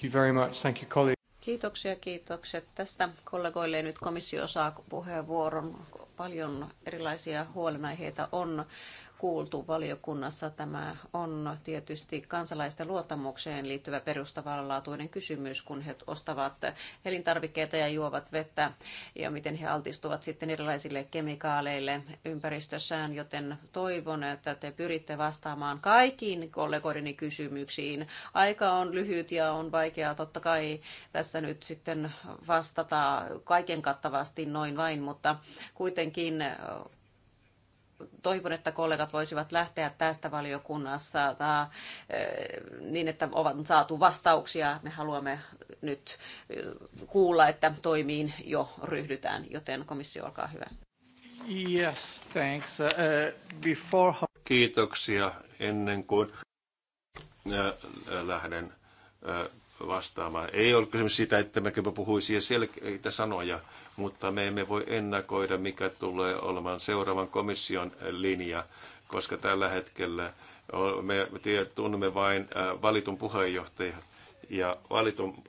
Thank you very much. Thank you, colleague. Kiitoksia, kiitokset tästä kollegoille. Nyt komissio saa puheenvuoron. Paljon erilaisia huolenaiheita on kuultu valiokunnassa. Tämä on tietysti kansalaisten luottamukseen liittyvä perustavanlaatuinen kysymys, kun he ostavat elintarvikkeita ja juovat vettä ja miten he altistuvat sitten erilaisille kemikaaleille ympäristössään, joten toivon, että te pyritte vastaamaan kaikkiin kollegoideni kysymyksiin. Aika on lyhyt ja on vaikeaa totta kai tässä nyt sitten vastata kaiken kattavasti noin vain, mutta kuitenkin toivon, että kollegat voisivat lähteä tästä valiokunnassa niin, että ovat saatu vastauksia. Me haluamme nyt kuulla, että toimiin jo ryhdytään, joten komissio, olkaa hyvä. Yes, thanks. Uh, uh before... Kiitoksia ennen kuin lähden vastaamaan. Ei ole kysymys sitä, että me puhuisi selkeitä sanoja, mutta me emme voi ennakoida, mikä tulee olemaan seuraavan komission linja, koska tällä hetkellä me tunnemme vain valitun puheenjohtajan ja valitun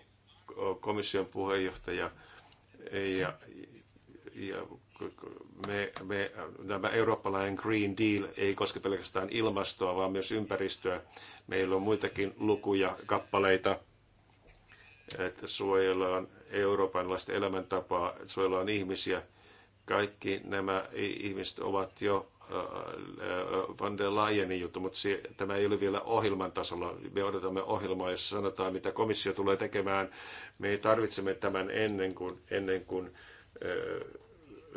komission puheenjohtaja ja, ja me, me, tämä eurooppalainen Green Deal ei koske pelkästään ilmastoa, vaan myös ympäristöä. Meillä on muitakin lukuja, kappaleita, että suojellaan eurooppalaista elämäntapaa, suojellaan ihmisiä. Kaikki nämä ihmiset ovat jo Van der Leyenin juttu, mutta se, tämä ei ole vielä ohjelman tasolla. Me odotamme ohjelmaa, jossa sanotaan, mitä komissio tulee tekemään. Me tarvitsemme tämän ennen kuin, ennen kuin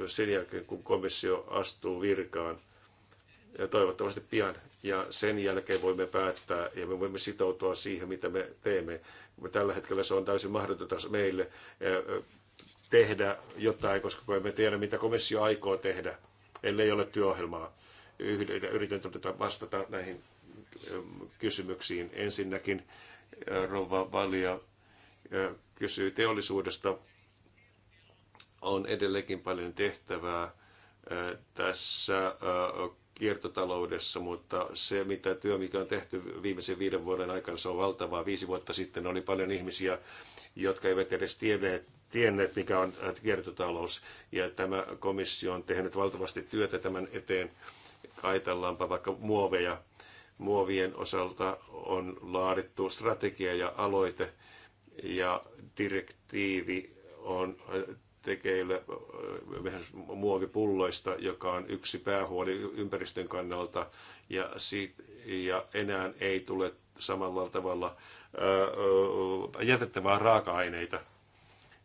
sen jälkeen, kun komissio astuu virkaan – ja toivottavasti pian. Ja sen jälkeen voimme päättää ja me voimme sitoutua siihen, mitä me teemme. Tällä hetkellä se on täysin mahdotonta meille tehdä jotain, koska emme tiedä, mitä komissio aikoo tehdä, ellei ole työohjelmaa. Yritän vastata näihin kysymyksiin. Ensinnäkin Rova Valia kysyy teollisuudesta. On edelleenkin paljon tehtävää tässä kiertotaloudessa, mutta se mitä työ, mikä on tehty viimeisen viiden vuoden aikana, se on valtavaa. Viisi vuotta sitten oli paljon ihmisiä, jotka eivät edes tienneet, tienneet mikä on äh, kiertotalous. Ja tämä komissio on tehnyt valtavasti työtä tämän eteen. Ajatellaanpa vaikka muoveja. Muovien osalta on laadittu strategia ja aloite ja direktiivi on äh, tekeillä muovipulloista, joka on yksi päähuoli ympäristön kannalta, ja, siitä, ja enää ei tule samalla tavalla jätettävää raaka-aineita.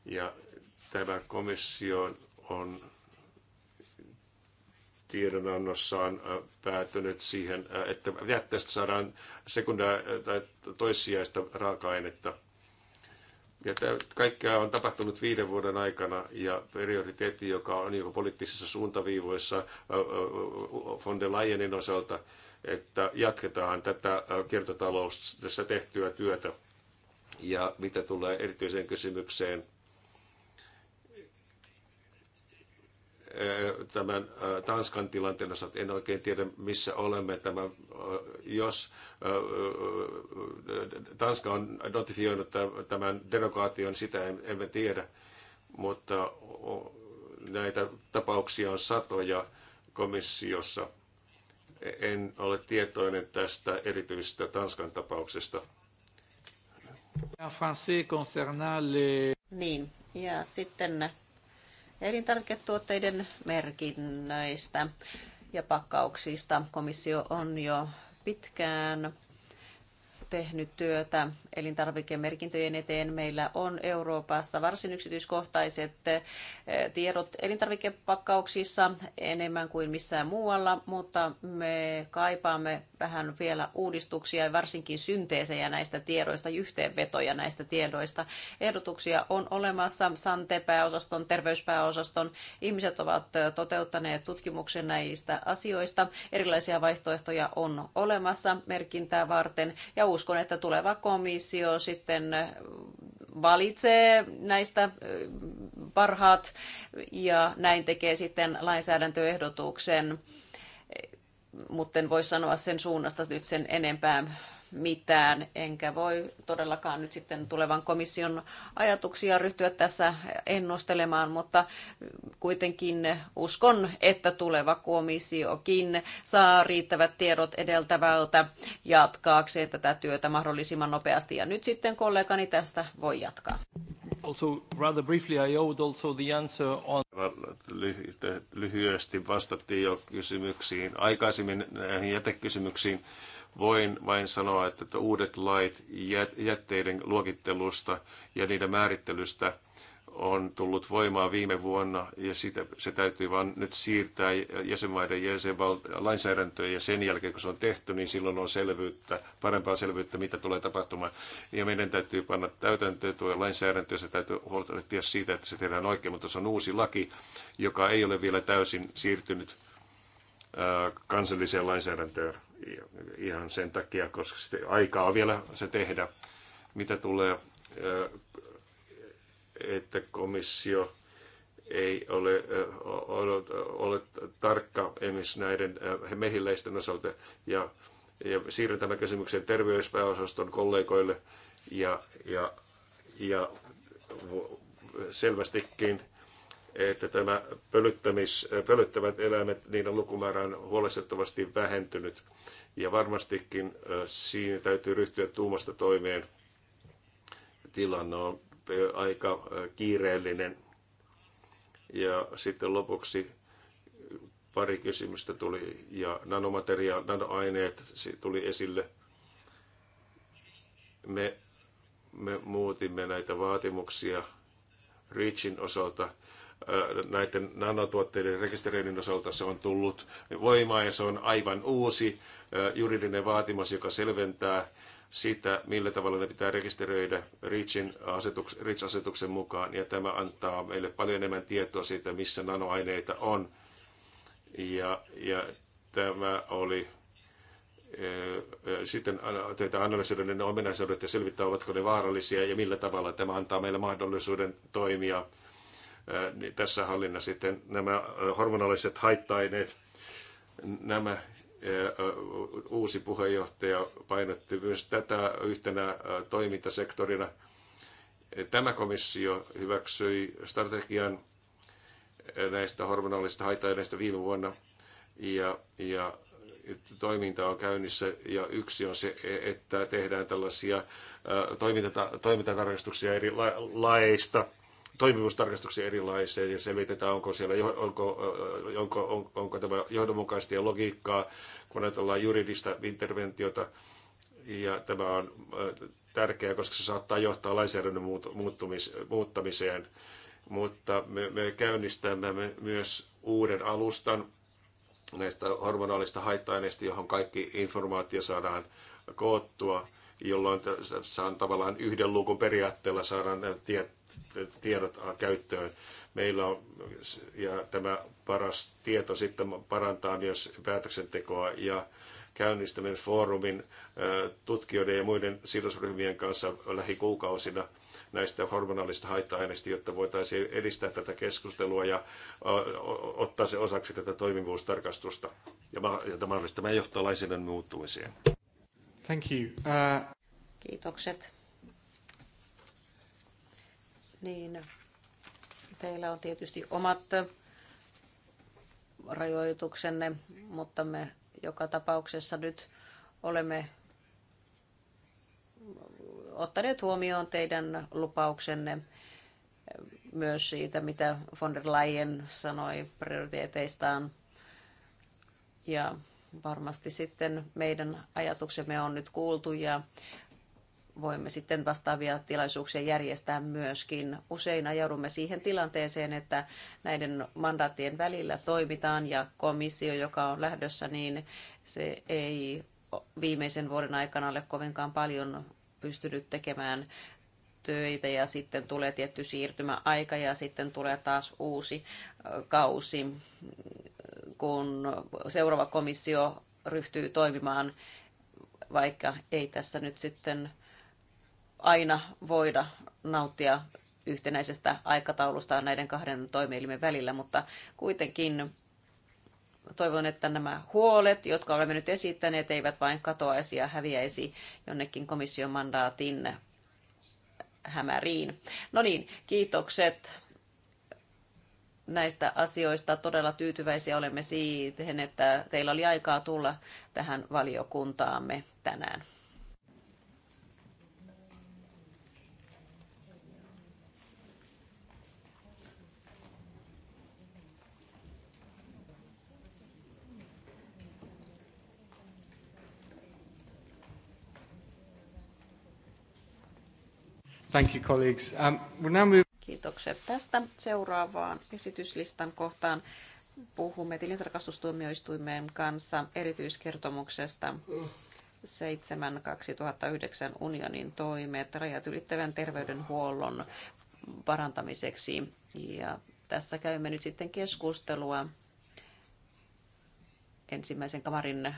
Ja tämä komissio on tiedonannossaan päätynyt siihen, että jätteestä saadaan sekundaa tai toissijaista raaka-ainetta – ja kaikkea on tapahtunut viiden vuoden aikana ja prioriteetti, joka on joko poliittisissa suuntaviivoissa von der Leyenin osalta, että jatketaan tätä kiertotaloudessa tehtyä työtä. Ja mitä tulee erityiseen kysymykseen tämän Tanskan tilanteen osalta. En oikein tiedä, missä olemme. Tämä, jos Tanska on notifioinut tämän derogaation, sitä emme tiedä, mutta näitä tapauksia on satoja komissiossa. En ole tietoinen tästä erityisestä Tanskan tapauksesta. Niin, ja sitten elintarviketuotteiden merkinnöistä ja pakkauksista. Komissio on jo pitkään tehnyt työtä elintarvikemerkintöjen eteen. Meillä on Euroopassa varsin yksityiskohtaiset eh, tiedot elintarvikepakkauksissa enemmän kuin missään muualla, mutta me kaipaamme vähän vielä uudistuksia, ja varsinkin synteesejä näistä tiedoista, yhteenvetoja näistä tiedoista. Ehdotuksia on olemassa Sante-pääosaston, terveyspääosaston. Ihmiset ovat eh, toteuttaneet tutkimuksen näistä asioista. Erilaisia vaihtoehtoja on olemassa merkintää varten ja uusi uskon, että tuleva komissio sitten valitsee näistä parhaat ja näin tekee sitten lainsäädäntöehdotuksen, mutta en voi sanoa sen suunnasta nyt sen enempää mitään, enkä voi todellakaan nyt sitten tulevan komission ajatuksia ryhtyä tässä ennustelemaan, mutta kuitenkin uskon, että tuleva komissiokin saa riittävät tiedot edeltävältä jatkaakseen tätä työtä mahdollisimman nopeasti. Ja nyt sitten kollegani tästä voi jatkaa. Also, rather briefly, I owed also the answer on... Lyhyesti vastattiin jo kysymyksiin, aikaisemmin näihin jätekysymyksiin. Voin vain sanoa, että uudet lait jätteiden luokittelusta ja niiden määrittelystä on tullut voimaan viime vuonna ja sitä, se täytyy vain nyt siirtää jäsenmaiden jäsenval- lainsäädäntöön ja sen jälkeen kun se on tehty, niin silloin on selvyyttä, parempaa selvyyttä, mitä tulee tapahtumaan. Ja meidän täytyy panna täytäntöön tuo lainsäädäntö ja se täytyy huolehtia siitä, että se tehdään oikein, mutta se on uusi laki, joka ei ole vielä täysin siirtynyt kansalliseen lainsäädäntöön ihan sen takia, koska aikaa on vielä se tehdä. Mitä tulee, että komissio ei ole, ole, ole tarkka esimerkiksi näiden mehiläisten osalta ja, ja siirrän tämän kysymyksen terveyspääosaston kollegoille ja, ja, ja selvästikin että tämä pölyttämis, pölyttävät eläimet, niiden lukumäärä on huolestuttavasti vähentynyt. Ja varmastikin siinä täytyy ryhtyä tuumasta toimeen. Tilanne on aika kiireellinen. Ja sitten lopuksi pari kysymystä tuli, ja nanomateriaal, nanoaineet tuli esille. Me, me muutimme näitä vaatimuksia REACHin osalta näiden nanotuotteiden rekisteröinnin osalta se on tullut voimaan ja se on aivan uusi juridinen vaatimus, joka selventää sitä, millä tavalla ne pitää rekisteröidä REACHin asetuks, REACH-asetuksen mukaan, ja tämä antaa meille paljon enemmän tietoa siitä, missä nanoaineita on. Ja, ja tämä oli sitten teitä analysoida ne ominaisuudet ja selvittää, ovatko ne vaarallisia ja millä tavalla tämä antaa meille mahdollisuuden toimia niin tässä hallinnassa. Sitten nämä hormonaaliset haitta-aineet, nämä uusi puheenjohtaja painotti myös tätä yhtenä toimintasektorina. Tämä komissio hyväksyi strategian näistä hormonaalisista haitta-aineista viime vuonna ja, ja toiminta on käynnissä ja yksi on se, e, että tehdään tällaisia toimintatarkastuksia eri laeista – toimivuustarkastuksia erilaisia ja selvitetään, onko, siellä, onko, onko, onko, onko tämä johdonmukaista ja logiikkaa, kun ajatellaan juridista interventiota. Ja tämä on tärkeää, koska se saattaa johtaa lainsäädännön muuttumis, muuttamiseen. Mutta me, me käynnistämme myös uuden alustan näistä hormonaalista haitta-aineista, johon kaikki informaatio saadaan koottua jolloin saan tavallaan yhden luukun periaatteella saadaan tiet, tiedot käyttöön. Meillä on, ja tämä paras tieto sitten parantaa myös päätöksentekoa ja käynnistämme foorumin tutkijoiden ja muiden sidosryhmien kanssa lähikuukausina näistä hormonaalista haitta-aineista, jotta voitaisiin edistää tätä keskustelua ja ottaa se osaksi tätä toimivuustarkastusta ja, ja mahdollistamaan johtaa muuttumiseen. Thank you. Uh... Kiitokset niin teillä on tietysti omat rajoituksenne, mutta me joka tapauksessa nyt olemme ottaneet huomioon teidän lupauksenne myös siitä, mitä von der Leyen sanoi prioriteeteistaan. Ja varmasti sitten meidän ajatuksemme on nyt kuultu ja voimme sitten vastaavia tilaisuuksia järjestää myöskin. Usein ajaudumme siihen tilanteeseen, että näiden mandaattien välillä toimitaan ja komissio, joka on lähdössä, niin se ei viimeisen vuoden aikana ole kovinkaan paljon pystynyt tekemään töitä ja sitten tulee tietty siirtymäaika ja sitten tulee taas uusi kausi, kun seuraava komissio ryhtyy toimimaan, vaikka ei tässä nyt sitten aina voida nauttia yhtenäisestä aikataulusta näiden kahden toimielimen välillä, mutta kuitenkin toivon, että nämä huolet, jotka olemme nyt esittäneet, eivät vain katoaisi ja häviäisi jonnekin komission mandaatin hämäriin. No niin, kiitokset näistä asioista. Todella tyytyväisiä olemme siihen, että teillä oli aikaa tulla tähän valiokuntaamme tänään. Thank you, colleagues. Um, we'll now move... Kiitokset tästä. Seuraavaan esityslistan kohtaan puhumme tilintarkastustuomioistuimen kanssa erityiskertomuksesta 7.2009 unionin toimet rajat ylittävän terveydenhuollon parantamiseksi. Ja tässä käymme nyt sitten keskustelua ensimmäisen kamarin eh,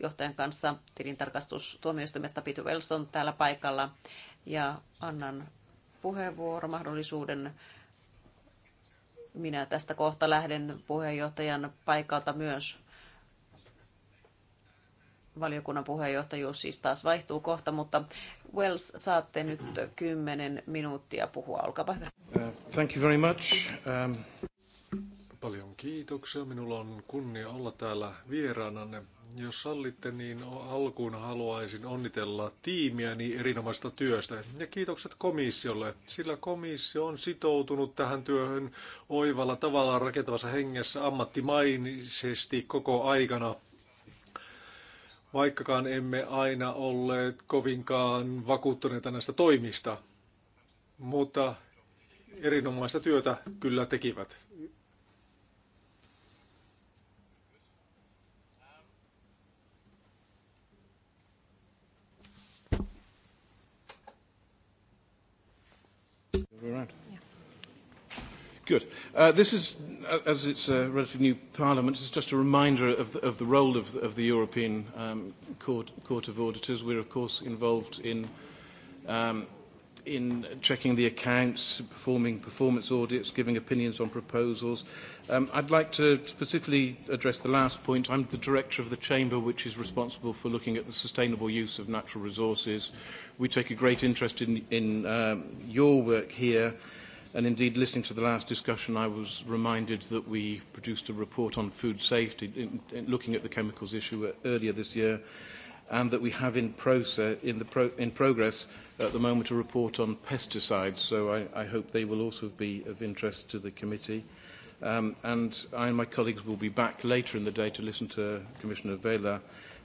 johtajan kanssa tilintarkastustuomioistuimesta Peter Wilson täällä paikalla ja annan puheenvuoromahdollisuuden. Minä tästä kohta lähden puheenjohtajan paikalta myös. Valiokunnan puheenjohtajuus siis taas vaihtuu kohta, mutta Wells, saatte nyt 10 minuuttia puhua. Olkaapa hyvä. Uh, thank you very much. Um... Paljon kiitoksia. Minulla on kunnia olla täällä vieraananne. Jos sallitte, niin alkuun haluaisin onnitella tiimiä niin erinomaisesta työstä. Ja kiitokset komissiolle, sillä komissio on sitoutunut tähän työhön oivalla tavalla rakentavassa hengessä ammattimaisesti koko aikana. Vaikkakaan emme aina olleet kovinkaan vakuuttuneita näistä toimista, mutta erinomaista työtä kyllä tekivät. We're right. Yeah. Good. Uh, this is, uh, as it's a relatively new parliament, it's just a reminder of the, of the role of the, of the European um, Court, Court of Auditors. We're, of course, involved in um, in checking the accounts, performing performance audits, giving opinions on proposals. Um, I'd like to specifically address the last point. I'm the director of the chamber, which is responsible for looking at the sustainable use of natural resources. We take a great interest in, in um, your work here. And indeed, listening to the last discussion, I was reminded that we produced a report on food safety, in, in looking at the chemicals issue uh, earlier this year, and that we have in, process, in, the pro, in progress at the moment a report on pesticides, so I, I hope they will also be of interest to the committee. Um, and I and my colleagues will be back later in the day to listen to Commissioner Vela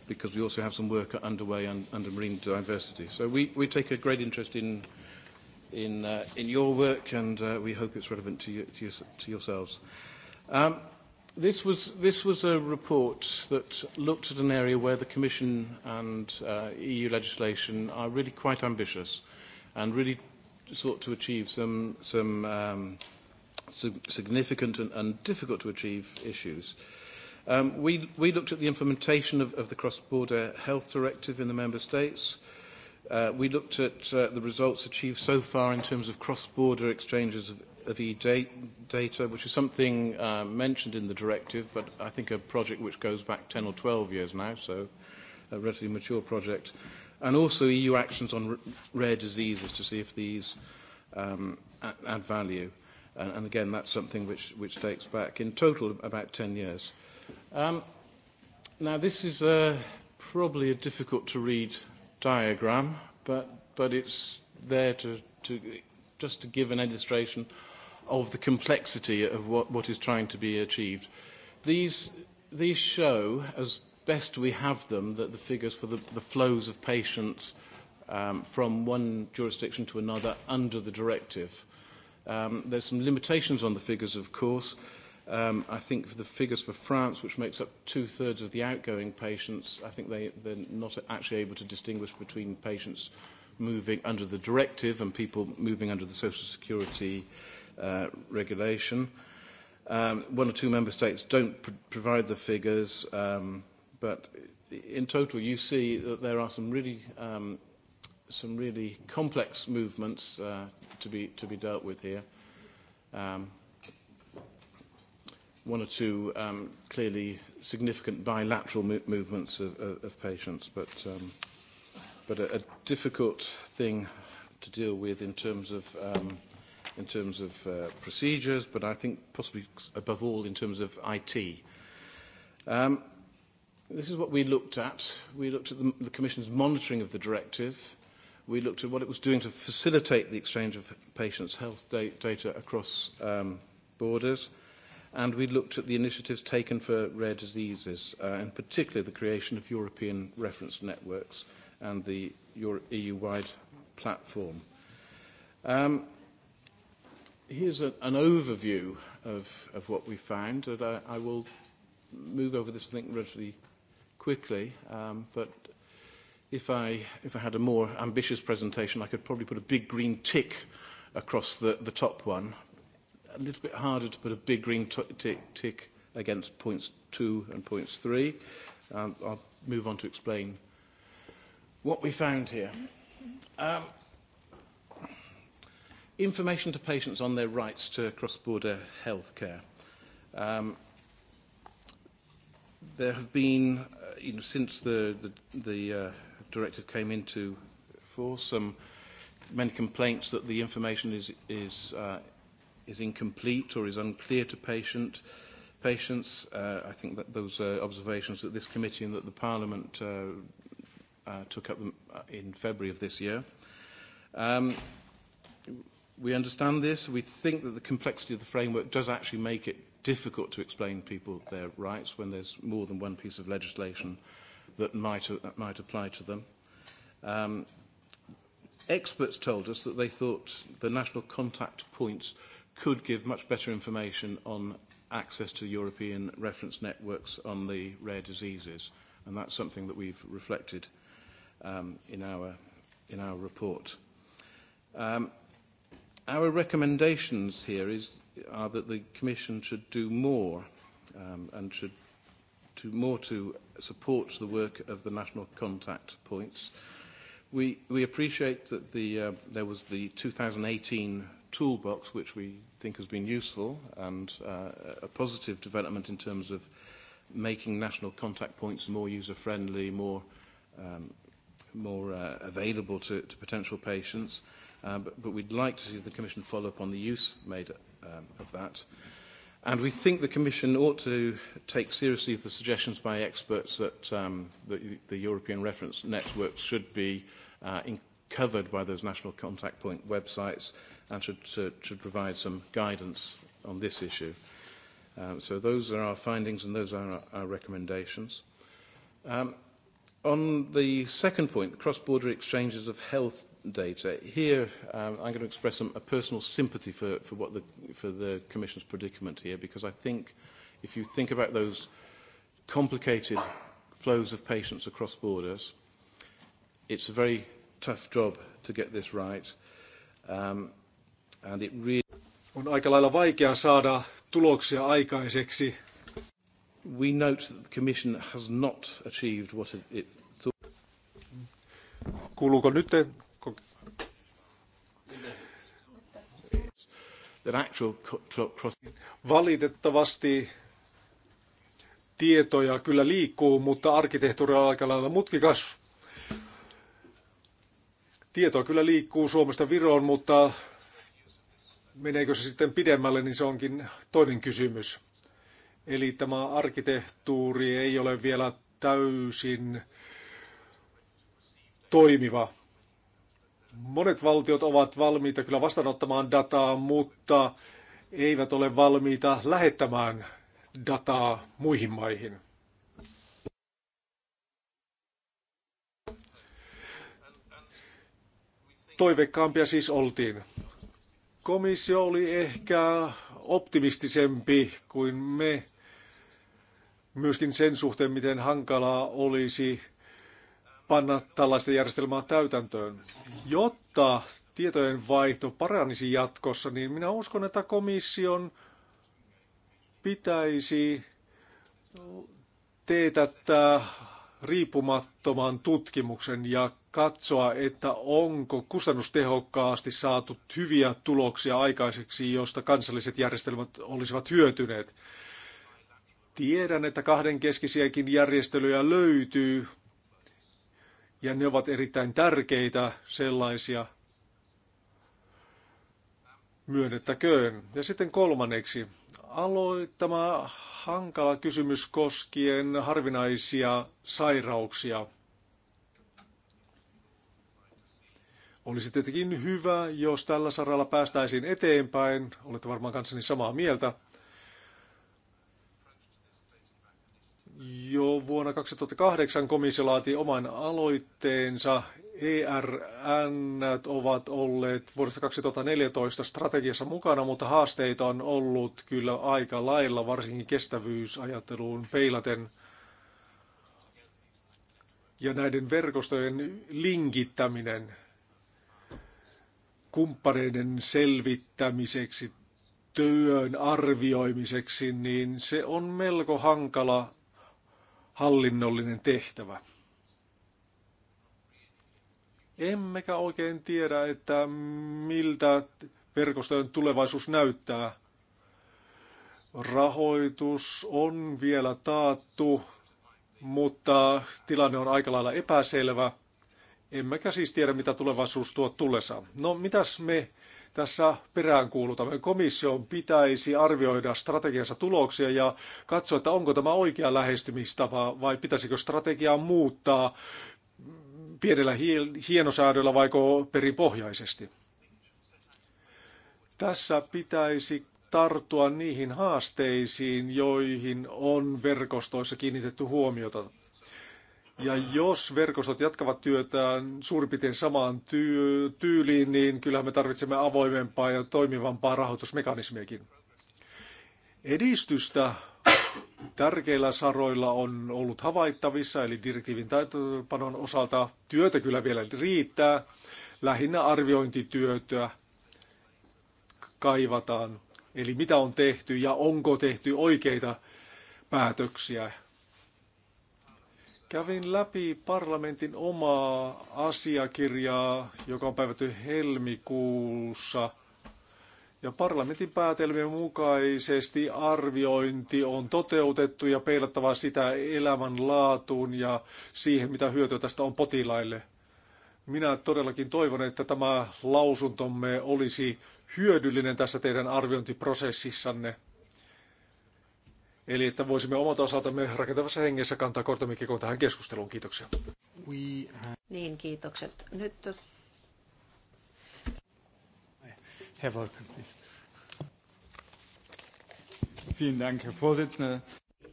because we also have some work underway on, under marine diversity. So we, we take a great interest in, in, uh, in your work and uh, we hope it's relevant to, you, to, your, to yourselves. Um, This was, this was a report that looked at an area where the Commission and uh, EU legislation are really quite ambitious and really sought to achieve some, some um, significant and, and difficult to achieve issues. Um, we, we looked at the implementation of, of the cross-border health directive in the member states. Uh, we looked at uh, the results achieved so far in terms of cross-border exchanges of of e-data, which is something uh, mentioned in the directive, but I think a project which goes back 10 or 12 years now, so a relatively mature project. And also EU actions on r rare diseases to see if these um, add value. And, and again, that's something which, which dates back in total about 10 years. Um, now, this is a, probably a difficult to read diagram, but, but it's there to, to just to give an illustration of the complexity of what, what is trying to be achieved. These, these show, as best we have them, that the figures for the, the flows of patients um, from one jurisdiction to another under the directive. Um, there's some limitations on the figures, of course. Um, I think for the figures for France, which makes up two-thirds of the outgoing patients, I think they, they're not actually able to distinguish between patients moving under the directive and people moving under the social security uh, Uh, regulation. Um, one or two member states don't pr- provide the figures, um, but in total, you see that there are some really um, some really complex movements uh, to be to be dealt with here. Um, one or two um, clearly significant bilateral mo- movements of, of, of patients, but um, but a, a difficult thing to deal with in terms of um, in terms of uh, procedures, but I think possibly above all in terms of IT. Um, this is what we looked at. We looked at the, the Commission's monitoring of the directive. We looked at what it was doing to facilitate the exchange of patients' health da data across um, borders. And we looked at the initiatives taken for rare diseases, uh, and particularly the creation of European reference networks and the EU-wide e platform. Um, here's a, an overview of, of what we found, and I, I will move over this, I think, relatively quickly. Um, but if I, if I had a more ambitious presentation, I could probably put a big green tick across the, the top one. A little bit harder to put a big green t- tick, tick against points two and points three. Um, I'll move on to explain what we found here. Um, information to patients on their rights to cross-border healthcare. Um, there have been, uh, you know, since the, the, the uh, directive came into force, some many complaints that the information is, is, uh, is incomplete or is unclear to patient, patients. Uh, I think that those uh, observations that this committee and that the Parliament uh, uh, took up uh, in February of this year. Um, We understand this. We think that the complexity of the framework does actually make it difficult to explain people their rights when there's more than one piece of legislation that might, that uh, might apply to them. Um, experts told us that they thought the national contact points could give much better information on access to European reference networks on the rare diseases, and that's something that we've reflected um, in, our, in our report. Um, Our recommendations here is, are that the Commission should do more um, and should do more to support the work of the national contact points. We, we appreciate that the, uh, there was the 2018 toolbox, which we think has been useful and uh, a positive development in terms of making national contact points more user-friendly, more, um, more uh, available to, to potential patients. Uh, Um, but, but we'd like to see the Commission follow up on the use made um, of that. And we think the Commission ought to take seriously the suggestions by experts that um, the, the European reference networks should be uh, in covered by those national contact point websites and should, should, should provide some guidance on this issue. Um, so those are our findings and those are our, our recommendations. Um, on the second point, the cross-border exchanges of health data. Here, um, I'm going to express some, a personal sympathy for, for, what the, for the Commission's predicament here, because I think if you think about those complicated flows of patients across borders, it's a very tough job to get this right. Um, and it really on aika lailla vaikea saada tuloksia aikaiseksi. We note that the commission has not achieved what it thought. Kuuluuko nyt actual crossing. Valitettavasti tietoja kyllä liikkuu, mutta arkkitehtuuri on aika lailla mutkikas. Tietoa kyllä liikkuu Suomesta Viroon, mutta meneekö se sitten pidemmälle, niin se onkin toinen kysymys. Eli tämä arkkitehtuuri ei ole vielä täysin toimiva. Monet valtiot ovat valmiita kyllä vastaanottamaan dataa, mutta eivät ole valmiita lähettämään dataa muihin maihin. Toivekkaampia siis oltiin. Komissio oli ehkä optimistisempi kuin me myöskin sen suhteen, miten hankalaa olisi panna tällaista järjestelmää täytäntöön. Jotta tietojen vaihto paranisi jatkossa, niin minä uskon, että komission pitäisi teetättää riippumattoman tutkimuksen ja katsoa, että onko kustannustehokkaasti saatu hyviä tuloksia aikaiseksi, josta kansalliset järjestelmät olisivat hyötyneet. Tiedän, että kahdenkeskisiäkin järjestelyjä löytyy, ja ne ovat erittäin tärkeitä sellaisia, myönnettäköön. Ja sitten kolmanneksi, aloittama hankala kysymys koskien harvinaisia sairauksia. Olisi tietenkin hyvä, jos tällä saralla päästäisiin eteenpäin. Olette varmaan kanssani samaa mieltä. Jo vuonna 2008 komissio laati oman aloitteensa. ERN ovat olleet vuodesta 2014 strategiassa mukana, mutta haasteita on ollut kyllä aika lailla, varsinkin kestävyysajatteluun peilaten. Ja näiden verkostojen linkittäminen kumppaneiden selvittämiseksi työn arvioimiseksi, niin se on melko hankala hallinnollinen tehtävä. Emmekä oikein tiedä, että miltä verkostojen tulevaisuus näyttää. Rahoitus on vielä taattu, mutta tilanne on aika lailla epäselvä. Emmekä siis tiedä, mitä tulevaisuus tuo tullessaan. No, mitäs me tässä peräänkuulutamme komission pitäisi arvioida strategiansa tuloksia ja katsoa, että onko tämä oikea lähestymistapa vai pitäisikö strategiaa muuttaa pienellä hienosäädöllä vaiko perinpohjaisesti. Tässä pitäisi tarttua niihin haasteisiin, joihin on verkostoissa kiinnitetty huomiota. Ja jos verkostot jatkavat työtään suurin piirtein samaan tyy- tyyliin, niin kyllähän me tarvitsemme avoimempaa ja toimivampaa rahoitusmekanismiakin. Edistystä tärkeillä saroilla on ollut havaittavissa, eli direktiivin täytäntöönpanon osalta työtä kyllä vielä riittää. Lähinnä arviointityötä kaivataan, eli mitä on tehty ja onko tehty oikeita päätöksiä Kävin läpi parlamentin omaa asiakirjaa, joka on päivätty helmikuussa. Ja parlamentin päätelmien mukaisesti arviointi on toteutettu ja peilattava sitä elämänlaatuun ja siihen, mitä hyötyä tästä on potilaille. Minä todellakin toivon, että tämä lausuntomme olisi hyödyllinen tässä teidän arviointiprosessissanne. Eli että voisimme omalta osaltamme rakentavassa hengessä kantaa kortamme kekoon tähän keskusteluun. Kiitoksia. Niin, kiitokset. Nyt... Vielen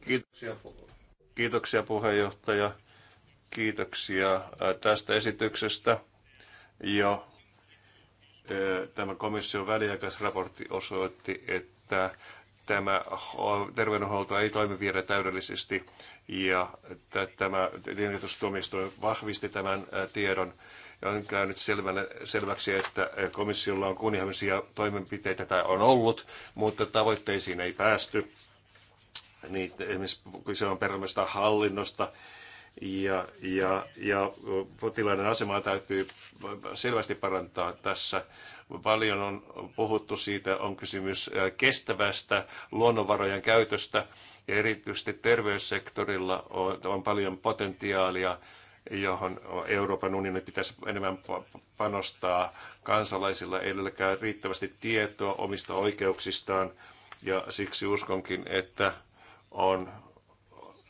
Kiitoksia, kiitoksia puheenjohtaja. Kiitoksia äh, tästä esityksestä. Ja äh, tämä komission väliaikaisraportti osoitti, että tämä terveydenhuolto ei toimi vielä täydellisesti ja tämä tiedotustuomioistuin vahvisti tämän tiedon ja on käynyt selvänä, selväksi, että komissiolla on kunnianhimoisia toimenpiteitä tai on ollut, mutta tavoitteisiin ei päästy. Niin, esimerkiksi kyse on perimmäisestä hallinnosta ja, ja, ja potilaiden asemaa täytyy selvästi parantaa tässä. Paljon on puhuttu siitä, on kysymys kestävästä luonnonvarojen käytöstä ja erityisesti terveyssektorilla on, on paljon potentiaalia johon Euroopan unionin pitäisi enemmän panostaa. Kansalaisilla ei ole riittävästi tietoa omista oikeuksistaan ja siksi uskonkin, että on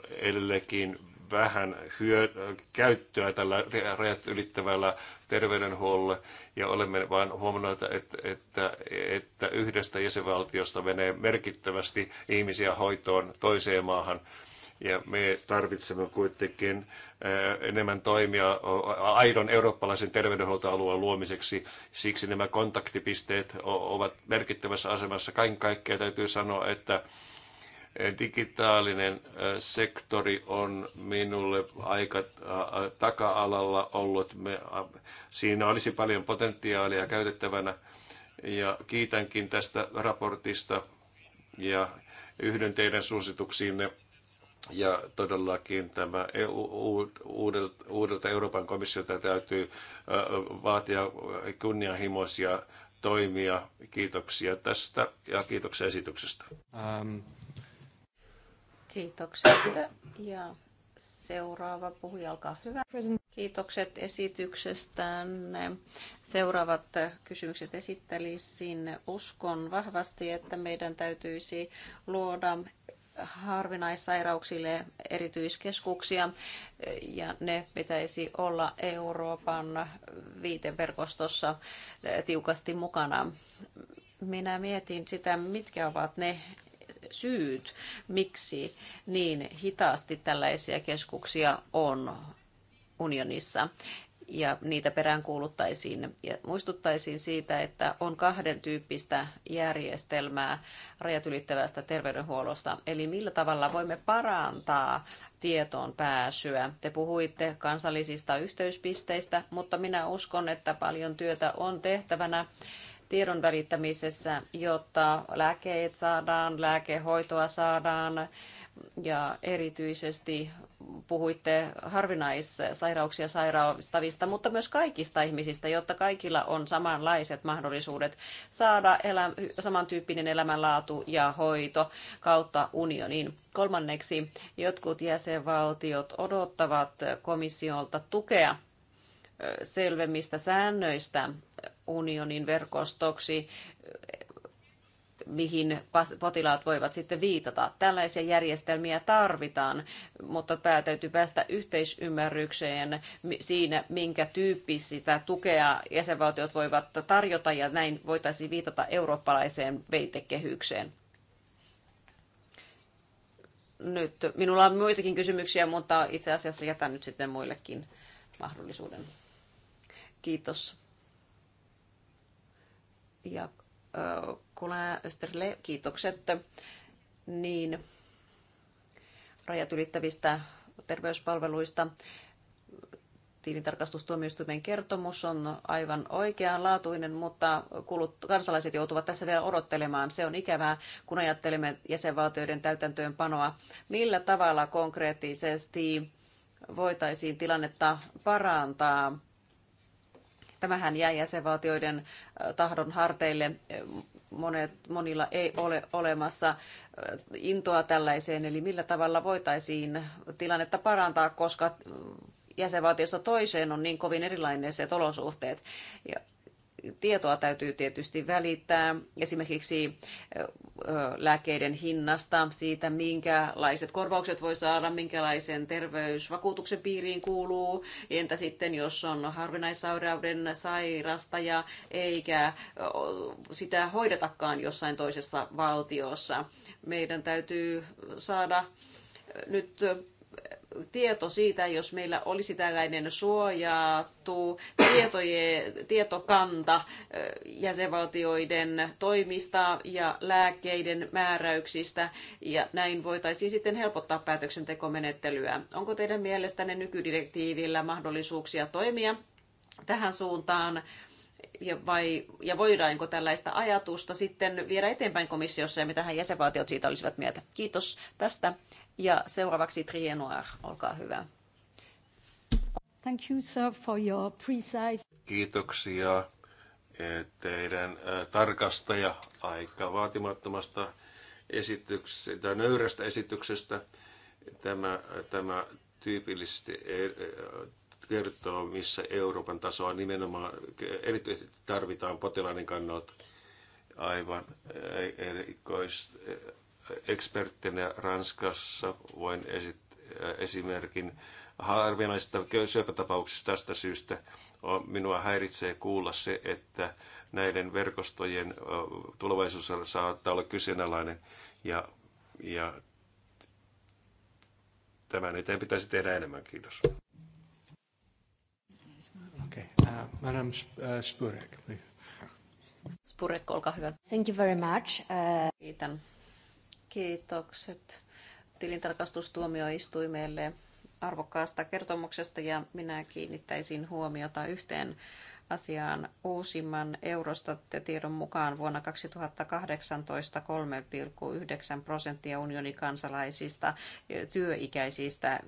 edelleenkin vähän hyö- käyttöä tällä rajat ylittävällä terveydenhuollolla, ja olemme vain huomanneet, että, että, että yhdestä jäsenvaltiosta menee merkittävästi ihmisiä hoitoon toiseen maahan, ja me tarvitsemme kuitenkin enemmän toimia aidon eurooppalaisen terveydenhuoltoalueen luomiseksi. Siksi nämä kontaktipisteet ovat merkittävässä asemassa. Kaiken kaikkiaan täytyy sanoa, että Digitaalinen sektori on minulle aika taka-alalla ollut. Me, siinä olisi paljon potentiaalia käytettävänä ja kiitänkin tästä raportista ja yhden teidän suosituksiinne. Ja todellakin tämä EU, uudelta Euroopan komissiota täytyy vaatia kunnianhimoisia toimia. Kiitoksia tästä ja kiitoksia esityksestä. Um. Kiitokset. Ja seuraava puhuja, olkaa hyvä. Kiitokset esityksestään. Seuraavat kysymykset esittelisin. Uskon vahvasti, että meidän täytyisi luoda harvinaissairauksille erityiskeskuksia ja ne pitäisi olla Euroopan viiteverkostossa tiukasti mukana. Minä mietin sitä, mitkä ovat ne syyt, miksi niin hitaasti tällaisia keskuksia on unionissa ja niitä peräänkuuluttaisiin ja muistuttaisiin siitä, että on kahden tyyppistä järjestelmää rajat ylittävästä terveydenhuollosta. Eli millä tavalla voimme parantaa tietoon pääsyä. Te puhuitte kansallisista yhteyspisteistä, mutta minä uskon, että paljon työtä on tehtävänä tiedon välittämisessä, jotta lääkeet saadaan, lääkehoitoa saadaan ja erityisesti puhuitte harvinaissairauksia sairaustavista, mutta myös kaikista ihmisistä, jotta kaikilla on samanlaiset mahdollisuudet saada elä, samantyyppinen elämänlaatu ja hoito kautta unionin. Kolmanneksi, jotkut jäsenvaltiot odottavat komissiolta tukea selvemmistä säännöistä unionin verkostoksi, mihin potilaat voivat sitten viitata. Tällaisia järjestelmiä tarvitaan, mutta tämä täytyy päästä yhteisymmärrykseen siinä, minkä tyyppistä tukea jäsenvaltiot voivat tarjota, ja näin voitaisiin viitata eurooppalaiseen veitekehykseen nyt minulla on muitakin kysymyksiä, mutta itse asiassa jätän nyt sitten muillekin mahdollisuuden. Kiitos ja Colin Österle, kiitokset niin rajat ylittävistä terveyspalveluista. Tiilintarkastustuomioistuimen kertomus on aivan oikeanlaatuinen, mutta kulut, kansalaiset joutuvat tässä vielä odottelemaan. Se on ikävää, kun ajattelemme jäsenvaltioiden täytäntöönpanoa. Millä tavalla konkreettisesti voitaisiin tilannetta parantaa? Tämähän jäi jäsenvaltioiden tahdon harteille. Monet, monilla ei ole olemassa intoa tällaiseen, eli millä tavalla voitaisiin tilannetta parantaa, koska jäsenvaltiosta toiseen on niin kovin erilaiset olosuhteet. Ja tietoa täytyy tietysti välittää esimerkiksi lääkkeiden hinnasta, siitä minkälaiset korvaukset voi saada, minkälaisen terveysvakuutuksen piiriin kuuluu, entä sitten jos on harvinaissairauden sairastaja eikä sitä hoidetakaan jossain toisessa valtiossa. Meidän täytyy saada nyt tieto siitä, jos meillä olisi tällainen suojattu tietoje, tietokanta jäsenvaltioiden toimista ja lääkkeiden määräyksistä, ja näin voitaisiin sitten helpottaa päätöksentekomenettelyä. Onko teidän mielestänne nykydirektiivillä mahdollisuuksia toimia tähän suuntaan? ja, vai, ja voidaanko tällaista ajatusta sitten viedä eteenpäin komissiossa ja mitä jäsenvaltiot siitä olisivat mieltä. Kiitos tästä ja seuraavaksi Trienoir, olkaa hyvä. Thank you, sir, for your precise... Kiitoksia eh, teidän eh, tarkasta ja aika vaatimattomasta esityksestä, nöyrästä esityksestä. Tämä, tämä tyypillisesti eh, kertoo, missä Euroopan tasoa nimenomaan erityisesti tarvitaan potilaiden kannalta aivan erikoista eksperttinä Ranskassa. Voin esit- äh, esimerkin harvinaisista syöpätapauksista tästä syystä. Minua häiritsee kuulla se, että näiden verkostojen tulevaisuus saattaa olla kyseenalainen ja, ja tämän eteen pitäisi tehdä enemmän. Kiitos. Okay. Uh, Madam uh, Spurek, please. Spurek, olkaa hyvä. Thank you very much. Uh... Kiitän Kiitokset tilintarkastustuomioistuimelle arvokkaasta kertomuksesta ja minä kiinnittäisin huomiota yhteen asiaan uusimman Eurostat-tiedon mukaan vuonna 2018 3,9 prosenttia unionikansalaisista työikäisistä,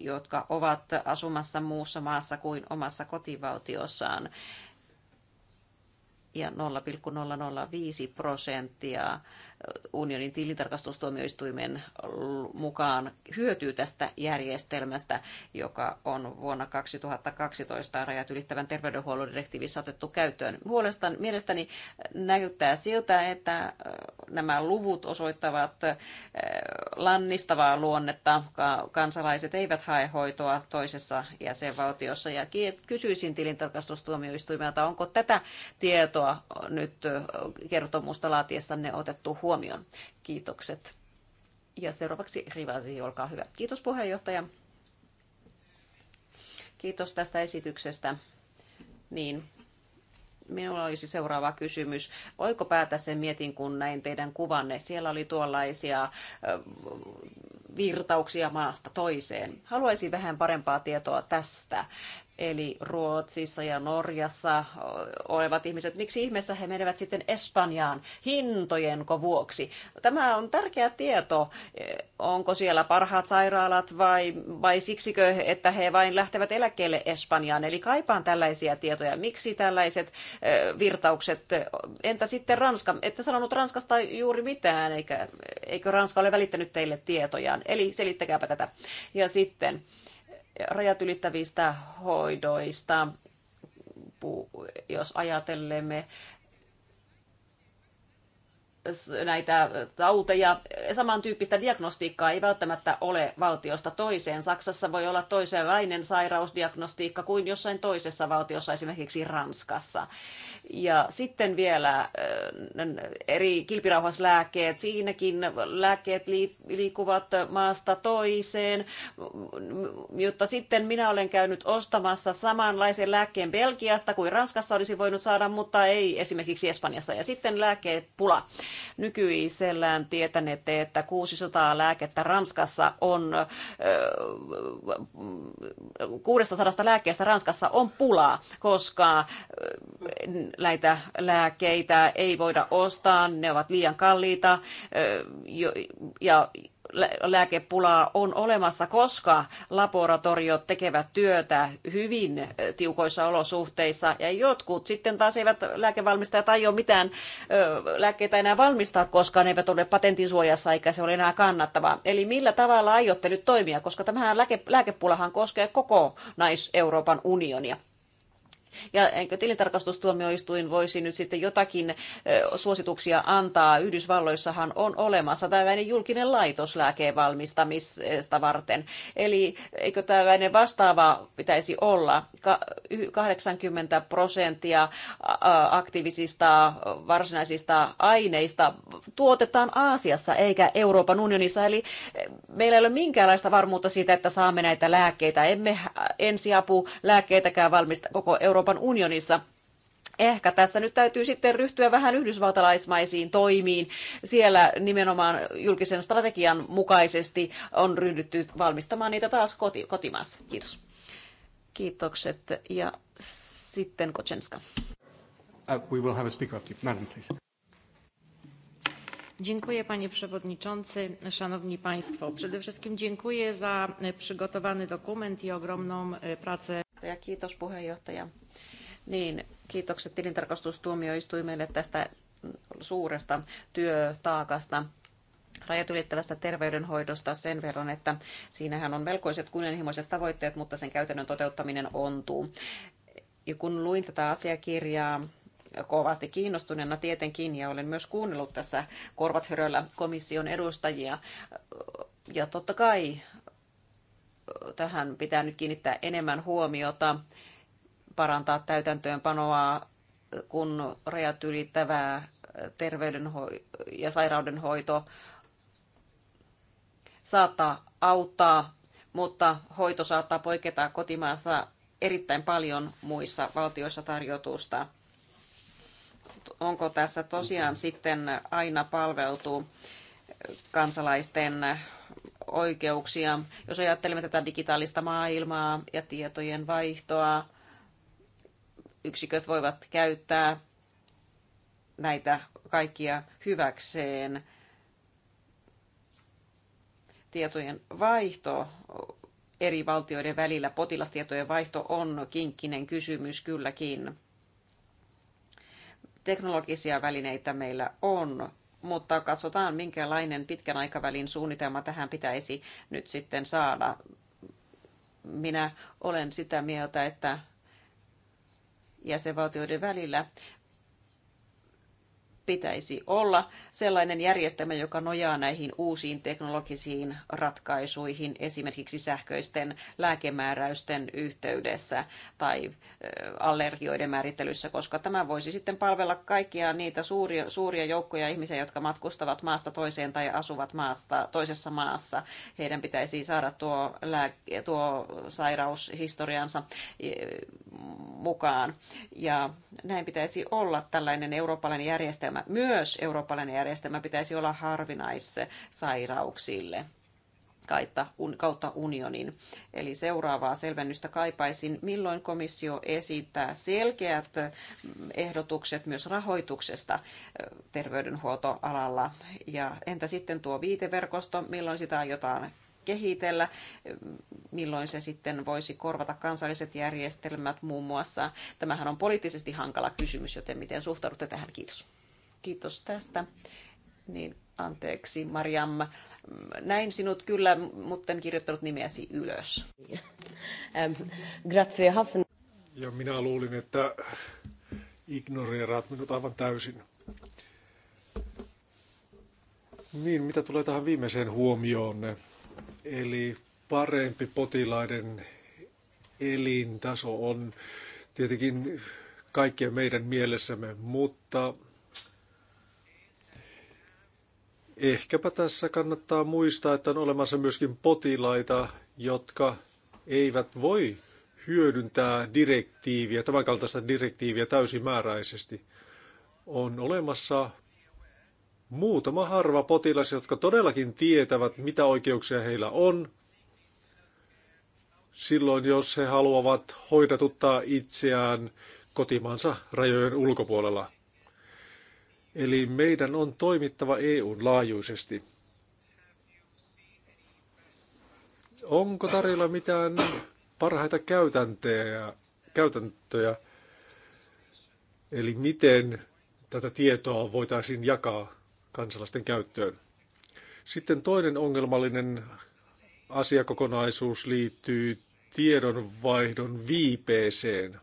jotka ovat asumassa muussa maassa kuin omassa kotivaltiossaan ja 0,005 prosenttia unionin tilintarkastustuomioistuimen mukaan hyötyy tästä järjestelmästä, joka on vuonna 2012 rajat ylittävän terveydenhuollon direktiivissä otettu käyttöön. Huolestan, mielestäni näyttää siltä, että nämä luvut osoittavat lannistavaa luonnetta. Kansalaiset eivät hae hoitoa toisessa jäsenvaltiossa. Ja kysyisin tilintarkastustuomioistuimelta, onko tätä tietoa nyt kertomusta laatiessanne otettu huomioon? huomioon. Kiitokset. Ja seuraavaksi Rivasi, olkaa hyvä. Kiitos puheenjohtaja. Kiitos tästä esityksestä. Niin, Minulla olisi seuraava kysymys. päätä sen mietin, kun näin teidän kuvanne. Siellä oli tuollaisia virtauksia maasta toiseen. Haluaisin vähän parempaa tietoa tästä eli Ruotsissa ja Norjassa olevat ihmiset, miksi ihmeessä he menevät sitten Espanjaan hintojenko vuoksi? Tämä on tärkeä tieto. E, onko siellä parhaat sairaalat vai, vai siksikö, että he vain lähtevät eläkkeelle Espanjaan? Eli kaipaan tällaisia tietoja. Miksi tällaiset virtaukset? Entä sitten Ranska? Ette sanonut Ranskasta juuri mitään, eikä, eikö Ranska ole välittänyt teille tietojaan? Eli selittäkääpä tätä. Ja sitten rajat ylittävistä hoidoista, jos ajatellemme näitä tauteja. Samantyyppistä diagnostiikkaa ei välttämättä ole valtiosta toiseen. Saksassa voi olla toisenlainen sairausdiagnostiikka kuin jossain toisessa valtiossa, esimerkiksi Ranskassa. Ja sitten vielä äh, eri kilpirauhaslääkkeet, siinäkin lääkkeet liikkuvat maasta toiseen, mutta sitten minä olen käynyt ostamassa samanlaisen lääkkeen Belgiasta kuin Ranskassa olisi voinut saada, mutta ei esimerkiksi Espanjassa. Ja sitten lääkkeet pula. Nykyisellään tietänette, että 600 lääkettä Ranskassa on, 600 äh, lääkkeestä Ranskassa on pulaa, koska äh, näitä lääkkeitä ei voida ostaa, ne ovat liian kalliita ja lääkepulaa on olemassa, koska laboratoriot tekevät työtä hyvin tiukoissa olosuhteissa ja jotkut sitten taas eivät lääkevalmistajat aio mitään lääkkeitä enää valmistaa, koska ne eivät ole patentin suojassa eikä se ole enää kannattavaa. Eli millä tavalla aiotte nyt toimia, koska tämähän lääke, lääkepulahan koskee koko nais-Euroopan unionia? Ja enkö tilintarkastustuomioistuin voisi nyt sitten jotakin suosituksia antaa? Yhdysvalloissahan on olemassa tällainen julkinen laitos lääkeen valmistamista varten. Eli eikö tällainen vastaava pitäisi olla? 80 prosenttia aktiivisista varsinaisista aineista tuotetaan Aasiassa eikä Euroopan unionissa. Eli e, meillä ei ole minkäänlaista varmuutta siitä, että saamme näitä lääkkeitä. Emme ensiapu lääkkeitäkään valmista koko Euroopan Euroopan unionissa. Ehkä tässä nyt täytyy sitten ryhtyä vähän yhdysvaltalaismaisiin toimiin. Siellä nimenomaan julkisen strategian mukaisesti on ryhdytty valmistamaan niitä taas koti, kotimaassa. Kiitos. Kiitokset. Ja sitten Kochenska. Uh, we will have a speaker after you. Madam, please. Dziękuję panie przewodniczący, szanowni państwo. Przede wszystkim dziękuję za przygotowany dokument i ogromną e, pracę. Ja kiitos puheenjohtaja. Niin, kiitokset tilintarkastustuomioistuimelle tästä suuresta työtaakasta rajat ylittävästä terveydenhoidosta sen verran, että siinähän on melkoiset kunnianhimoiset tavoitteet, mutta sen käytännön toteuttaminen ontuu. Ja kun luin tätä asiakirjaa, kovasti kiinnostuneena tietenkin ja olen myös kuunnellut tässä korvat höröllä komission edustajia. Ja totta kai tähän pitää nyt kiinnittää enemmän huomiota, parantaa täytäntöönpanoa, kun rajat ylittävää terveydenhoito ja sairaudenhoito saattaa auttaa, mutta hoito saattaa poiketa kotimaassa erittäin paljon muissa valtioissa tarjotusta onko tässä tosiaan sitten aina palveltu kansalaisten oikeuksia. Jos ajattelemme tätä digitaalista maailmaa ja tietojen vaihtoa, yksiköt voivat käyttää näitä kaikkia hyväkseen. Tietojen vaihto eri valtioiden välillä, potilastietojen vaihto on kinkkinen kysymys kylläkin teknologisia välineitä meillä on, mutta katsotaan, minkälainen pitkän aikavälin suunnitelma tähän pitäisi nyt sitten saada. Minä olen sitä mieltä, että jäsenvaltioiden välillä pitäisi olla sellainen järjestelmä, joka nojaa näihin uusiin teknologisiin ratkaisuihin, esimerkiksi sähköisten lääkemääräysten yhteydessä tai allergioiden määrittelyssä, koska tämä voisi sitten palvella kaikkia niitä suuria, suuria joukkoja ihmisiä, jotka matkustavat maasta toiseen tai asuvat maasta toisessa maassa. Heidän pitäisi saada tuo, lääke, tuo sairaushistoriansa e, mukaan. Ja näin pitäisi olla tällainen eurooppalainen järjestelmä, järjestelmä, myös eurooppalainen järjestelmä, pitäisi olla harvinaissairauksille kautta unionin. Eli seuraavaa selvennystä kaipaisin, milloin komissio esittää selkeät mm, ehdotukset myös rahoituksesta terveydenhuoltoalalla. Ja entä sitten tuo viiteverkosto, milloin sitä aiotaan kehitellä, milloin se sitten voisi korvata kansalliset järjestelmät muun muassa. Tämähän on poliittisesti hankala kysymys, joten miten suhtaudutte tähän? Kiitos. Kiitos tästä. Niin, anteeksi, Mariam. Näin sinut kyllä, mutta en kirjoittanut nimeäsi ylös. Ähm, grazie, Ja minä luulin, että ignoreeraat minut aivan täysin. Niin, mitä tulee tähän viimeiseen huomioon, eli parempi potilaiden elintaso on tietenkin kaikkien meidän mielessämme, mutta Ehkäpä tässä kannattaa muistaa, että on olemassa myöskin potilaita, jotka eivät voi hyödyntää direktiiviä, tämänkaltaista direktiiviä täysimääräisesti. On olemassa muutama harva potilas, jotka todellakin tietävät, mitä oikeuksia heillä on. Silloin, jos he haluavat hoidatuttaa itseään kotimaansa rajojen ulkopuolella. Eli meidän on toimittava EUn laajuisesti. Onko tarjolla mitään parhaita käytäntöjä, käytäntöjä? Eli miten tätä tietoa voitaisiin jakaa kansalaisten käyttöön? Sitten toinen ongelmallinen asiakokonaisuus liittyy tiedonvaihdon viipeeseen –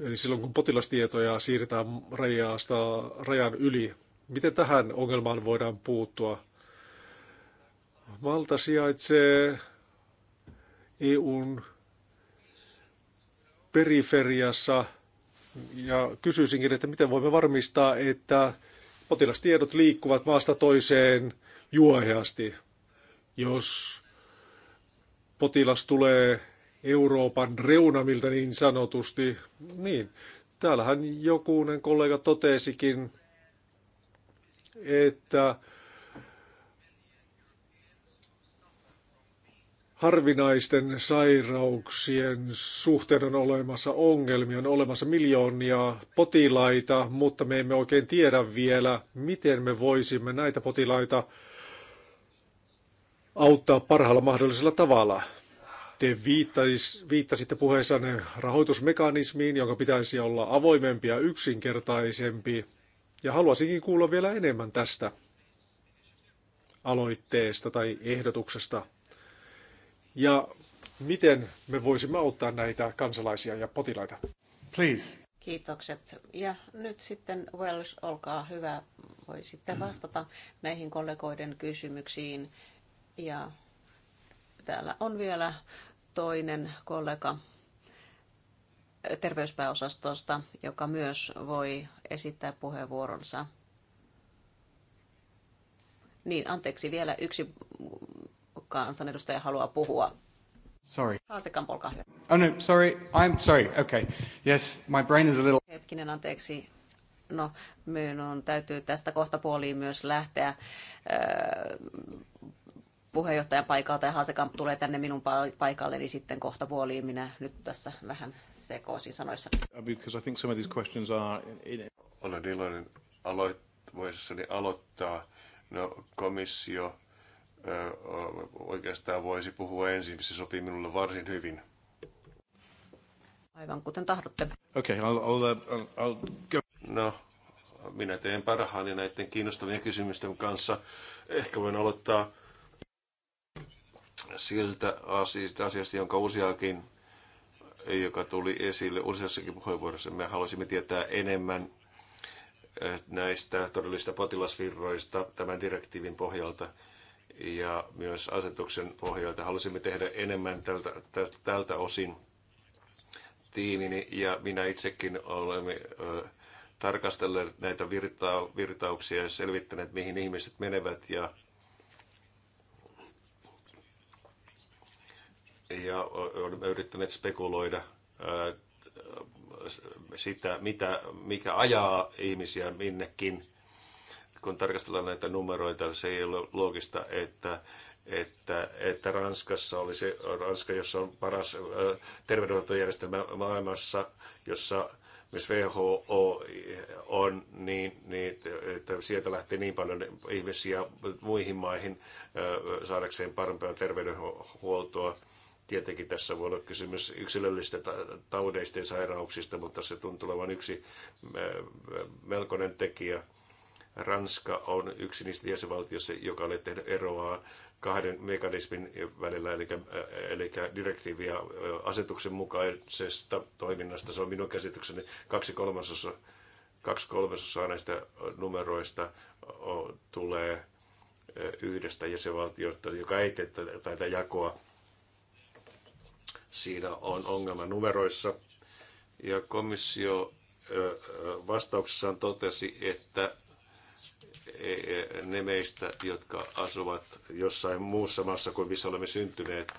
Eli silloin kun potilastietoja siirretään rajasta, rajan yli, miten tähän ongelmaan voidaan puuttua? Malta sijaitsee EUn periferiassa ja kysyisinkin, että miten voimme varmistaa, että potilastiedot liikkuvat maasta toiseen juoheasti, jos potilas tulee Euroopan reunamilta niin sanotusti. Niin, täällähän jokuinen kollega totesikin, että harvinaisten sairauksien suhteen on olemassa ongelmia, on olemassa miljoonia potilaita, mutta me emme oikein tiedä vielä, miten me voisimme näitä potilaita auttaa parhaalla mahdollisella tavalla. Te viittais, viittasitte puheessanne rahoitusmekanismiin, jonka pitäisi olla avoimempi ja yksinkertaisempi. Ja haluaisinkin kuulla vielä enemmän tästä aloitteesta tai ehdotuksesta. Ja miten me voisimme auttaa näitä kansalaisia ja potilaita? Please. Kiitokset. Ja nyt sitten Wells olkaa hyvä. Voi sitten vastata näihin kollegoiden kysymyksiin. Ja Täällä on vielä toinen kollega terveyspääosastosta, joka myös voi esittää puheenvuoronsa. Niin, anteeksi, vielä yksi kansanedustaja haluaa puhua. Sorry. Haasekan polka. Oh no, sorry, I'm sorry, okay. Yes, my brain is a little... Hetkinen, anteeksi. No, minun täytyy tästä kohta puoliin myös lähteä äh, puheenjohtajan paikalta ja Hasekamp tulee tänne minun paikalle, niin sitten kohta puoliin minä nyt tässä vähän sekoisin sanoissa. Olen iloinen aloit, voisessani aloittaa. No, komissio uh, oikeastaan voisi puhua ensin, se sopii minulle varsin hyvin. Aivan kuten tahdotte. okay, I'll, I'll, uh, I'll go. No, minä teen parhaani näiden kiinnostavien kysymysten kanssa. Ehkä voin aloittaa siltä asiasta, jonka useakin, joka tuli esille useassakin puheenvuorossa, me haluaisimme tietää enemmän eh, näistä todellista potilasvirroista tämän direktiivin pohjalta ja myös asetuksen pohjalta. Halusimme tehdä enemmän tältä, tältä, tältä osin tiimini ja minä itsekin olemme ö, eh, tarkastelleet näitä virta, virtauksia ja selvittäneet, mihin ihmiset menevät ja ja olemme yrittäneet spekuloida sitä, mitä, mikä ajaa ihmisiä minnekin. Kun tarkastellaan näitä numeroita, se ei ole loogista, että, että, että Ranskassa olisi, Ranska, jossa on paras terveydenhuoltojärjestelmä maailmassa, jossa myös WHO on, niin, niin että sieltä lähtee niin paljon ihmisiä muihin maihin saadakseen parempaa terveydenhuoltoa Tietenkin tässä voi olla kysymys yksilöllistä taudeista ja sairauksista, mutta se tuntuu olevan yksi melkoinen tekijä. Ranska on yksi niistä jäsenvaltioista, joka oli tehnyt eroa kahden mekanismin välillä, eli, eli direktiivi ja asetuksen mukaisesta toiminnasta. Se on minun käsitykseni kaksi kolmasosa, kaksi kolmasosaa näistä numeroista tulee yhdestä jäsenvaltiosta, joka ei tee tätä jakoa Siinä on ongelma numeroissa. Ja komissio vastauksessaan totesi, että e, e, ne meistä, jotka asuvat jossain muussa maassa kuin missä olemme syntyneet,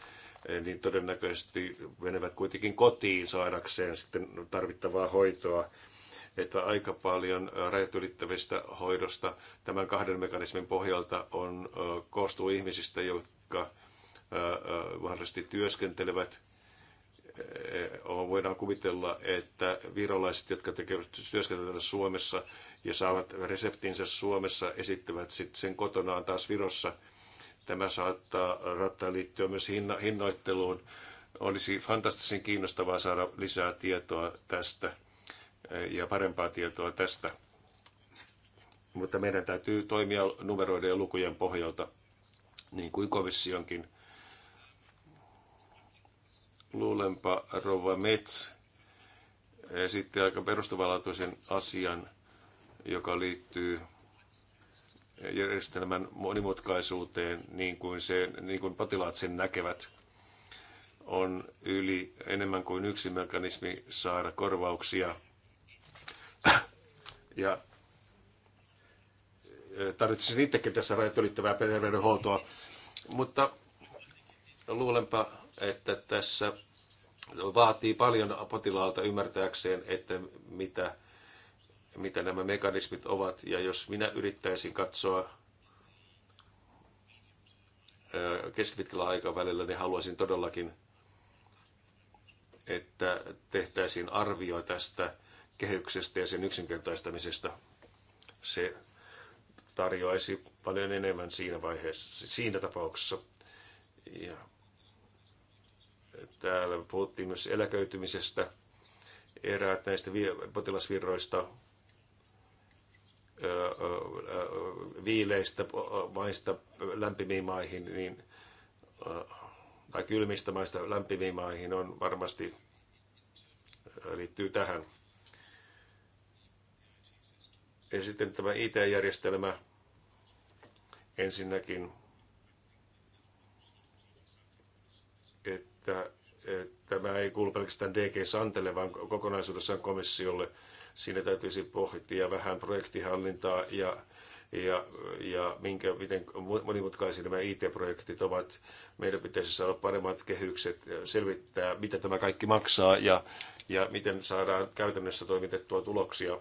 e, niin todennäköisesti menevät kuitenkin kotiin saadakseen sitten tarvittavaa hoitoa. Että aika paljon rajat ylittävistä hoidosta tämän kahden mekanismin pohjalta on, koostuu ihmisistä, jotka mahdollisesti työskentelevät – Eh, eh, voidaan kuvitella, että virolaiset, jotka tekevät työskentelyä Suomessa ja saavat reseptinsä Suomessa, esittävät sitten sen kotonaan taas Virossa. Tämä saattaa rattaa liittyä myös hinna, hinnoitteluun. Olisi fantastisen kiinnostavaa saada lisää tietoa tästä eh, ja parempaa tietoa tästä. Mutta meidän täytyy toimia numeroiden ja lukujen pohjalta, niin kuin komissionkin Luulenpa Rova Mets esitti aika perustavanlaatuisen asian, joka liittyy järjestelmän monimutkaisuuteen, niin kuin, se, niin kuin potilaat sen näkevät, on yli enemmän kuin yksi mekanismi saada korvauksia. Ja tarvitsisin itsekin tässä rajat ylittävää terveydenhuoltoa, mutta luulenpa että tässä vaatii paljon potilaalta ymmärtääkseen, että mitä, mitä nämä mekanismit ovat. Ja jos minä yrittäisin katsoa keskipitkällä aikavälillä, niin haluaisin todellakin, että tehtäisiin arvio tästä kehyksestä ja sen yksinkertaistamisesta. Se tarjoaisi paljon enemmän siinä vaiheessa, siinä tapauksessa. Ja Täällä puhuttiin myös eläköitymisestä, eräät näistä potilasvirroista, viileistä maista lämpimiin maihin, niin, tai kylmistä maista lämpimiin maihin on varmasti liittyy tähän. Ja sitten tämä IT-järjestelmä ensinnäkin, että Eh, tämä ei kuulu pelkästään DG Santelle, vaan kokonaisuudessaan komissiolle. Siinä täytyisi pohtia vähän projektihallintaa ja ja, ja minkä, miten monimutkaisia nämä IT-projektit ovat. Meidän pitäisi saada paremmat kehykset, eh, selvittää, mitä tämä kaikki maksaa ja, ja miten saadaan käytännössä toimitettua tuloksia.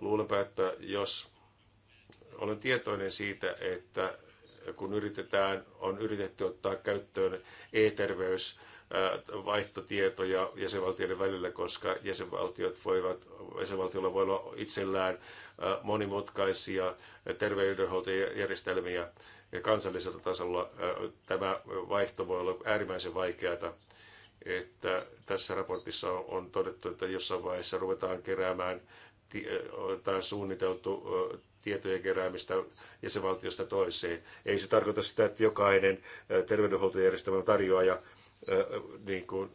Luulenpa, että jos olen tietoinen siitä, että kun yritetään, on yritetty ottaa käyttöön e-terveys, vaihtotietoja jäsenvaltioiden välillä, koska jäsenvaltiot voivat, jäsenvaltiolla voi olla itsellään monimutkaisia terveydenhuoltojärjestelmiä ja kansallisella tasolla tämä vaihto voi olla äärimmäisen vaikeata. Että tässä raportissa on todettu, että jossain vaiheessa ruvetaan keräämään tai suunniteltu tietojen keräämistä jäsenvaltiosta toiseen. Ei se tarkoita sitä, että jokainen terveydenhuoltojärjestelmän tarjoaja niin kuin,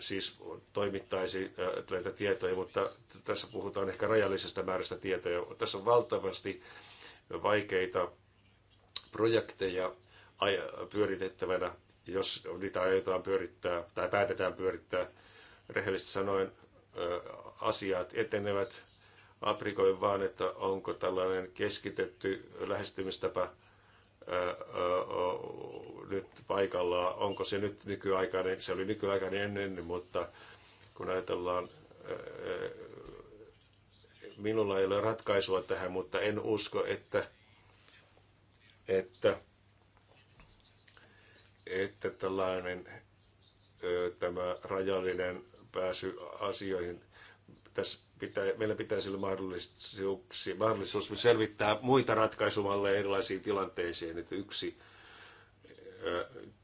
siis toimittaisi näitä tietoja, mutta tässä puhutaan ehkä rajallisesta määrästä tietoja. Tässä on valtavasti vaikeita projekteja pyöritettävänä, jos niitä aiotaan pyörittää tai päätetään pyörittää. Rehellisesti sanoen asiat etenevät. Aprikoin vaan, että onko tällainen keskitetty lähestymistapa nyt paikalla. Onko se nyt nykyaikainen? Se oli nykyaikainen ennen, mutta kun ajatellaan, minulla ei ole ratkaisua tähän, mutta en usko, että, että, että tällainen tämä rajallinen pääsy asioihin tässä pitää meillä pitäisi olla mahdollisuus, mahdollisuus selvittää muita ratkaisumalleja erilaisiin tilanteisiin, että yksi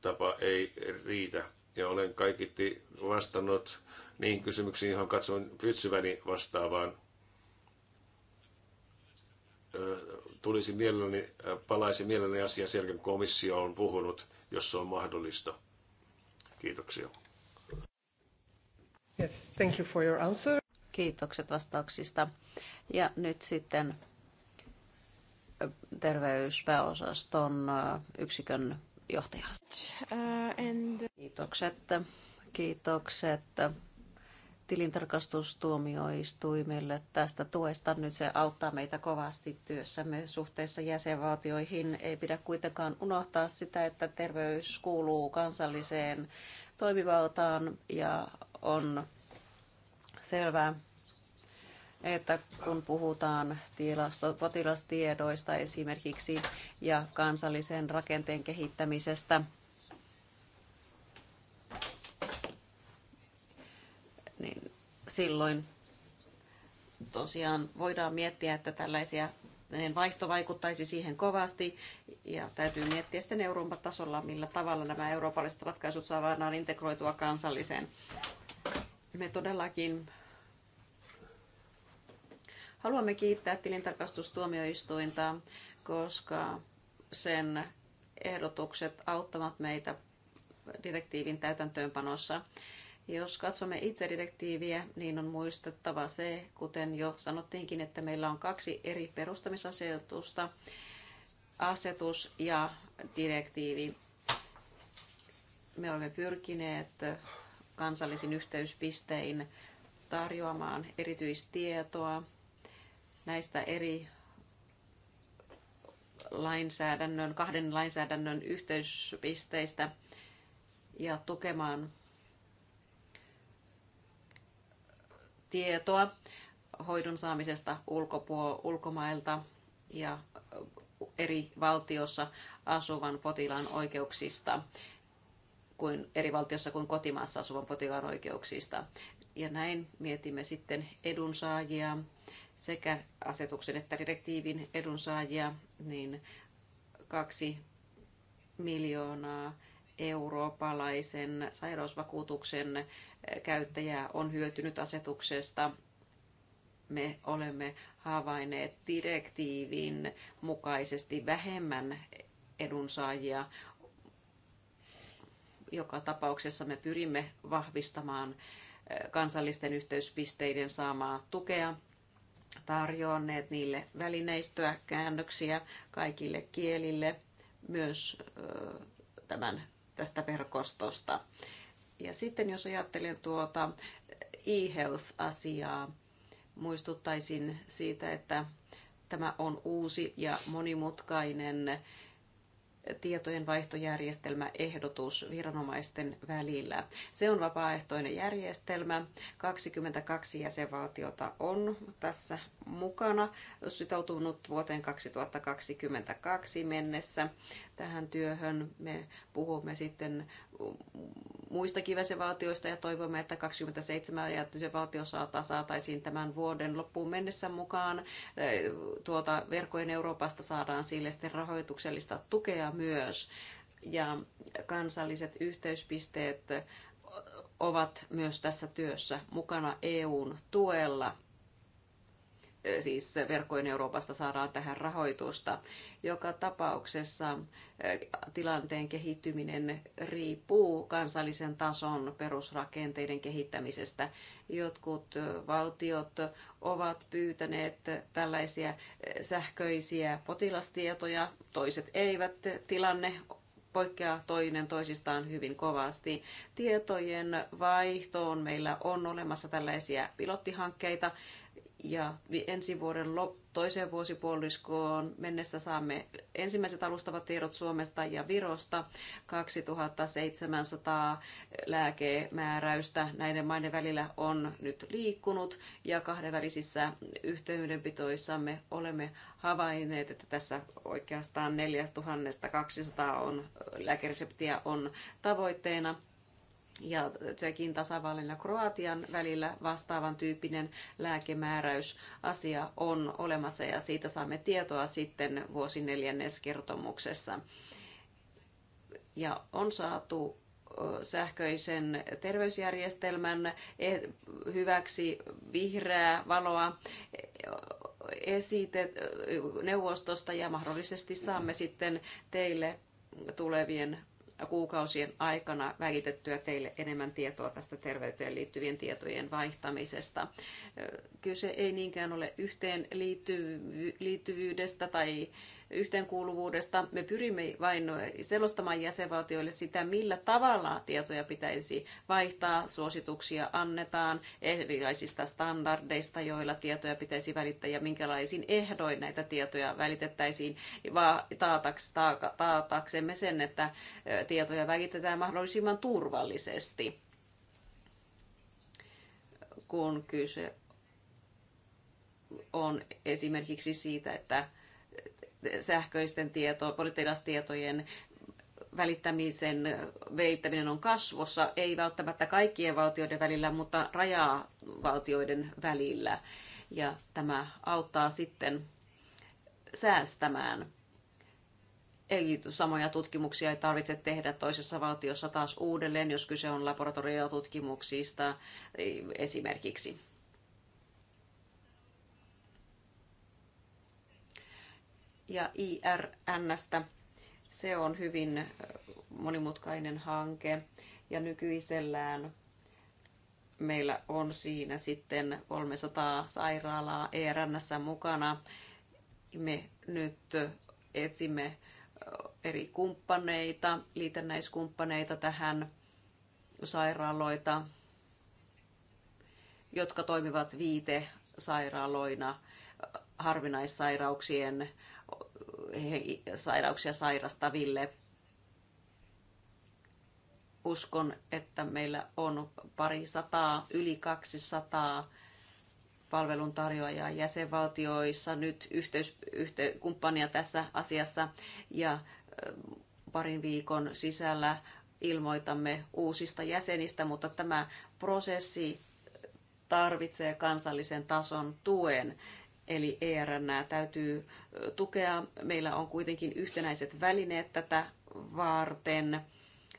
tapa ei riitä. Ja olen kaikki vastannut niihin kysymyksiin, johon katson pytsyväni vastaavaan. Tulisi mielelläni, palaisi mielelläni asia, sen komissio on puhunut, jos se on mahdollista. Kiitoksia. Yes, thank you for your answer. Kiitokset vastauksista. Ja nyt sitten terveyspääosaston yksikön johtajalle. Uh, Kiitokset. Kiitokset tilintarkastustuomioistuimille tästä tuesta. Nyt se auttaa meitä kovasti työssämme suhteessa jäsenvaltioihin. Ei pidä kuitenkaan unohtaa sitä, että terveys kuuluu kansalliseen toimivaltaan ja on selvää, että kun puhutaan tilasto, potilastiedoista esimerkiksi ja kansallisen rakenteen kehittämisestä, niin silloin tosiaan voidaan miettiä, että tällaisia niin vaihto vaikuttaisi siihen kovasti ja täytyy miettiä sitten Euroopan tasolla, millä tavalla nämä eurooppalaiset ratkaisut saadaan integroitua kansalliseen me todellakin haluamme kiittää tilintarkastustuomioistuinta, koska sen ehdotukset auttavat meitä direktiivin täytäntöönpanossa. Jos katsomme itse direktiiviä, niin on muistettava se, kuten jo sanottiinkin, että meillä on kaksi eri perustamisasetusta, asetus ja direktiivi. Me olemme pyrkineet kansallisin yhteyspistein tarjoamaan erityistietoa näistä eri lainsäädännön, kahden lainsäädännön yhteyspisteistä ja tukemaan tietoa hoidon saamisesta ulkopuo- ulkomailta ja eri valtiossa asuvan potilaan oikeuksista kuin eri valtiossa kuin kotimaassa asuvan potilaan oikeuksista. Ja näin mietimme sitten edunsaajia sekä asetuksen että direktiivin edunsaajia, niin kaksi miljoonaa eurooppalaisen sairausvakuutuksen käyttäjää on hyötynyt asetuksesta. Me olemme havainneet direktiivin mukaisesti vähemmän edunsaajia joka tapauksessa me pyrimme vahvistamaan eh, kansallisten yhteyspisteiden saamaa tukea, tarjoanneet niille välineistöä, käännöksiä kaikille kielille, myös eh, tämän, tästä verkostosta. Ja sitten jos ajattelen tuota e-health-asiaa, muistuttaisin siitä, että tämä on uusi ja monimutkainen tietojenvaihtojärjestelmäehdotus viranomaisten välillä. Se on vapaaehtoinen järjestelmä. 22 jäsenvaltiota on tässä mukana sitoutunut vuoteen 2022 mennessä tähän työhön. Me puhumme sitten muista kiväsevaltioista ja toivomme, että 27 jäsenvaltiota saataisiin tämän vuoden loppuun mennessä mukaan. Tuota verkkojen Euroopasta saadaan sille sitten rahoituksellista tukea myös. Ja kansalliset yhteyspisteet ovat myös tässä työssä mukana EUn tuella siis verkkojen Euroopasta saadaan tähän rahoitusta. Joka tapauksessa eh, tilanteen kehittyminen riippuu kansallisen tason perusrakenteiden kehittämisestä. Jotkut eh, valtiot ovat pyytäneet tällaisia eh, sähköisiä potilastietoja, toiset eivät. Tilanne poikkeaa toinen toisistaan hyvin kovasti. Tietojen vaihtoon meillä on olemassa tällaisia pilottihankkeita ja ensi vuoden toiseen vuosipuoliskoon mennessä saamme ensimmäiset alustavat tiedot Suomesta ja Virosta, 2700 lääkemääräystä näiden maiden välillä on nyt liikkunut ja kahdenvälisissä yhteydenpitoissamme olemme havainneet, että tässä oikeastaan 4200 on, lääkereseptiä on tavoitteena ja Tsekin tasavallan ja Kroatian välillä vastaavan tyyppinen lääkemääräysasia on olemassa ja siitä saamme tietoa sitten vuosineljänneskertomuksessa. Ja on saatu sähköisen terveysjärjestelmän e, hyväksi vihreää valoa e, esitet neuvostosta ja mahdollisesti saamme sitten teille tulevien kuukausien aikana välitettyä teille enemmän tietoa tästä terveyteen liittyvien tietojen vaihtamisesta. Kyse ei niinkään ole yhteen liittyvyydestä tai yhteenkuuluvuudesta. Me pyrimme vain selostamaan jäsenvaltioille sitä, millä tavalla tietoja pitäisi vaihtaa, suosituksia annetaan erilaisista standardeista, joilla tietoja pitäisi välittää ja minkälaisin ehdoin näitä tietoja välitettäisiin, taataksemme sen, että tietoja välitetään mahdollisimman turvallisesti, kun kyse on esimerkiksi siitä, että sähköisten tietojen, potilastietojen välittämisen veittäminen on kasvossa. ei välttämättä kaikkien valtioiden välillä, mutta rajaa valtioiden välillä. Ja tämä auttaa sitten säästämään. Eli samoja tutkimuksia ei tarvitse tehdä toisessa valtiossa taas uudelleen, jos kyse on laboratoriotutkimuksista esimerkiksi. ja IRNstä. Se on hyvin monimutkainen hanke ja nykyisellään meillä on siinä sitten 300 sairaalaa ERNssä mukana. Me nyt etsimme eri kumppaneita, liitännäiskumppaneita tähän sairaaloita, jotka toimivat viite sairaaloina harvinaissairauksien sairauksia sairastaville. Uskon, että meillä on pari sataa, yli 200 palveluntarjoajaa jäsenvaltioissa nyt yhteys, yhte, kumppania tässä asiassa ja parin viikon sisällä ilmoitamme uusista jäsenistä, mutta tämä prosessi tarvitsee kansallisen tason tuen eli ERN täytyy tukea. Meillä on kuitenkin yhtenäiset välineet tätä varten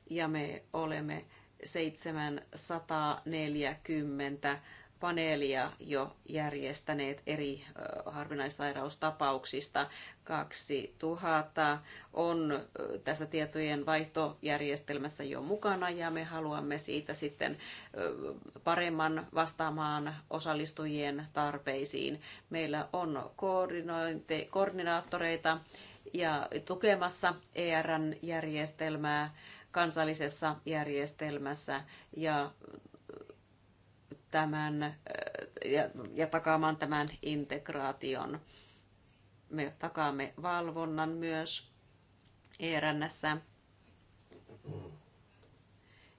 ja me olemme 740 paneelia jo järjestäneet eri harvinaissairaustapauksista. 2000 on tässä tietojen vaihtojärjestelmässä jo mukana ja me haluamme siitä sitten paremman vastaamaan osallistujien tarpeisiin. Meillä on koordinaattoreita ja tukemassa ERN-järjestelmää kansallisessa järjestelmässä ja tämän ja, ja takaamaan tämän integraation. Me takaamme valvonnan myös ERNssä.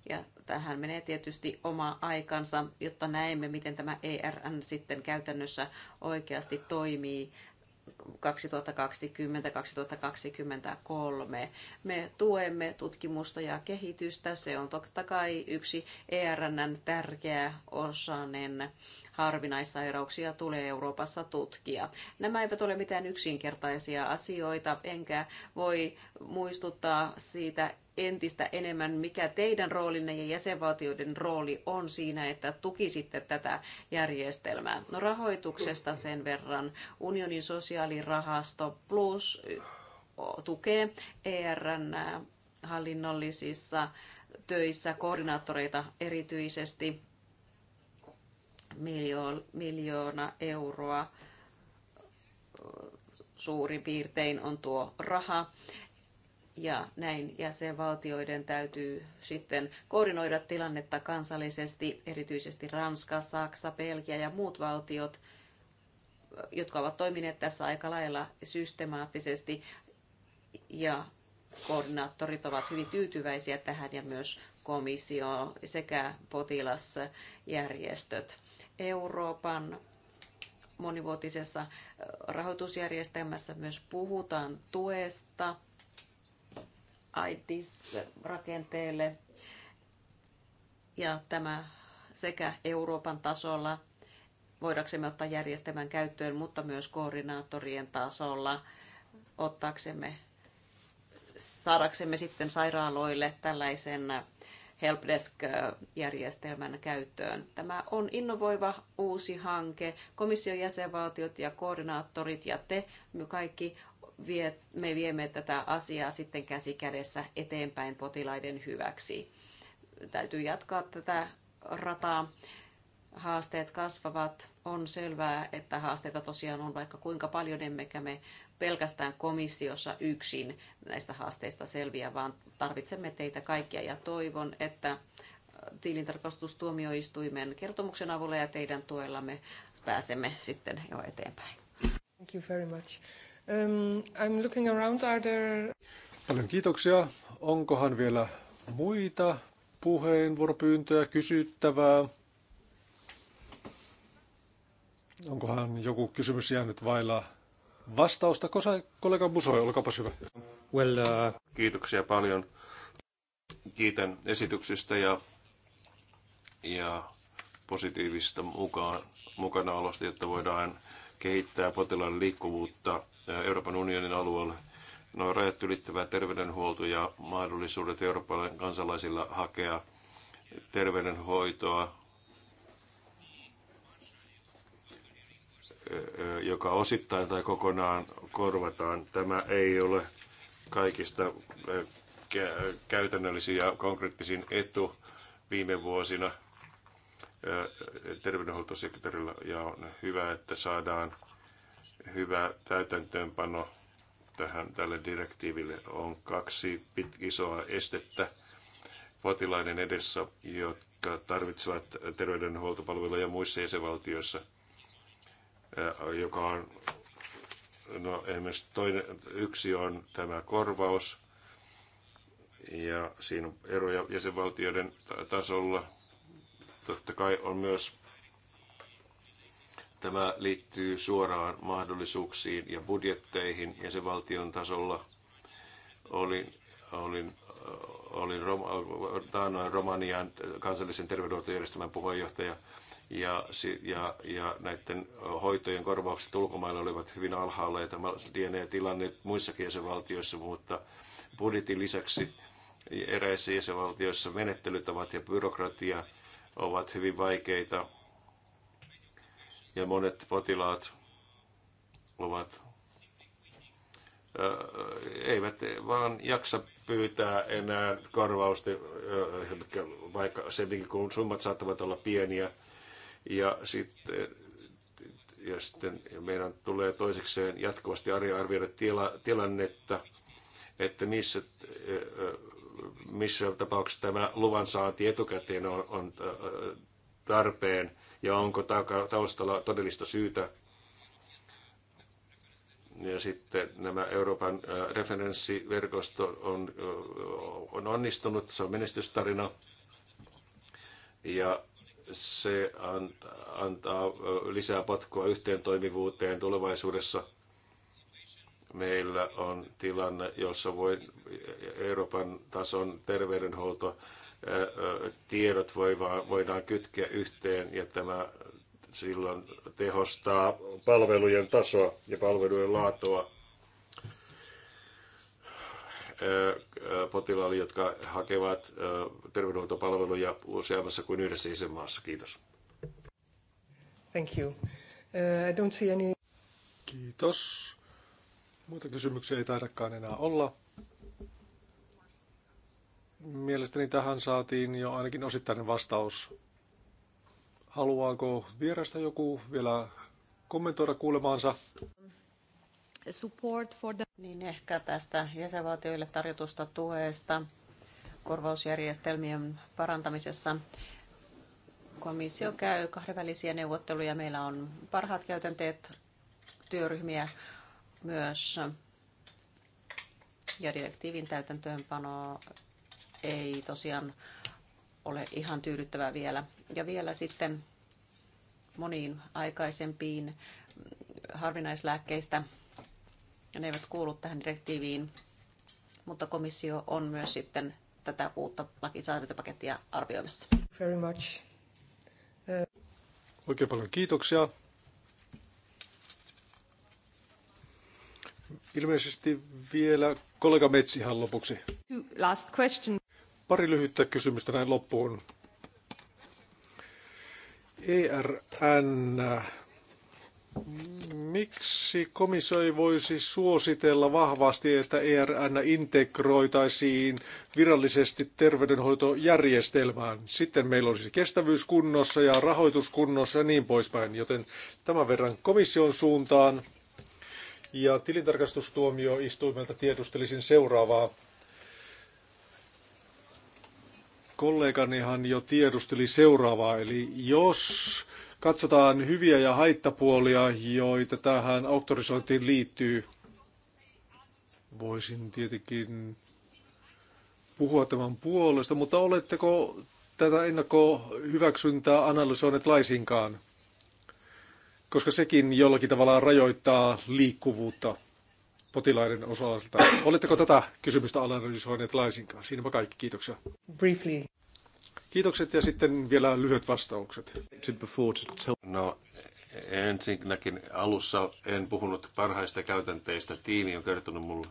Ja tähän menee tietysti oma aikansa, jotta näemme, miten tämä ERN sitten käytännössä oikeasti toimii 2020-2023. Me tuemme tutkimusta ja kehitystä. Se on totta kai yksi ERNn tärkeä osanen harvinaissairauksia tulee Euroopassa tutkia. Nämä eivät ole mitään yksinkertaisia asioita, enkä voi muistuttaa siitä entistä enemmän, mikä teidän roolinne ja jäsenvaltioiden rooli on siinä, että tukisitte tätä järjestelmää. No rahoituksesta sen verran. Unionin sosiaalirahasto plus tukee ERN hallinnollisissa töissä koordinaattoreita erityisesti miljoona euroa suurin piirtein on tuo raha. Ja näin jäsenvaltioiden täytyy sitten koordinoida tilannetta kansallisesti, erityisesti Ranska, Saksa, Belgia ja muut valtiot, jotka ovat toimineet tässä aika lailla systemaattisesti. Ja koordinaattorit ovat hyvin tyytyväisiä tähän ja myös komissio sekä potilasjärjestöt. Euroopan monivuotisessa rahoitusjärjestelmässä myös puhutaan tuesta AIDS-rakenteelle ja tämä sekä Euroopan tasolla voidaksemme ottaa järjestelmän käyttöön, mutta myös koordinaattorien tasolla ottaaksemme, saadaksemme sitten sairaaloille tällaisen helpdesk-järjestelmän käyttöön. Tämä on innovoiva uusi hanke. Komission jäsenvaltiot ja koordinaattorit ja te kaikki vie, me viemme tätä asiaa sitten käsi kädessä eteenpäin potilaiden hyväksi. Täytyy jatkaa tätä rataa. Haasteet kasvavat. On selvää, että haasteita tosiaan on vaikka kuinka paljon, emmekä me pelkästään komissiossa yksin näistä haasteista selviä, vaan tarvitsemme teitä kaikkia ja toivon, että äh, tilintarkastustuomioistuimen kertomuksen avulla ja teidän tuella me pääsemme sitten jo eteenpäin. Thank you very much. Um, I'm looking around. Are there... Paljon kiitoksia. Onkohan vielä muita puheenvuoropyyntöjä, kysyttävää? Onkohan joku kysymys jäänyt vailla vastausta. Kosa, kollega Busoi, olkaapas hyvä. Well, uh... Kiitoksia paljon. Kiitän esityksistä ja, ja positiivista mukaan, mukanaolosta, jotta voidaan kehittää potilaan liikkuvuutta äh, Euroopan unionin alueella. No, rajat ylittävää terveydenhuolto ja mahdollisuudet Euroopan kansalaisilla hakea terveydenhoitoa joka osittain tai kokonaan korvataan. Tämä ei ole kaikista käytännöllisin ja konkreettisin etu viime vuosina terveydenhuoltosektorilla ja on hyvä, että saadaan hyvä täytäntöönpano tähän, tälle direktiiville. On kaksi pit, isoa estettä potilaiden edessä, jotka tarvitsevat terveydenhuoltopalveluja muissa jäsenvaltioissa – joka on, no esimerkiksi toinen, yksi on tämä korvaus, ja siinä on eroja jäsenvaltioiden tasolla. Totta kai on myös, tämä liittyy suoraan mahdollisuuksiin ja budjetteihin jäsenvaltion tasolla. Olin, olin olin taannoin Romanian kansallisen terveydenhuoltojärjestelmän puheenjohtaja ja, ja, ja näiden hoitojen korvaukset ulkomailla olivat hyvin alhaalla ja tämä lienee tilanne muissakin jäsenvaltioissa, mutta budjetin lisäksi eräissä jäsenvaltioissa menettelytavat ja byrokratia ovat hyvin vaikeita ja monet potilaat ovat eivät vaan jaksa pyytää enää korvausta, vaikka se, kun summat saattavat olla pieniä. Ja sitten, ja sitten meidän tulee toisekseen jatkuvasti arvioida tila, tilannetta, että missä, missä tapauksessa tämä luvan saanti etukäteen on, on tarpeen ja onko taustalla todellista syytä ja sitten nämä Euroopan äh, referenssiverkosto on, äh, on onnistunut, se on menestystarina. Ja se antaa äh, lisää potkua yhteen toimivuuteen tulevaisuudessa. Meillä on tilanne, jossa voi Euroopan tason terveydenhuolto tiedot voidaan kytkeä yhteen ja tämä silloin tehostaa palvelujen tasoa ja palvelujen laatua potilaille, jotka hakevat terveydenhuoltopalveluja useammassa kuin yhdessä isänmaassa. Kiitos. Thank you. Uh, I don't see any... Kiitos. Muita kysymyksiä ei taidakaan enää olla. Mielestäni tähän saatiin jo ainakin osittainen vastaus Haluaako vierasta joku vielä kommentoida kuulemaansa? Support for the... Niin ehkä tästä jäsenvaltioille tarjotusta tuesta korvausjärjestelmien parantamisessa. Komissio käy kahdenvälisiä neuvotteluja. Meillä on parhaat käytänteet työryhmiä myös ja direktiivin täytäntöönpano ei tosiaan ole ihan tyydyttävä vielä. Ja vielä sitten moniin aikaisempiin harvinaislääkkeistä. ja Ne eivät kuulu tähän direktiiviin, mutta komissio on myös sitten tätä uutta lakisäädäntöpakettia arvioimassa. Very much. Uh... Oikein paljon kiitoksia. Ilmeisesti vielä kollega Metsihan lopuksi. Last question. Pari lyhyttä kysymystä näin loppuun. ERN. Miksi komissio ei voisi suositella vahvasti, että ERN integroitaisiin virallisesti terveydenhoitojärjestelmään? Sitten meillä olisi kestävyyskunnossa ja rahoituskunnossa ja niin poispäin, joten tämän verran komission suuntaan. Ja tilintarkastustuomioistuimelta tiedustelisin seuraavaa. kolleganihan jo tiedusteli seuraavaa, eli jos katsotaan hyviä ja haittapuolia, joita tähän auktorisointiin liittyy, voisin tietenkin puhua tämän puolesta, mutta oletteko tätä ennakkohyväksyntää analysoineet laisinkaan? Koska sekin jollakin tavalla rajoittaa liikkuvuutta potilaiden osalta. Oletteko tätä kysymystä analysoineet laisinkaan? Siinäpä kaikki, kiitoksia. Briefly. Kiitokset ja sitten vielä lyhyet vastaukset. No, ensinnäkin alussa en puhunut parhaista käytänteistä. Tiimi on kertonut mulle,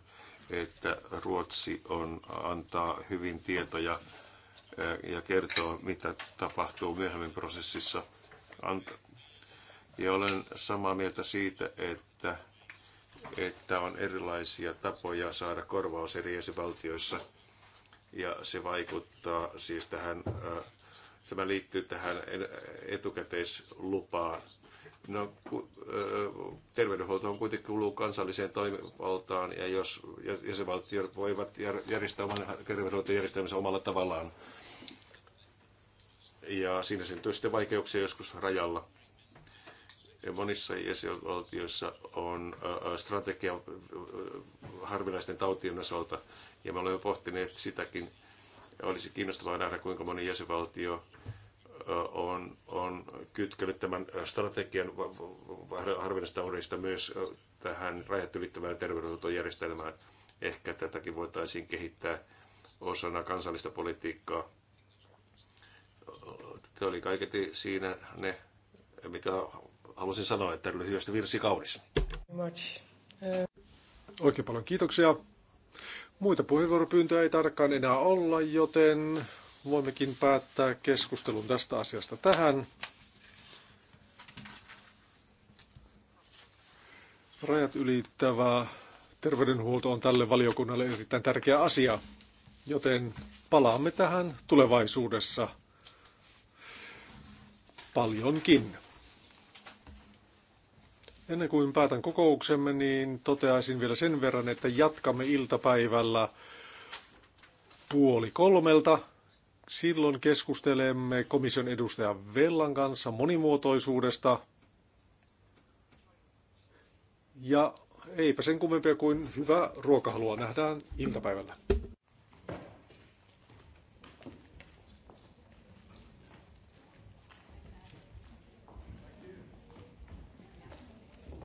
että Ruotsi on, antaa hyvin tietoja eh, ja kertoo, mitä tapahtuu myöhemmin prosessissa. Ja olen samaa mieltä siitä, että että on erilaisia tapoja saada korvaus eri jäsenvaltioissa. Ja se vaikuttaa siis tähän, äh, tämä liittyy tähän etukäteislupaan. No, äh, terveydenhuolto on kuitenkin kuuluu kansalliseen toimivaltaan, ja jos jäsenvaltiot voivat järjestää oman järjestämisen omalla tavallaan, ja siinä syntyy sitten vaikeuksia joskus rajalla monissa jäsenvaltioissa on strategia harvinaisten tautien osalta, ja me olemme pohtineet sitäkin. Olisi kiinnostavaa nähdä, kuinka moni jäsenvaltio on, on kytkenyt tämän strategian harvinaisista taudeista myös tähän rajat ylittävään terveydenhuoltojärjestelmään. Ehkä tätäkin voitaisiin kehittää osana kansallista politiikkaa. Tämä oli kaiketi siinä ne, mitä halusin sanoa, että lyhyesti virsi kaunis. Oikein paljon kiitoksia. Muita puheenvuoropyyntöjä ei tarkkaan enää olla, joten voimmekin päättää keskustelun tästä asiasta tähän. Rajat ylittävä terveydenhuolto on tälle valiokunnalle erittäin tärkeä asia, joten palaamme tähän tulevaisuudessa paljonkin. Ennen kuin päätän kokouksemme, niin toteaisin vielä sen verran, että jatkamme iltapäivällä puoli kolmelta. Silloin keskustelemme komission edustajan Vellan kanssa monimuotoisuudesta. Ja eipä sen kummempia kuin hyvä ruokahalua nähdään iltapäivällä.